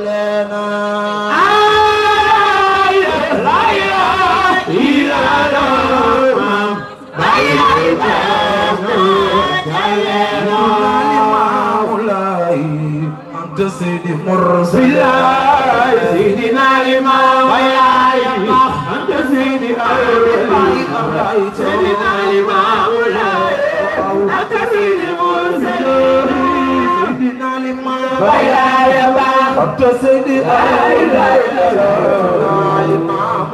أنت سيدي مرسلا سيدنا الإمام أنت سيدي سيدنا الإمام أنت سيدي مرسلا سيدنا الإمام خط سيدي إمام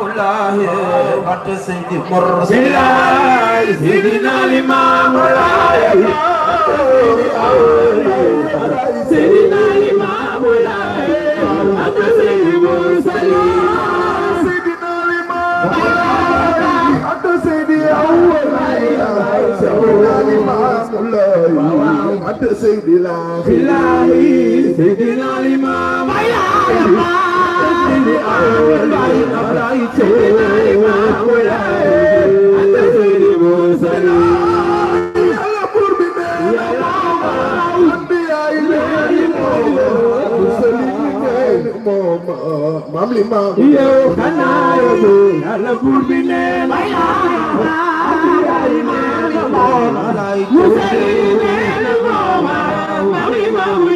الله خط سيدي مرسل بالله سيدنا الإمام الله سيدنا الإمام الله خط سيدي مرسل سيدنا الإمام الله خط سيدي أول سيدنا الإمام mat Seydina Ilaahi Seydina Limaam maam li ma yow xanaa yow yàlla buur bi ne ma yaa ma yaa ma yaa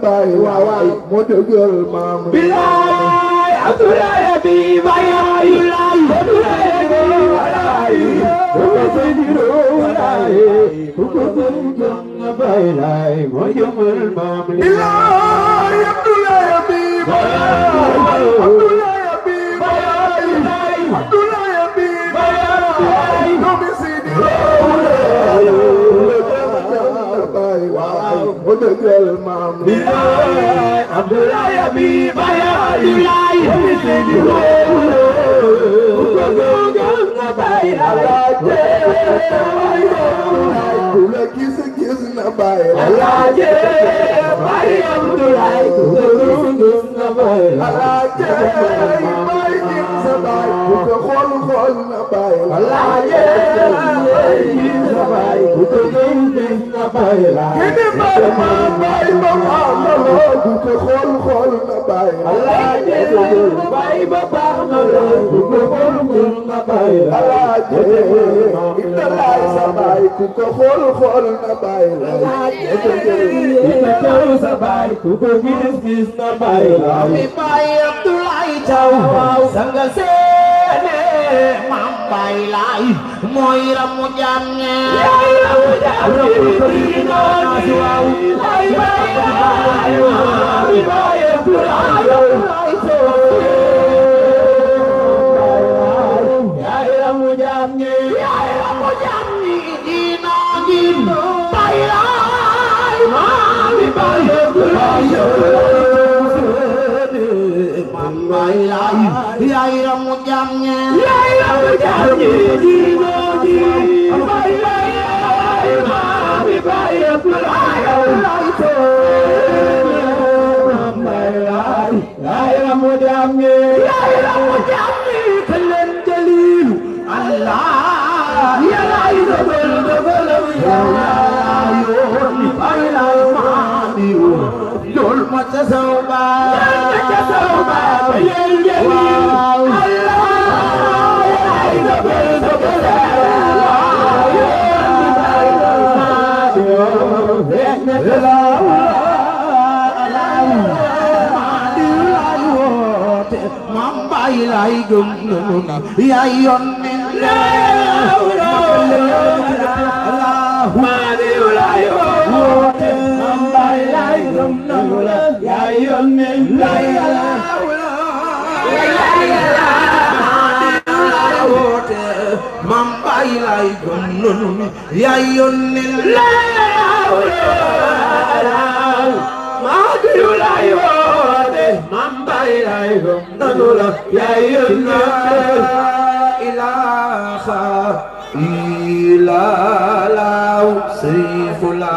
bay waaw waaw moo dëggal maam bilaay Abdoulaye abi bayay lay Abdoulaye abi walay ko ko sindiro walay ko ko sindiro baylay moo jëmal maam bilaay Abdoulaye abi bayay Alaaje Baye Abdoulaye xool na bàyyi laaye laaye na bàyyi bu ko gëj na bàyyi laaye ki ni bari ma bàyyi ba baax na lool bu ko xool xool na bàyyi laaye bàyyi ba baax na lool bu ko xool xool na bàyyi laaye ita laay sa bàyyi ku ko xool xool na bàyyi laaye ita teew sa bàyyi ku ko gis gis na bàyyi laaye bàyyi Abdoulaye Thiaw sanga see maam bay laay mooy ramu jàmm Hallelujah. ilahi ya ilamu jamnya ya ilamu jamnya di modi bai bai bai bai يا إلهي مدامي يا إلهي مدامي كل جليل الله يا لا يدبل دبل يا الله sauba yal na sauba ba yel yeli Allah ay dobel dobel lay gëm nanu na yaay yoon ni Allahu ma di lay woote dum dum ya yonen la ilaha Mam bay lay gonnun ya yonen la ilaha ma du lay wote mam bay lay gonnun ya yonen la ilaha illa la sirfu la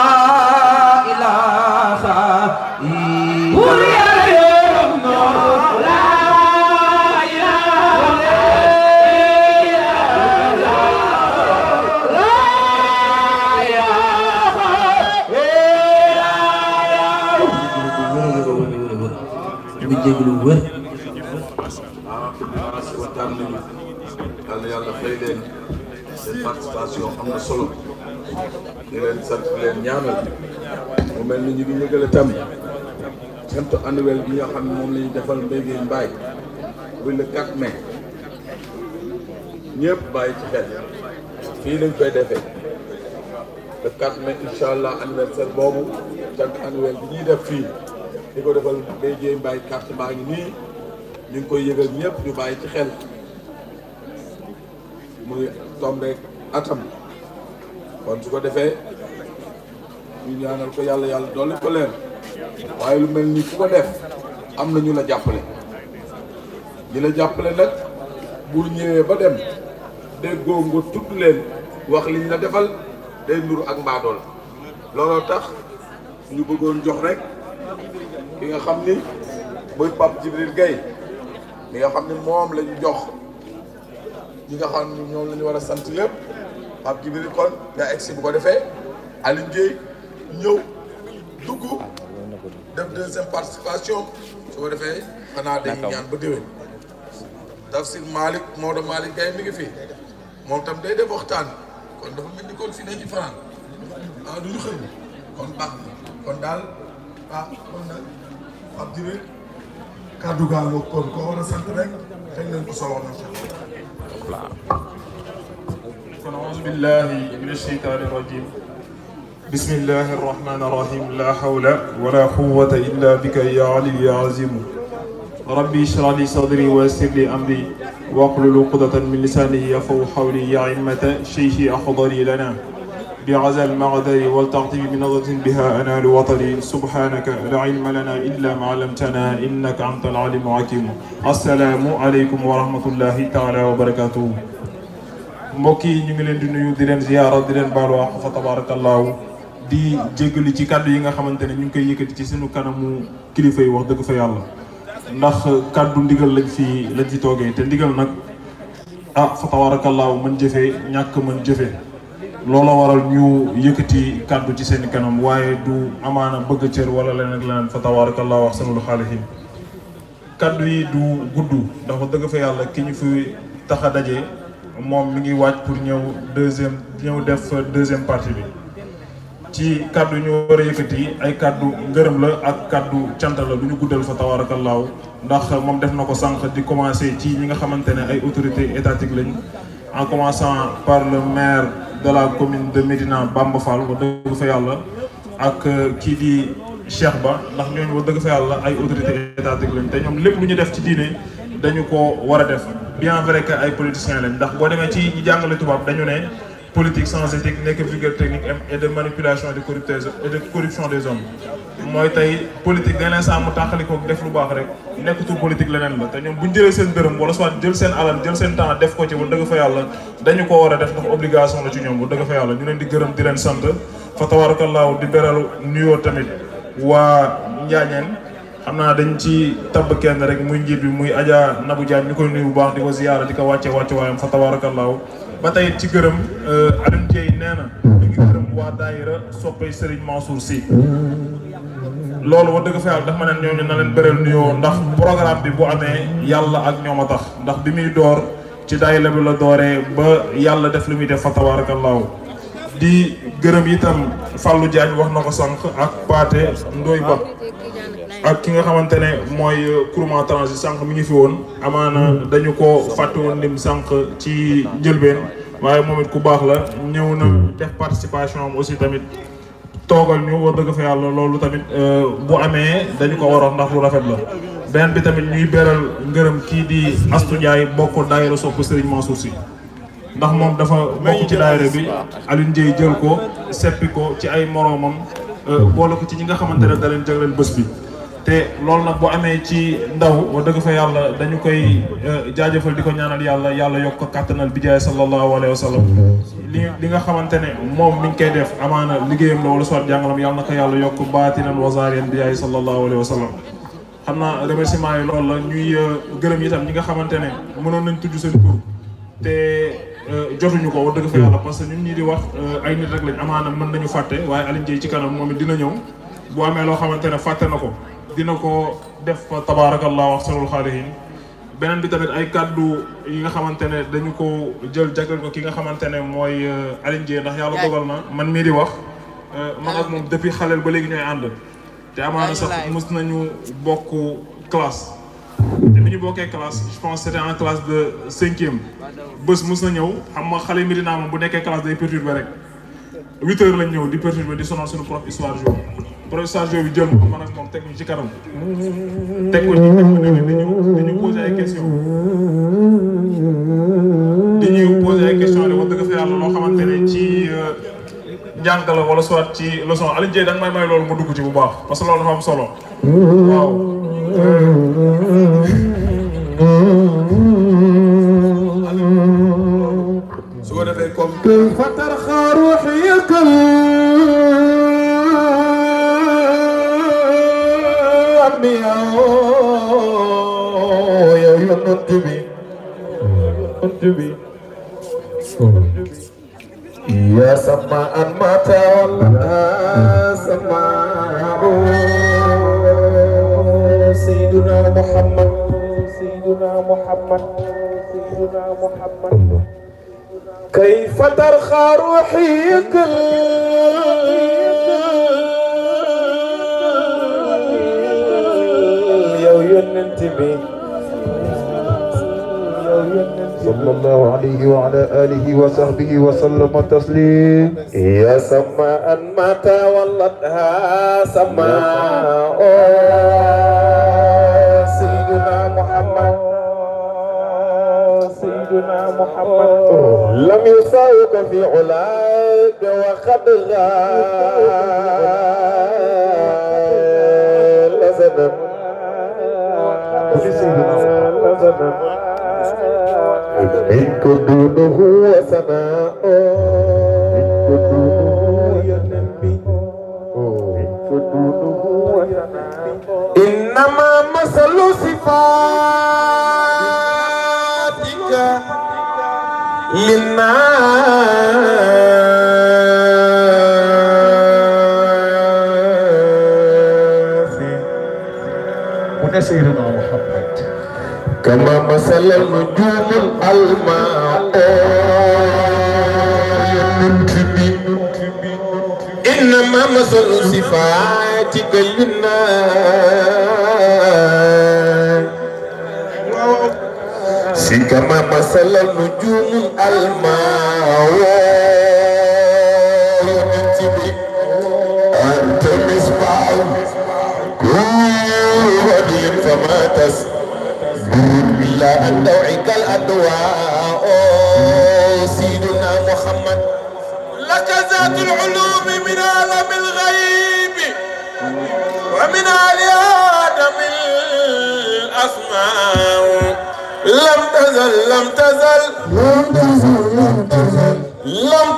conférence waxtaan nañu yal yàlla fay leen seen participation am na solo di leen sant di leen ñaanal mu mel ni ñu ngi yëgale tam cant annuel bi nga xam ne moom la ñu defal mbéyum mbaay bu le 4 mai ñëpp bàyyi ci xel fii lañ koy defee le 4 mai incha allah anniversaire boobu cant annuel bi ñuy def fii di ko defal mbéyum mbaay carte baa ngi nii. ñu ngi koy yëgal ñëpp ñu bàyyi ci xel muy tombeek atam kon su ko defee ñu ñaanal ko yàlla yàlla dolli ko leen waaye lu mel nii ku ko def am na ñu la jàppale ñi la jàppale nag bu ñëwee ba dem déggoo nga tudd leen wax liñ la defal day nuru ak mbaadool looloo tax ñu bëggoon jox rek ki nga xam ni muy Pape Djibril gay li nga xam ne moom la ñu jox ñi nga xam ne ñoom lañu war a sant lépp Pape Djibril kon nga egsi bu ko defee Alioune Guèye ñëw dugg def deuxième participation su ko defee xanaa dañuy ba déwén. Tafsir Malick Maodo Malick Gaye mi ngi fi moom tam day ni kon fii ah, kon baax na kon daal ah kon kàddu gaa ngoog kon koo war a sant rek xëy nañ ko soo war a sant. kon auzu billahi mina shaytaani rajim bismillahi rahmani rahim la hawla wala quwwata illa bika ya ali ya azimu rabbi ishrah li sadri wa yassir li amri wahlul uqdatan min lisani yafqahu qawli ya immata shaykhi ahdari lana بعزى المعذر والترتيب بنظرة بها أنال وطني سبحانك لا علم لنا إلا ما علمتنا إنك أنت العليم الحكيم السلام عليكم ورحمة الله تعالى وبركاته mbokk yi ñu ngi leen di nuyu di leen ziyaara di leen baalu àq fa tabaarakallaahu di jégalu ci kàddu yi nga xamante ne ñu ngi koy yëkkati ci suñu kanamu kilifa yi wax dëgg fa yàlla ndax kàddu ndigal lañ fi lañ fi toogee te ndigal nag ah fa tabaarakallaahu mën jëfee ñàkk mën jëfee looloo waral ñu yëkkati kàddu ci seen kanam waaye du amaana bëgg cër wala leneen ak leneen fa tabaarakallahu ahsanul xaalixiin kàddu yi du gudd ndax wax dëgg fa yàlla ki ñu fi tax a daje moom mi ngi waaj pour ñëw deuxième ñëw def deuxième partie bi ci kàddu ñu war a yëkkati ay kàddu ngërëm la ak kàddu cant la du ñu guddal fa tabaarakallahu ndax moom def na ko sànq di commencé ci ñi nga xamante ne ay autorités étatique lañ en commençant par le maire. de commune de Médina Bamba Fall wax dëgg fa yàlla ak euh, kii di Cheikh Ba ndax ñooñu wax dëgg fa yàlla ay autorité étatique lañ te ñoom lépp lu ñu def ci diine dañu ko war a def bien vrai que ay politiciens lañ ndax boo demee ci ñi jàngale tubaab dañu ne politique sans éthique nekk vulgaire technique et de manipulation de corrupteurs et de corruption des hommes mooy tey politique dès l'instant mu tàqali ko def lu baax rek nekkatul politique leneen la te ñoom bu ñu jëlee seen dërëm wala soit jël seen alal jël seen temps def ko ci bu dëgg fa yàlla dañu ko war a def ndax obligation la ci ñoom bu dëgg fa yàlla ñu leen di gërëm di leen sant fa tabaarakallaahu di beral nuyoo tamit waa Njaañeen xam naa dañ ci tabb kenn rek muy njiit bi muy Adja Nabou Diagne ñu koy nuyu bu baax di ko ziyaara di ko wàcce wàcce waayam fa tabaarakallaahu ba tey ci gërëm euh, Alioune Dieye nee na mm. mi ngi waa daayira soppay Serigne Mansour si loolu wax dëgg fa yàlla dafa ma ne ñooñu na leen bëral nuyoo ndax programme bi bu amee yàlla ak ñoom a tax ndax bi muy door ci daayira bi la dooree ba yàlla def li muy def fa tabaarakallaahu di gërëm itam Fallou Diagne wax na ko sànq ak Paate Ndoy Ba ak ki nga xamante ne mooy euh, Kourouma Transit sànq mi ñu fi woon amaana dañu ko fàtte woon lim sànq ci njëlbeen waaye moom it ku baax la ñëw na def participation aussi tamit toogal ñu war dëgg fa yàlla loolu tamit euh, bu amee dañu ko war a ndax lu rafet la beneen bi tamit ñuy beral ngërëm kii di Astou Ndiaye bokk daayira sopp Serigne Mansour si ndax moom dafa bokk ci daayira bi Alioune Ndiaye jël ko seppi ko ci ay moroomam euh, boole ko ci ñi nga xamante ne da leen jagleel bés bi te loolu nag bu amee ci ndaw wa dëgg fa yàlla dañu koy euh, jaajëfal di ko ñaanal yàlla yàlla yokk ko kàttanal bi jaay sallallahu alayhi wa sallam li li nga xamante ne moom mi ngi koy def amaana liggéeyam la wala soit jàngalam yàlla na ko yàlla yokk baatinan wasaareen bi jaay sallallahu alayhi wa sallam xam naa remerciement yi loolu la ñuy euh, gërëm tam li nga xamante ne mënoon nañ tudd seen tur te euh, jotuñu ko wax dëgg fa yàlla parce que ñun ñii di wax ay nit rek lañ amaana mën fàtte waaye Alioune Dieye ci kanam moom dina ñëw bu amee loo xamante ne fàtte na ko dina ko def fa tabaarakallahu ahsanul xaalihin beneen bi tamit ay kàddu yi nga xamante ne dañu ko jël jagleel ko ki nga xamante ne mooy euh, Alioune Dieng ndax yàlla dogal na man mii di wax euh, man ak ah, moom depuis xaleel ba léegi ñooy ànd te amaana sax mës nañu bokk classe te bi ñu bokkee classe je pense en classe de cinquième bés mus na ñëw xam nga xale mi dinaa moom bu nekkee classe day perturbé rek huit heures ñëw di perturbé di sonal suñu prof histoire jour procession bi jël ko man ak moom teg ñu ci kanam. teg ko ci kanam dañu dañu posé ay ay questions de wax dëgg fa yàlla loo xamante ne ci euh, njàng la wala soit ci leçon Alioune Dieng da may may loolu mu dugg ci bu baax parce que loolu dafa am solo. waaw. Euh, euh, su ko defee comme. تبي يا سماء ما تولى سماء سيدنا محمد سيدنا محمد سيدنا محمد كيف ترخى روحي كل ينتبه صلى الله عليه وعلى آله وصحبه وسلم تسليم يا سماء ما تولتها سماء سيدنا محمد سيدنا محمد لم يساوك في علاك وقد غال لزنا لزنا إن كدونه وسماء إنما مثل صفاتك للناس Gracias. كما مثل النجوم الماء إنما مثل صفاتك للناس كما مثل النجوم الماء أنت مصباح كل ودي فما تسمع إلى أن توعك الأدواء سيدنا محمد لك ذات العلوم من عالم الغيب ومن آل آدم الأسماء لم تزل لم تزل لم تزل لم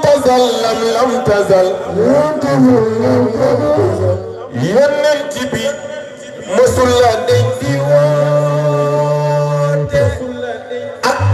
تزل لم تزل لم لم تزل لم تزل لم تزل يننتبي مسلا ديوان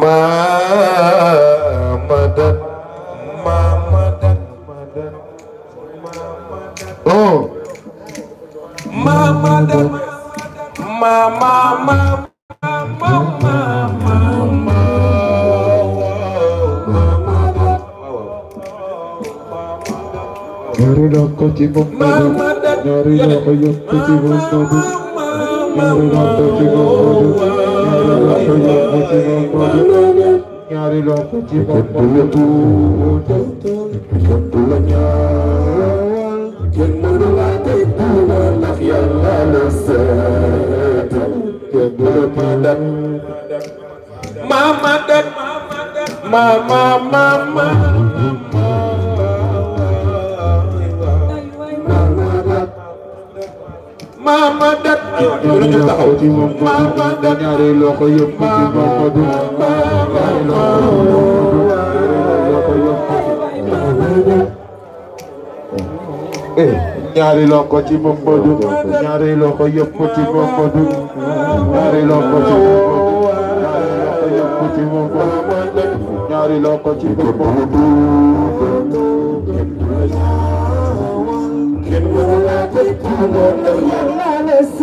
مامدا مامدا أوه مامدا ماما ماما ماما ماما Narina koti bombadu, narina koti bombadu, narina koti bombadu. ñaari loxo ci boppam te la ñaawal kenn mënu laa teg tuuma ndax yàlla la seet kenn du la madat maamadat maama maama mama dat lu ñu taxaw mama dat ñaari loxo yëpp ci Mamadu ñaari loxo yëpp eh ñaari loxo ci Mamadu ñaari loxo yëpp ci Mamadu ñaari loxo ci Mamadu ñaari loxo ci Mamadu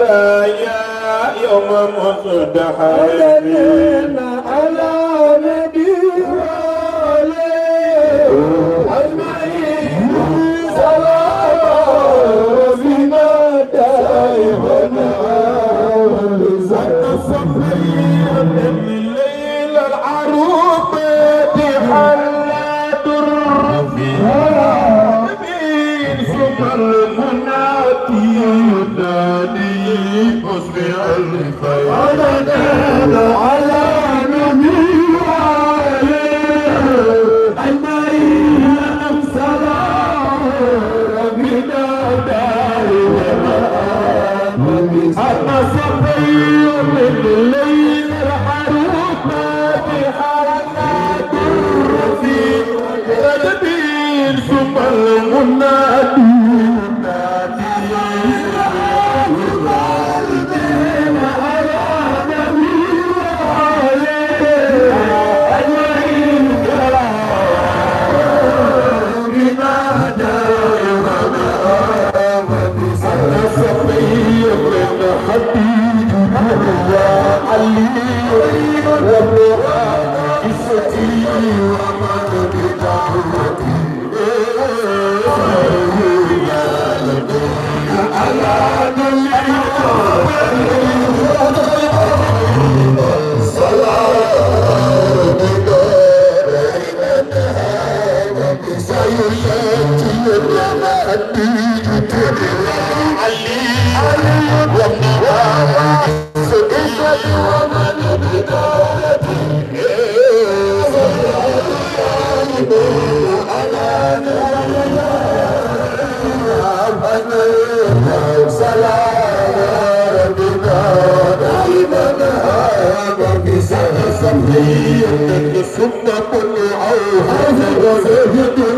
البرايا يوم مصدح على بألف على على نبي أنا صبي من الليل الحروب ما في حركات الرفيق تدبير ثم المنى ثم كل عوض وزهد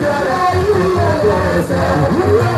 Oh,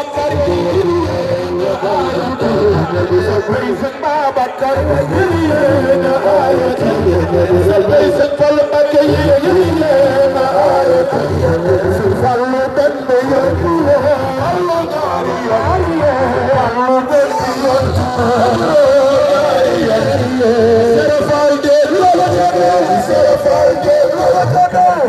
Babacar bay sëñ Babacar yéena ayati sëñ bay sëñ Fallu Mbakke yéena ayati sëñ Fallu benn yoon Allah ñaari yoon Fallu benn yoon Sëriñ Fall de lala kado Sëriñ Fall de lala kado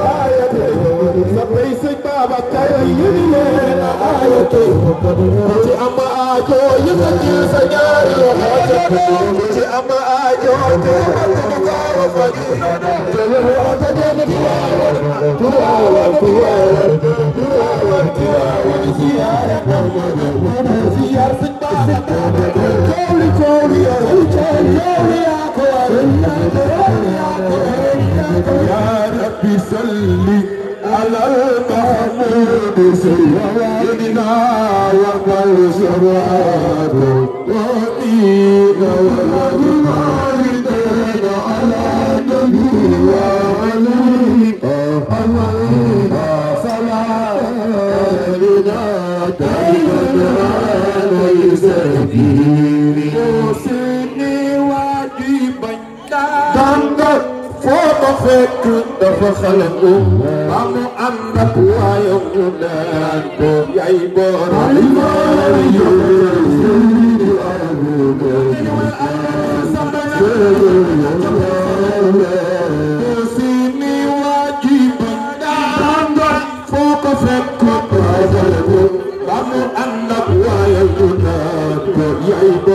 tey sëñ Babacar yéen leen aayo tey tey ku ko faju te lu wata dem Tiwaawan Tiwaawan Tiwaawan Tiwaawan Tiwaawan ziyaara ziyaar sëñ Babacar coow rabbi salli على المحمود سيدنا والموسر آدم ودين والوالدين على النبي وعلي علينا صلاة لنا دائما ليس فيه وسني واجبا دمك فوق فكري dafa xalangu ba mu am nag waaye mu naan ko yaay borom Yeah.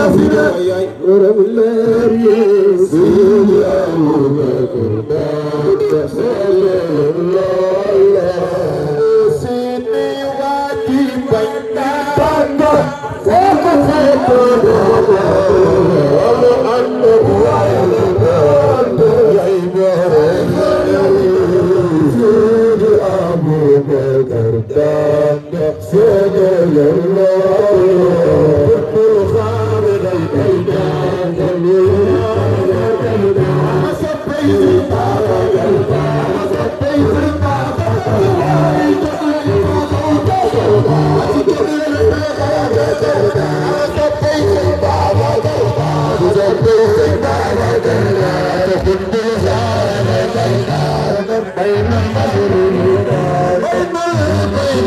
Brasil! Yeah.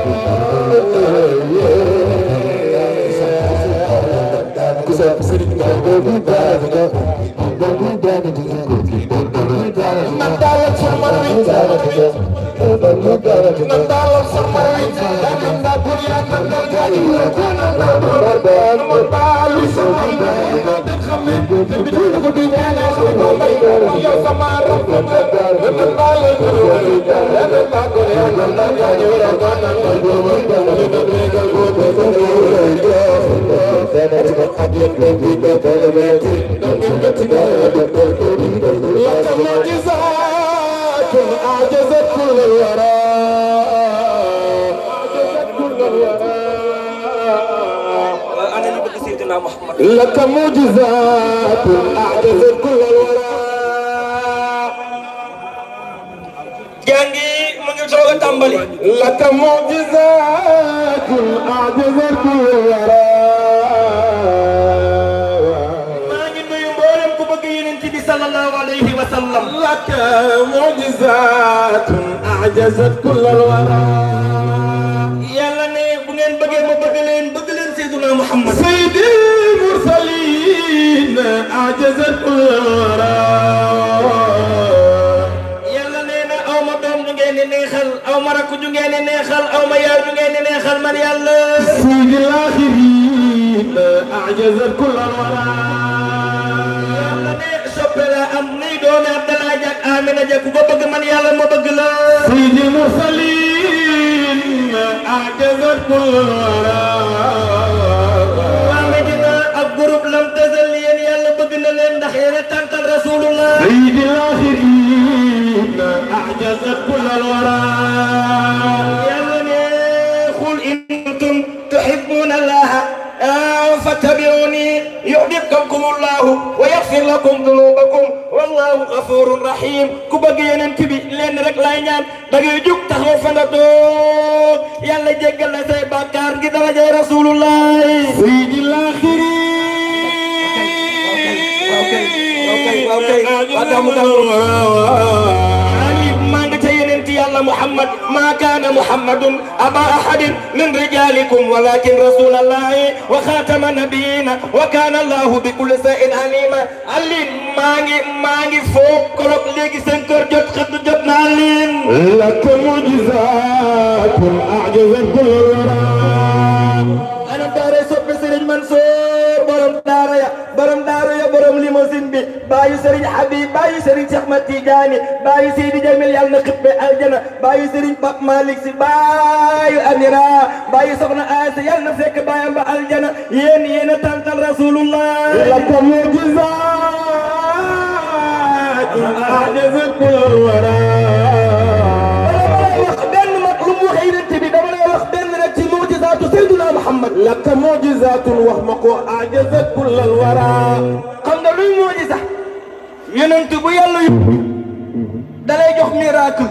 Your desire كل أعجزت كل الوراء أعجزت كل الوراء لك معجزات أعجزت كل الوراء جانجي من جوجو تامبالي لك معجزات أعجزت كل الوراء وسلم لك معجزات أعجزت كل الورى يلا ني بنين بغي ما بغلين بغلين سيدنا محمد سيد المرسلين أعجزت كل الورى يلا نينا أو ما دوم جوجيني نيخل أو ما ركو جوجيني نيخل أو ما يا جوجيني نيخل من يلا سيد الآخرين أعجزت كل الورى يلا ني سبلا أم doomi Abdallah Dia ak Amina Dia ku ko bëgg man yàlla ma bëgg la. Sayyidil mursalin ajazat kul wara. Amina ak groupe lam tazal yéen yàlla bëgg na leen ndax yéen a tàntal rasulullah. Sayyidil axirin ajazat kul wara. yàlla ne xul in kuntum tuhibbuna allaha فاتبعوني يحببكم الله ويغفر لكم ذنوبكم والله غفور رحيم ku bëgg yeneen bi lenn rek lay ñaan dangay jóg taxaw fa nga toog yàlla jéggal la say bàkkaar ngi darajay rasulullah sayyidil قال محمد ما كان محمد أبا أحد من رجالكم ولكن رسول الله وخاتم النبيين وكان الله بكل شيء عليما علي ماغي ماغي فوق كروك ليغي سن كور جوت خد جوت نالين لكم معجزات أعجز كل أنا داري bi baayu Serigne Habib baayu Serigne Cheikh Mat Tidiane baayu Seydi Jamil yàlla na xibbe aljana baayu Serigne Pape Malick Sy baayu Amira baayu Soxna Aïssa yàlla na fekk baayam ba aljana yéen yéen a tàntal Rasulullah lakum mu'jizaat ahdath kull wara dama lay wax benn nag lu Muhammad laka wax ma ko ajazat kullal wara xam nga luy mu'jiza yonent bu yàlla yónni mhm. dalay jox miracle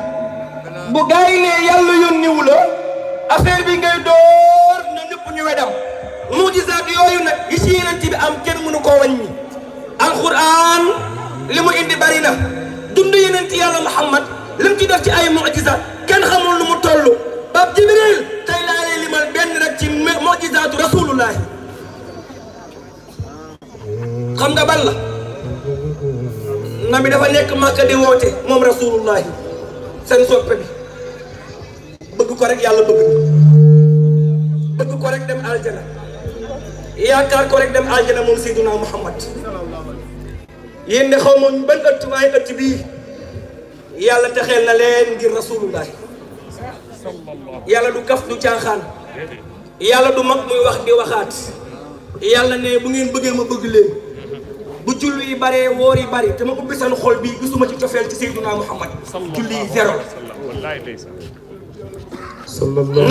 bu gaa yi ne yàlla yónniwu la affaire ngay door na ñëpp ñu wedam mu'jizaat yooyu nag yi ci yonent bi am kenn mënu koo wàññi alquran li mu indi bari na dund yonent yàlla Muhammad lu mu toll Pape Jibril tey laa man benn rek ci mojizaatu rasulullahi xam nga ban la na mi nekk màkka di woote moom seen soppe bi ko rek yàlla bëgg ko rek dem aljana yaakaar ko rek dem aljana moom Seydina Muhammad yéen xaw ma ñu ban ëtt waaye bii yàlla taxeel na leen ngir rasulullahi yàlla du kaf du caaxaan yàlla du mag muy wax di waxaat yàlla ne bu ngeen bëggee ma bëgg leen bu julli yi baree woor yi bari te ma ubbi seen xol bi gisuma ci cofeel ci Seydina Muhammad julli yi zéro na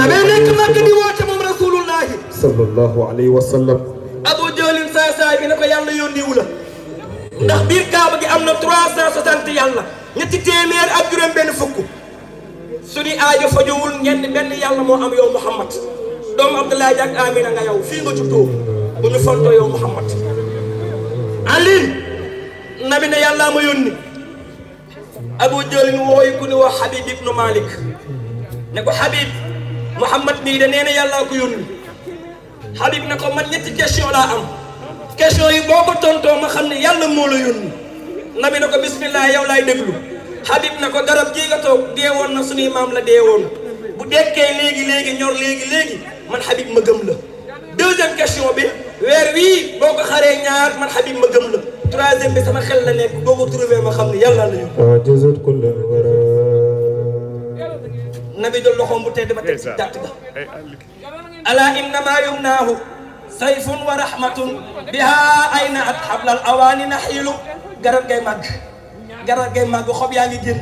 bee nekk mag di woote moom rasulullahi sallallahu alayhi wa bi ne ndax biir kaaba gi am na trois cent soixante yàlla ñetti téeméer ak juróom benn fukk suñu aajo fajuwul ngeen benn yàlla moo am yow Muhammad doomu Abdoulaye Diak Amina nga yow fii nga juddoo bu ñu fontoo yow Muhammad Ali nabi na yàllaa ma yónni Abu Jahl wooyu ku ni wax Habib ibnu Malik ne ko Habib Muhammad nii de nee na yàllaa ko yónni Habib ne ko man ñetti question laa am question yi boo ko tontoo ma xam ne yàlla moo la yónni nabi ne ko bismillah yow laay déglu Habib na ko garab gii nga deewoon na suñuy maam la deewoon bu dekkee léegi léegi ñor léegi léegi man Habib ma gëm la. deuxième question bi weer wii boo ko xaree ñaar man Habib ma gëm la troisième bi sama xel la nekk boo ko trouvé ma xam ne yàlla la ñu. nabi jël loxoom bu tedd ba teg ci dàtt ba ala innama yumnaahu sayfun wa rahmatun biha ayna at xablal awaani naxiilu garab ngay màgg garab gay màgg xob yaa ngi génn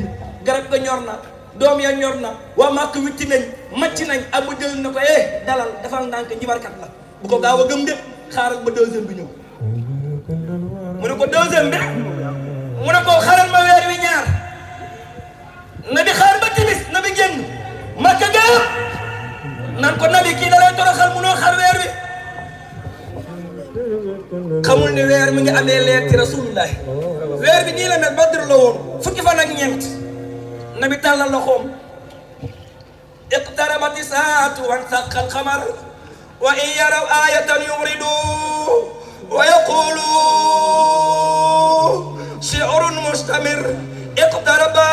garab ga ñor na doom ya ñor na waa màkk witti nañ màcc nañ abu jël na ko eh dalal defal ndànk njibarkat la bu ko gaaw a gëm de xaaral ba deuxième bi ñëw mu ne ko deuxième bi mu a ko xaaral ma weer wi ñaar na bi xaar ba timis na bi génn màkk ga naan ko nabi kii da lay toroxal munoo xar weer wi xamul ne weer mi ngi amee leer ci rasulullahi weer bi nii la mel badr la woon fukki fan ak ñeent nabi tàllal loxoom iqtarabati saatu wan saqal xamar wa in yaraw ayatan yuridu wa yaqulu shi'run mustamir iqtaraba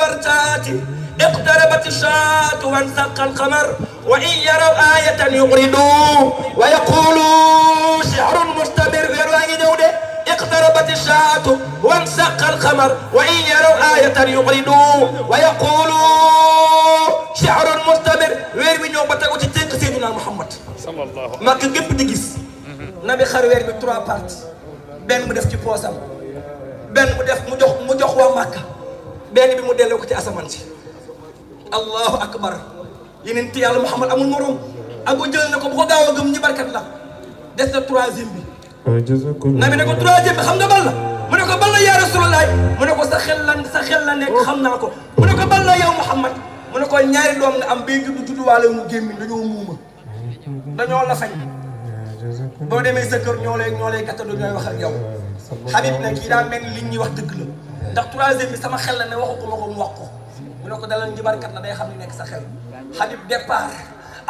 bartaati اقتربت الساعة وانسق القمر وإن يروا آية يغردوا ويقولوا سحر مستمر اقتربت الساعة وانسق القمر وإن يروا آية يغردوا ويقولوا شعر مستمر وير وي ñoo ba tegu ci tënk Seydina Muhammad Makka gépp di gis nabi xar weer bi trois parties benn mu def ci poosam benn mu def mu jox mu jox waa Makka benn bi mu delloo ko ci asamaan si allahu akbar yeneen ti yàlla Muhammad amul morom Abu Jahl ne ko bu ko a gëm ñi barkat la des na troisième bi nabi ne ko troisième bi xam nga la mu ne ko bal la mu ne ko sa xel la sa xel naa ko mu ne ko bal la yow mu ne ko ñaari doom nga am béykat bu judduwaale mu gémmiñ dañoo muuma dañoo la fañ boo demee sa kër ñoo lay ñoo lay gàttandoo ñooy wax ak yow Habib nag kii daa li ñuy wax dëgg la ndax troisième bi sama xel ne waxu ko ma ko wax ko bu la ko dalal njibarkat la day xam Habib départ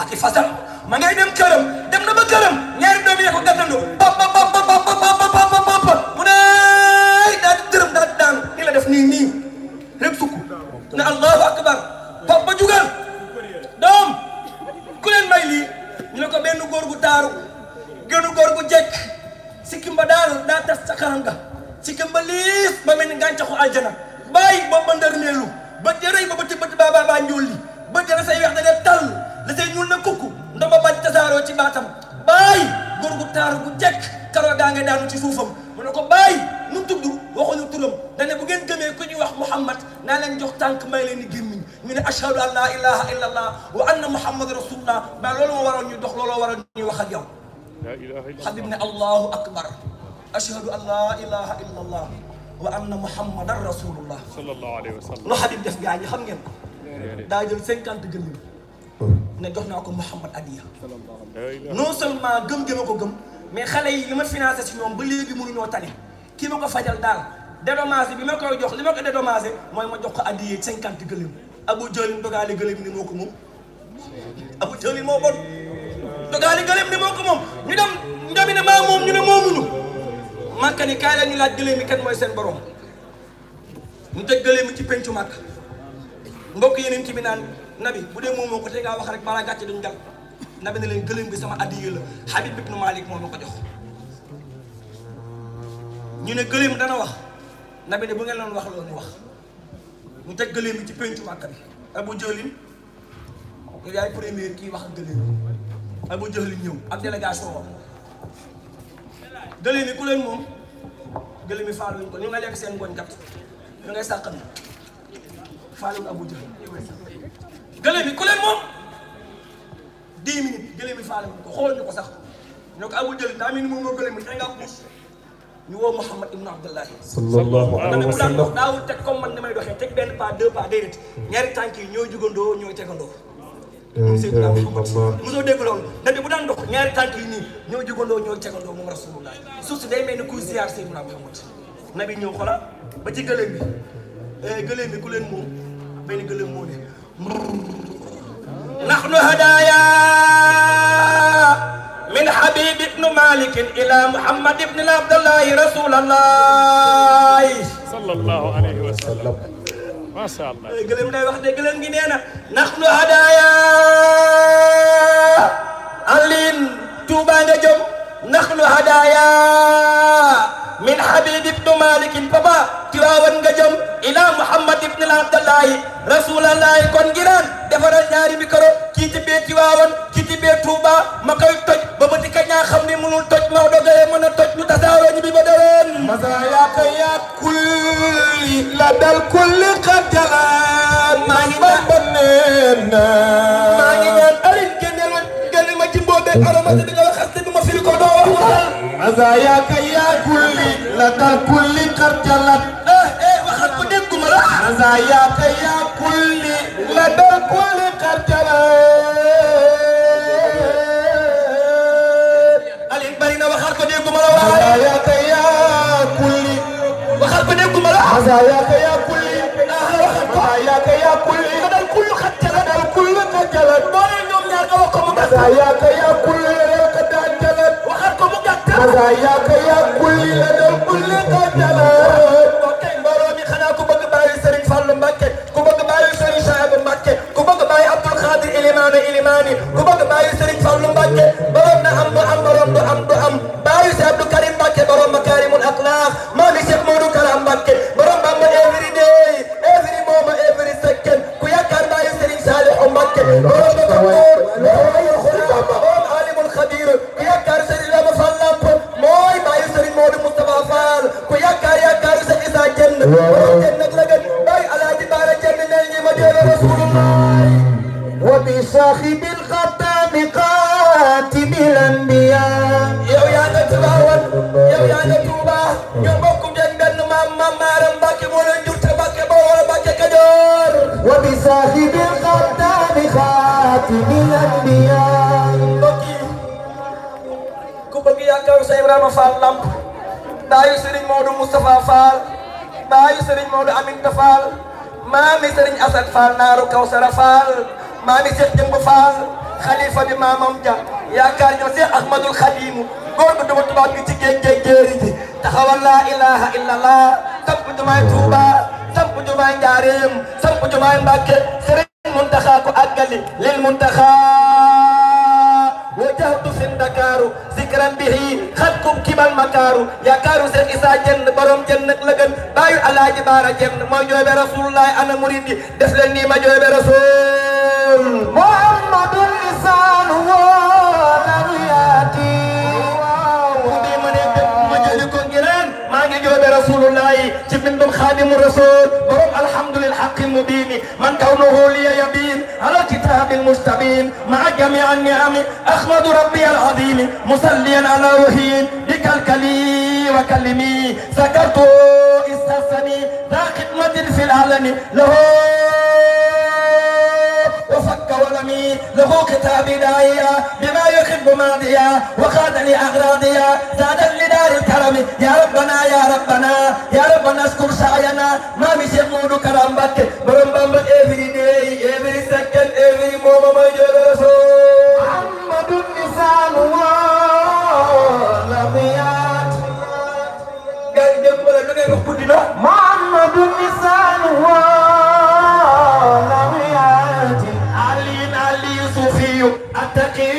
ak i ma ngay dem këram dem na ba këram ñaari doom yi ko gàttandoo pap pap pap pap pap pap mu ne ni allahu akbar pap ba jugal doom ku leen may lii ñu ne ko benn gu taaru gënu góor gu jekk sikkim ba daanu daa tas sa xaram ga ba jërëy ba ba ci bët baabaa baa ñuul li ba jërë say weex da dee tàll la say ñuul na kukk nda ba bañ tasaaroo ci baatam baay góor gu taaru gu jekk karoo gaa nga daanu ci suufam mu ne ko baay nu tudd waxuñu turam dane bu ngeen gëmee ku ñuy wax muhammad naa leen jox tànk may leen di gémmiñ ñu ne ashhadu an laa ilaha illa allah wa anna muhammad rasulullah ba loolu moo waroon ñu dox looloo waroon ñuy wax ak yow xabib ne allahu akbar ashhadu an laa ilaha illa allah wa anna muhammadan rasulullah sallallahu alayhi wa sallam lu Habib def gaa ñi xam ngeen ko daa jël cinquante gëléem ne jox naa ko Muhammad Adiya non seulement gëm gëma ko gëm mais xale yi li ma financé si ñoom ba léegi mënuñoo tane kii ma ko fajal daal dédommagé bi ma koy jox li ma ko dédommagé mooy ma jox ko addiye cinquante gëléem abu jëlin dogaale gëléem ni moo ko moom abu jëlin moo ko moom ñu dem njabi ne maa moom ñu ne moomuñu màkka ni kaay la ñu laaj gëléem yi kan mooy seen borom mu teg gëléem yi ci pencu màkk mbokk yeneen ci bi naan nabi bu dee moom moo ko te ngaa wax rek balaa gàcce duñ dal nabi ne leen gëléem bi sama addiya la Habib ibn Malik moom ma ko jox ñu ne gëléem dana wax nabi ne bu ngeen doon wax loolu wax mu teg gëléem bi ci pencu màkk bi Abu Jahlin yow yaay premier kii wax ak gëléem Abu Jahlin ñëw ak délégation gëlëm yi ku leen moom gëlëm yi faaluñ ko ñu nga lekk seen ngooñ kat ñu ngay sàqam faaluñ Abu Jahl gëlëm yi ku leen moom dix minutes gëlëm yi faaluñ ko xool ñu ko sax ñu ko Abu Jahl daa mel ni moom moo gëlëm yi tey ngaa puus ñu woo Muhammad ibnu Abdullahi sallallahu alayhi wa sallam daawul teg comme man damay doxee teg benn pas deux pas déedéet ñaari tànk yi ñooy jugandoo ñooy tegandoo Seydina Muhammad mosoo dégg loolu nabi bu daan dox ñaari tànk nii ñoo jugandoo ñoo jegandoo moom rasulullah suuf si day mel ni kuy ziar Seydina Muhammad nabi ñëw xola ba ci gëléem bi eh, gëléem bi ku leen moom benn gëléem moo ne nahnu hadaya min habib ibnu malik ila muhammad ibn abdallahi rasulallah sallallahu alayhi wa sallam macha allah gëlëm day wax de gëlëm gi nee na naxnu hadaya alin Tuuba nga jëm naxlu hadaya min habib ibnu malik papa tiwaawan nga jëm ila muhammad ibnu abdallahi rasulallahi kon ngiraan defaral ñaari micro kii ci bee tiwaawan kii ci bee tuuba ma koy toj ba ma dikka ñaa xam ne mënul toj ma dogalee mën a toj ñu tasaaroo ñu bi ba déwén masaya ka yaa kulli la dal kulli xatalaan maa ngi ñaan maa ngi ñaan arin génneel génneel ma ci nekk adama te di nga waxas te du ma firi ko doo wax waxal mazayaaka yaa kulli la tar kulli xar jalat eh eh waxal ko dégguma la mazayaaka yaa kulli la tar kulli xar jalat alin bari na waxal ko dégguma la waaye mazayaaka yaa kulli waxal ko dégguma la mazayaaka yaa kulli waxal ko mazayaaka yaa kulli la tar kulli xar jalat la tar kulli xar jalat ko mu gàttal. mazayaaka yaa kulli ladal qadajalat. waxal ko mu gàttal. mazayaaka yaa kulli ladal kulli qadajalat. ok mbooloo mi xanaa ku bëgg bàyyi Serigne Fallou Mbacke ku bëgg bàyyi Serigne Chahibou Mbacke ku bëgg bàyyi Abdoul Khadir Ilimane Ilimani ku bëgg bàyyi Serigne Fallou Mbacke borom na am du am borom du am du am bàyyi si Abdou Karim Mbacke borom makarimul akhlaq maa ngi Cheikh Modou Kara Mbacke borom Bamba every day every moment every second ku yaakaar bàyyi Serigne Saliou Mbacke borom وبصاحب الخطام قاتب الانبياء يا يا نتباوت يا يا نتوبا يا بكم جنن ما ما ما رمبك مولا جرت بك بولا بك كدور وبصاحب الخطام خاتم الانبياء بكي كوبك يا كاو سيبرا مفال لامب دايو سيرين مودو مصطفى فال baayu Serigne Maodo Aminta Fall maami Serigne Assane Fall naaru Kawsara Fall maami Cheikh Jëmb Fall xalifa bi maamam ja yaakaar ñoo Cheikh Ahmadul Xadimu góor gu dama tubaab bi ci géej géej ji taxawal laa ilaha illallah samp jumaay Tuuba samp jumaay Njaareem samp jumaay Mbàkke Serigne Muntaxa ko lil Muntaxa wajjahtu sin dakaaru zikran bihi xatkum kimal makaaru yaakaaru Seex Isaa Jeen borom jeen nag la gën baayu Alaaji Baara Jeen mooy joobe rasulullahi ana murid yi def leen nii ma joobe rasul muhammadul isaan woo lam yaati bu dee ma ma jëli ko ngiraan maa من خادم الرسول برم الحمد للحق المبين من كونه لي يبين على كتاب المستبين مع جميع النعم أحمد ربي العظيم مصليا على وهين بكلكلي وكلمي ذكرت استفني ذا خدمة في العلن له عالمي له كتابي داعيا بما يحب ماضيا وخادني أغراضيا زادا لدار الكرم يا ربنا يا ربنا يا ربنا اذكر سعينا ما بيسمونه كرم بك برم بمبك every day every second every moment my dear رسول محمد لسان والأبيات قال جنب ولا نقول محمد لسان والأبيات التقي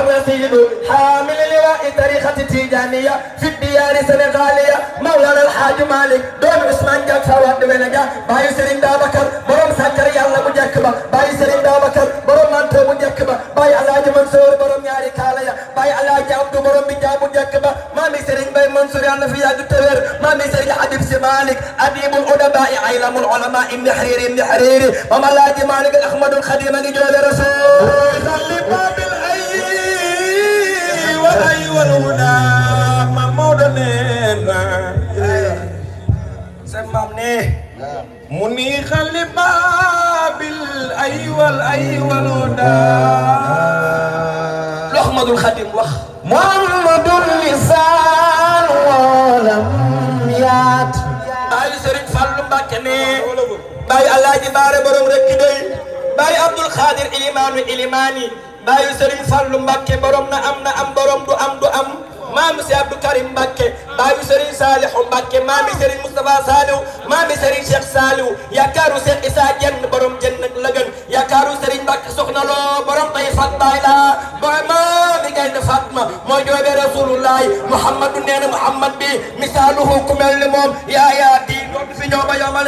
الرصيد حامل لواء طريقة تيجانية في الديار السنغالية مولانا الحاج مالك دوم عثمان جاك سواد ونجا باي سرين دابكر بروم سكر يالا مجكبا باي سرين دابكر بروم مانتو مجكبا باي علاج منصور بروم ياري كاليا باي علاج عبدو بروم بجاب مجكبا مامي سرين باي منصور يالا في ياجو تبير مامي سرين حبيب سمالك أديب الأدباء عيلم العلماء النحريري النحريري مملاجي مالك الأحمد الخديم جوال رسول بالحي والحي والهدى ما مودنا سمعني منيخ لباب الأي والأي والهدى لحمد الخديم وخ محمد اللسان ولم يات باي سرين فالو مباكني باي الله جبار بروم ركدي باي عبد الخادر إليمان إليماني baayu Serigne Fallou Mbacke borom na am na am borom du am du am maami si Abdou Karim Mbacke baayu Serigne Salihu Mbacke maami Serigne Moustapha Salihu maami Serigne Cheikh Salihu yaakaaru Cheikh Issa Dieng borom Dieng nag la gën yaakaaru Serigne Mbacke soxna loo borom tay fat baay laa mooy maami gaynde Fatma moo joobee Rasulullahi Muhammadu nee na Muhammad bi misaaluhu ku mel ni moom yaa yaa di loolu fi ñëw ba yomal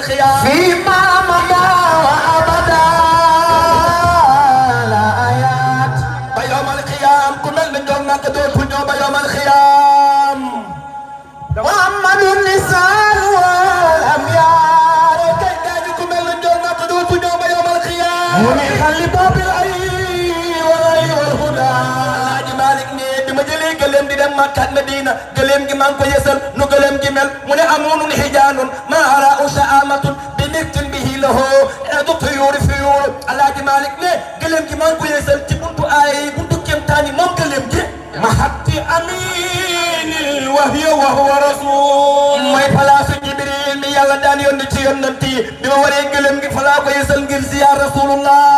na diina gëleem gi maa ngi ko yesal nu gëleem gi mel mu ne amuunun hijaanun ma arau shaamatun bi niktin bihi lahoo edu tuyuuri fiyuuru alaaji malik ne gëleem gi maa ngi ko yesal ci buntu aay buntu kéemtaani moom gëleem gi mahatti aminil wahyo wa huwa rasul mooy palaasu jibril mi yàlla daan yónni ci yónnanti bi ma waree gëleem gi falaa ko yesal ngir ziyaar rasulullah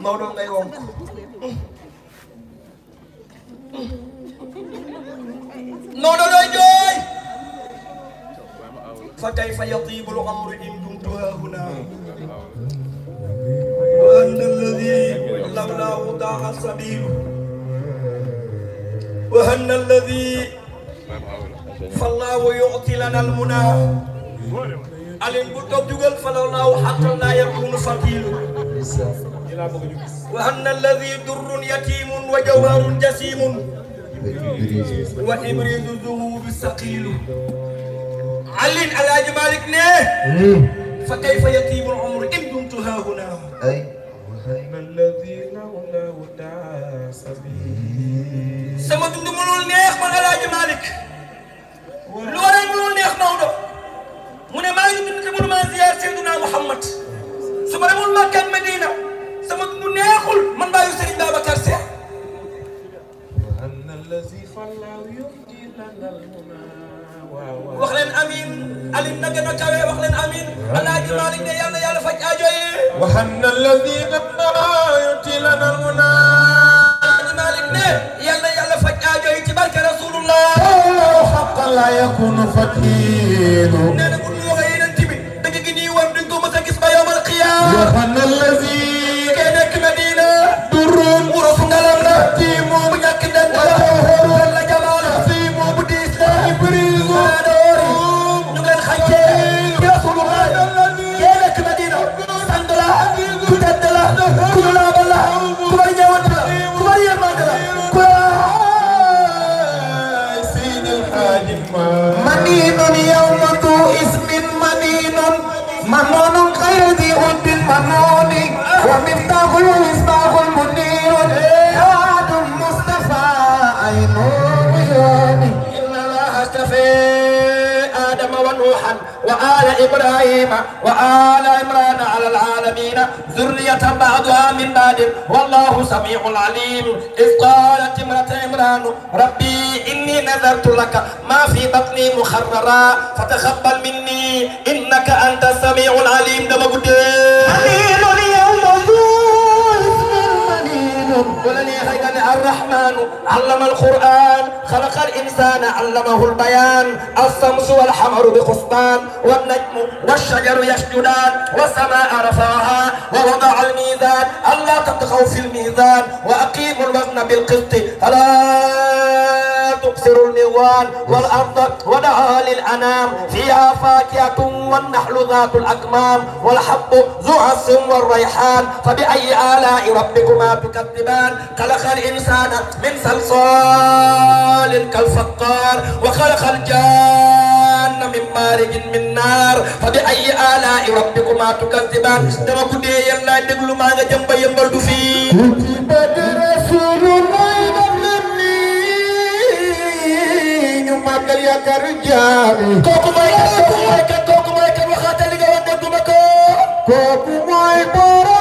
Maodo ngay wonk Maodo doy jooy fa kay fa yatibul amru in dumtu hahuna wa ana alladi lawlaahu daaxa sabilu wa ana alladi fallahu yuti lana almuna alin bu toog jugal falaw naaw xàttal naa yarkunu fatiilu wa anna alladi durrun yatimun wa jawharun jasimun wa ibridu zuhubi saqiilu alin alaaji malik ne hmm. fa kayfa yatimu lomru in dumtu haa huna hmm. sama dund mënul neex man alaaji malik lu waral mënul neex Maodo mu ne maa ngi dund te mënu maa ziyaar Seydina Muhammad su ma demul Makka ak Medina sama bu neexul man baayu Serigne Babacar Sy wax leen amin alim na gën a kawe wax leen amin alaaji Malik ne yàlla yàlla faj aajo yi wa anna alladina yuti lana almuna alaaji Malik ne yàlla yàlla faj aajo yi ci barke rasulullah haqqan la yakunu fakidu يوحنا الذي كانك مدينة درون ورفق لم نهدي مو بنك دنك ممنون ومفتاح المصباح المنير هاد المصطفى عين عيوني إن الله اشتفيت وآل إبراهيم وآل عمران على العالمين ذرية بعضها من بعض والله سميع عليم إذ قالت امرأة عمران ربي إني نذرت لك ما في بطني مخررا فتقبل مني إنك أنت السميع العليم دم قدير حليل يوم ذو اسم مليل الرحمن علم القرآن خلق الإنسان علمه البيان الشمس والحمر بقصبان والنجم والشجر يسجدان والسماء رفعها ووضع الميزان ألا تطغوا في الميزان وأقيموا الوزن بالقسط فلا تبصر الميوان والأرض ودعا للأنام فيها فاكهة والنحل ذات الأكمام والحب ذو عص والريحان فبأي آلاء ربكما تكذبان خلق الإنسان الإنسان من صلصال كالفقار وخلق الجان من مارج من نار فبأي آلاء ربكما تكذبان دما كودي يلا دغلو ماغا جمبا يمبل دو في بدر رسول الله ماgal yaakaar jaami kooku mooy kan kooku mooy kan kooku mooy kan waxaate li nga wax déggu ma ko kooku mooy borom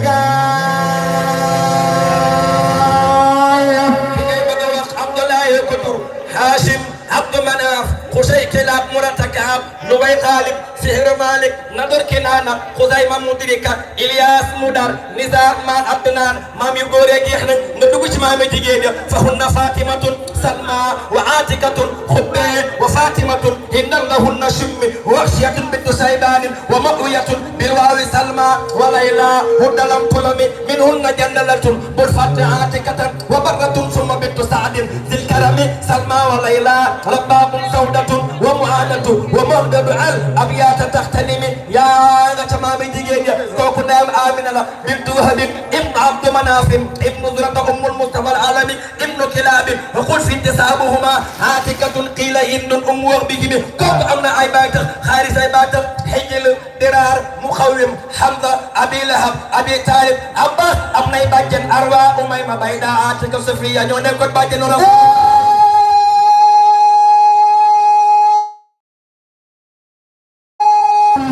gaaya ki ngay bëgg a wax Abdoulaye ko tur Hachim Abdou Manaf Xusay Kilaab سورة كعب لبي غالب سهر مالك نظر كنانة خزيمة مدركة إلياس مدر نزار مان عبدنان مام يقوري جيحنا ندوش مام جيجيبيا فهن فاطمة سلمى وعاتكة خبي وفاطمة إن لهن شم وغشية بنت سيبان ومؤوية بالواو سلمى وليلى هن لم تلم منهن جنلة برفة عاتكة وبرة ثم بنت سعد ذي الكرم سلمى وليلى رباب سودة ومعانة jaalatu wa mahdadu al ak yaata taxtani mi yaa nga ca maami jigéen ya kooku naam amina la bintu wahabin ibnu abdu manafin ibnu zurata ummul mustafa al alami ibnu kilabin qul fi intisaabuhuma haatikatun qiila hindun um wax bi gibi kooku am na ay baatax xaaris ay baatax xijil diraar muqawim hamza abi lahab abi talib abbas am nay bàjjen arwa umayma bayda atika sofiya ñoo nekkoon bàjjen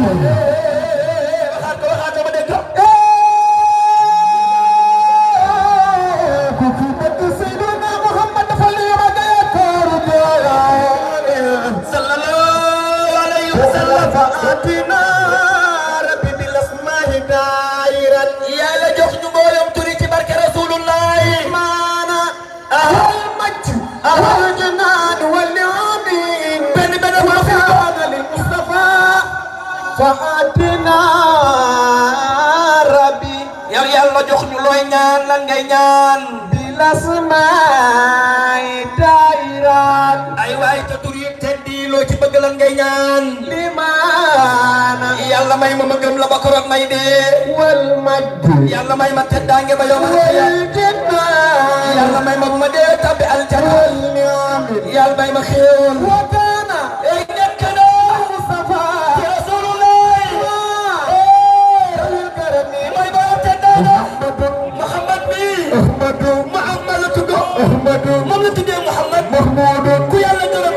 Amen. بالاسماء دائرات اي واي تطري تدي لو ci bëgg lan ngay ñaan liman yàlla may ma ma gëm la ba korok may de wal majd yàlla may ma teddaange ba yow yàlla may ma ma dee tabbi aljanna yàlla may ma xéewal Ahmadou moom la tuddee Mouhamad Mahmoudou ku yàlla gërëm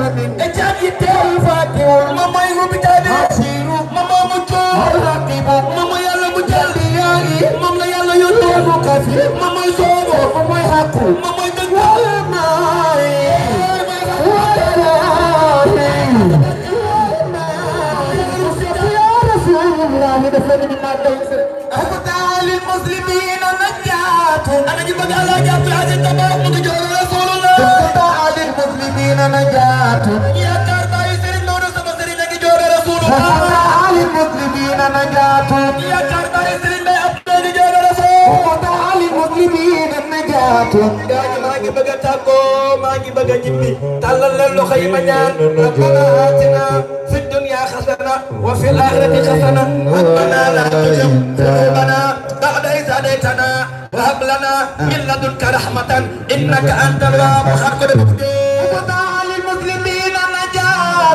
la e jaam yi teewul faatiwul ma may lu bi taade asiru ma maa mu coow raqibu ma ma yàlla mu jàll di yaari moom la yàlla yónnee mu kafi ma may soobo ma may xàqu salaatu yaakaar bàyyi Serigne Maodo sama Serigne la ngi jooge Rasulullah fasalla ali muslimina najaatu yaakaar bàyyi Serigne Baye Abdou ngi jooge Rasul fasalla ali muslimina najaatu gaañu maa ngi bëgg a tàggoo maa ngi bëgg a ñibbi tàllal leen loxo yi ma ñaan rabbana atina fi dunya xasana wa fil axirati xasana rabbana la tuzigh qulubana ba'da idh hadaytana wa hab lana min ladunka rahmatan innaka antal wahhab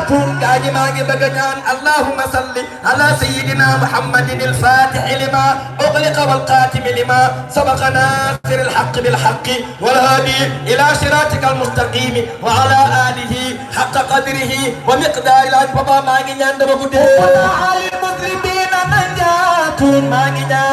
فاتون داجي ماجي بغنان اللهم صل على سيدنا محمد الفاتح لما أغلق والقاتم لما سبق ناصر الحق بالحق والهادي إلى صراطك المستقيم وعلى آله حق قدره ومقدار الأنفضة ماجي ناندر وقده ولا على المسلمين نجاتون ماجي ناندر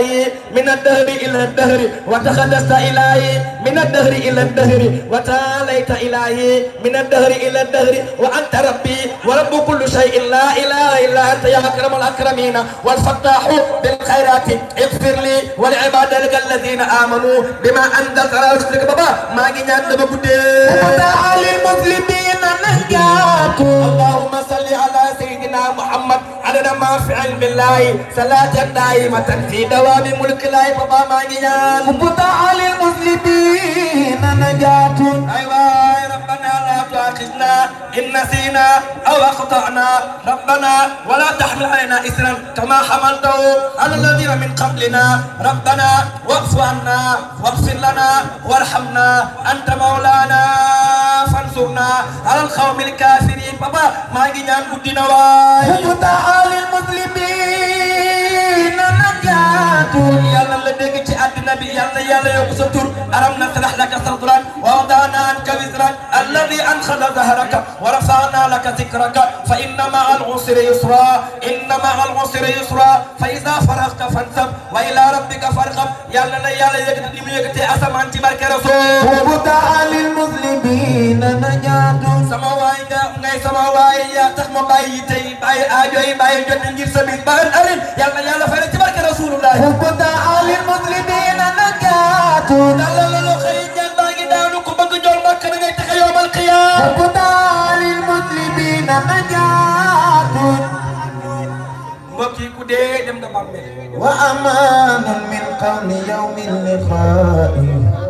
إلهي من الدهر إلى الدهر وتقدست إلهي من الدهر إلى الدهر وتعاليت إلهي من الدهر إلى الدهر وأنت ربي ورب كل شيء لا إله إلا أنت يا أكرم الأكرمين والفتاح بالخيرات اغفر لي ولعبادك الذين آمنوا بما أنزلت على رسلك بابا ما جينا نبغد للمسلمين نجاكم اللهم صل على سيدنا محمد عدد ما في علم الله صلاة دائمة في دوام دوام ملك لا بابا ما ني نان مبتع للمسلمين نجات ايوا ربنا لا تؤاخذنا ان نسينا او اخطانا ربنا ولا تحمل علينا اثرا كما حملته على الذين من قبلنا ربنا واغفر عنا واغفر لنا وارحمنا انت مولانا فانصرنا على القوم الكافرين بابا ما ني نان غدينا واي مبتع للمسلمين yàlla la dégg ci àddina bi yàlla yàlla yokk sa tur alam nasrah laka sadrak wa wada'na anka wizrak alladi anxada zahraka wa rafa'na laka zikraka fa inna ma'a al-usri yusra inna ma'a al-usri yusra fa idha faraghta fansab wa ila rabbika farghab yàlla na yàlla yëkkati li mu yëkkati asamaan ci barke rasul lil muslimina najatun sama waay nga ngay sama waay yaa tax ma bàyyi tey bàyyi aajo yi bàyyi jot ngir sa biir yàlla fay ci barke rasulullah kunta alil muslimina nakatu dalla lolu xëy ñaan baa ngi daanu ko bëgg jol makka da ngay taxe yowmal qiyaam kunta alil muslimina nakatu mbokk yi ku dee dem na bàmmeel wa amanun min qawli yawmil liqaa'i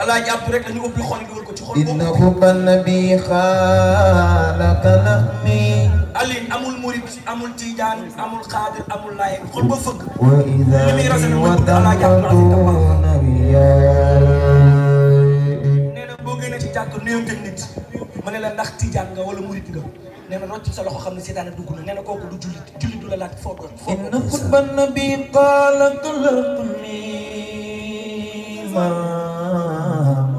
alaaji Abdou rek dañu ubbi xol yi dugal ko ci xol. inna hubban bi xaalaka laxmi. Alioune amul murid amul tijaan amul xaadir amul laay xol ba fëgg. wa idaa li muy rafetlu muy bëgg alaaji Abdou nee na boo génnee ci jàkk nuyonteeg nit ma ne la ndax tijaan nga wala murid nga. nee na rocc sa loxo xam ne seetaan dugg na nee na kooku du jullit jullit du la laaj foo doon. foo doon inna hubban bi xaalaka laxmi.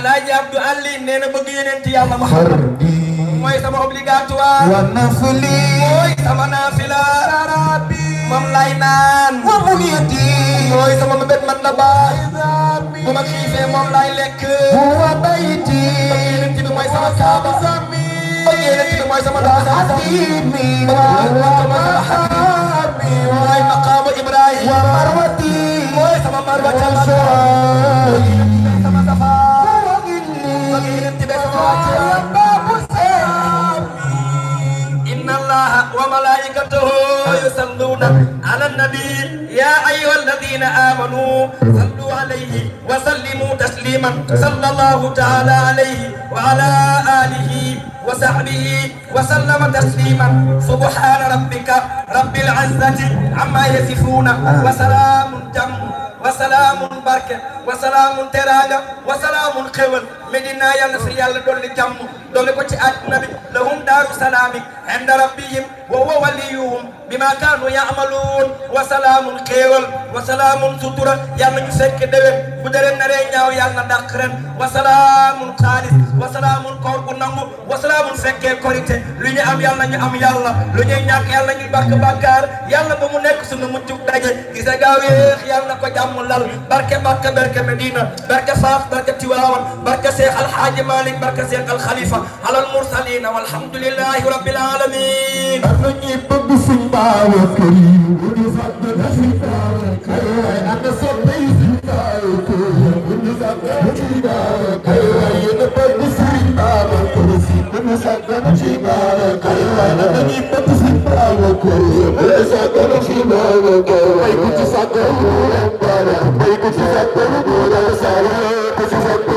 Alaaji Abdou Alli nee na bëgg yeneen ti yàlla ma mooy sama obligatoire wa nafli mooy sama nafila rabbi moom lay naan wa bunyati mooy sama mabét man la baax bu ma xiifee moom lay lekk wa bayti yeneen ti bi mooy sama kaaba yeneen ti bi mooy sama daasa mooy maqaamu Ibrahima mooy sama marwata إن الله وملائكته يصلون على النبي يا أيها الذين آمنوا صلوا عليه وسلموا تسليما صلى الله تعالى عليه وعلى آله وصحبه وسلم تسليما سبحان ربك رب العزة عما يصفون وسلام تم وسلام بركة وسلام تراجع وسلام خول Medina yàlla na fi yàlla dolli jàmm dolli ko ci àdduna bi lahum daaru salaami inda rabbihim وهو وليهم بما كانوا يعملون وسلام خيول وسلام سترة يلا نسك دوين بدرن نري نياو يلا دقرن وسلام خالص وسلام كور بنمو وسلام سكة كوريت لني أم يلا ني أم يلا لني نياك يلا ني باك باكار يلا بمو نك سنو مجوك داجة إذا قاويخ يلا كو جامو لال بركة بركة بركة مدينة بركة صاف بركة تواوان بركة شيخ الحاج مالك بركة شيخ الخليفة على المرسلين والحمد لله رب العالمين nañuy bëgg suñ baawa kër yi bu ñu fàtte na suñ baawa kër yi waaye am na soppe yi suñ baawa kër yi bu ñu fàtte na suñ baawa kër yi waaye yéen a bëgg suñ baawa kër yi bu ñu fàtte na suñ baawa kër yi waaye am na ñuy bëgg suñ baawa kër yi bu ñu fàtte na suñ baawa kër yi waaye ku ci fàtte lu mu leen baara waaye ku ci fàtte lu mu leen saara ku ci fàtte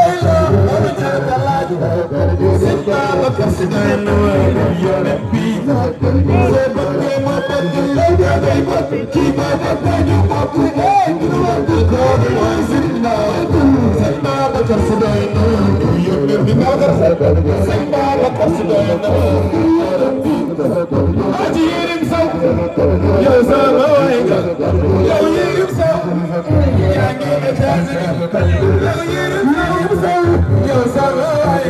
Yo, you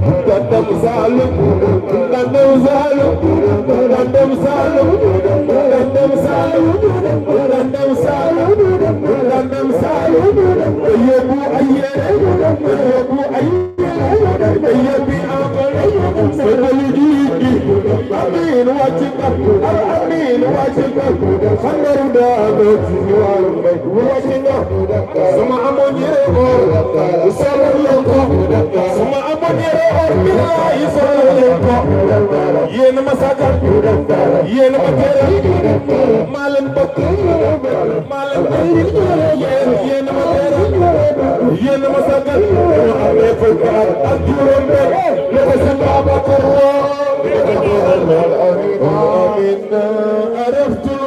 Gandam Saalum Gandam Saalum Gandam Saalum Gandam Saalum Gandam Saalum Gandam Saalum yóbbu ay yére yóbbu ay yére yóbbi amale sëgëli jiit gi amiin wàcc nga amiin wàcc nga xandaru daado ci wàllu mbay wàcc nga sama amoon yére oor sama yokko sama yeeroo billaahi solo leen ko yéen a ma sagal yéen a ma teral maa leen bëgg maa leen bëgg yéen a ma teral yéen a ma sagal amee fukki at ak juróom benn ne ko sëñ Babacar woo ne ko juróom benn amiin araftu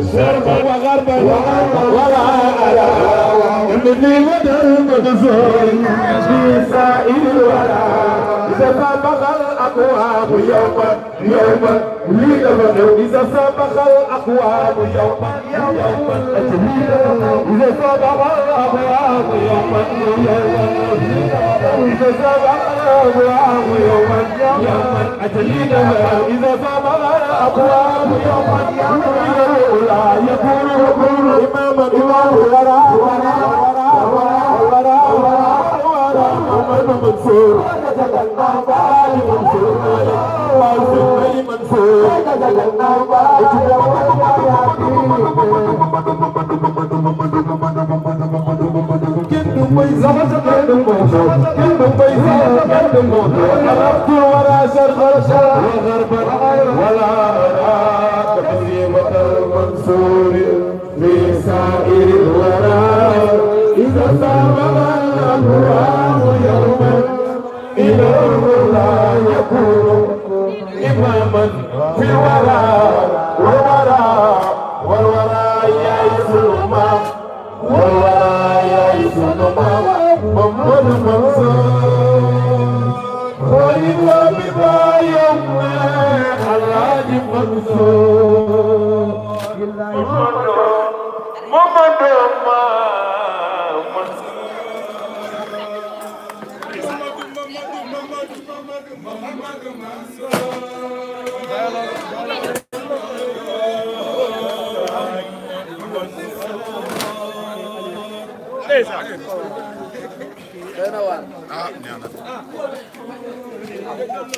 زربا وغربا وغربا مني ودرب غزول في سائل الورى إذا سابق الأبواب يوما يوما ليلة إذا سابق الأبواب يوما يوما إذا سابق الأبواب يوما يوما إذا سابق الأبواب يوما يوما إذا سابق الأبواب يوما يوما يكون يكون إماما إمام وراء وراء وراء وراء وراء وراء إمام منصور آل منصور وأرسل لي منصور ولا غربا ولا رسول من سائر الورى إذا سبب الأهوام يوما إله لا يكون إماما في الورى والورى والورى يعيش الأمة والورى يعيش الأمة محمد منصور خير وبداية الله منصور الله محمد محمد محمد Dana war. Ah, nee na.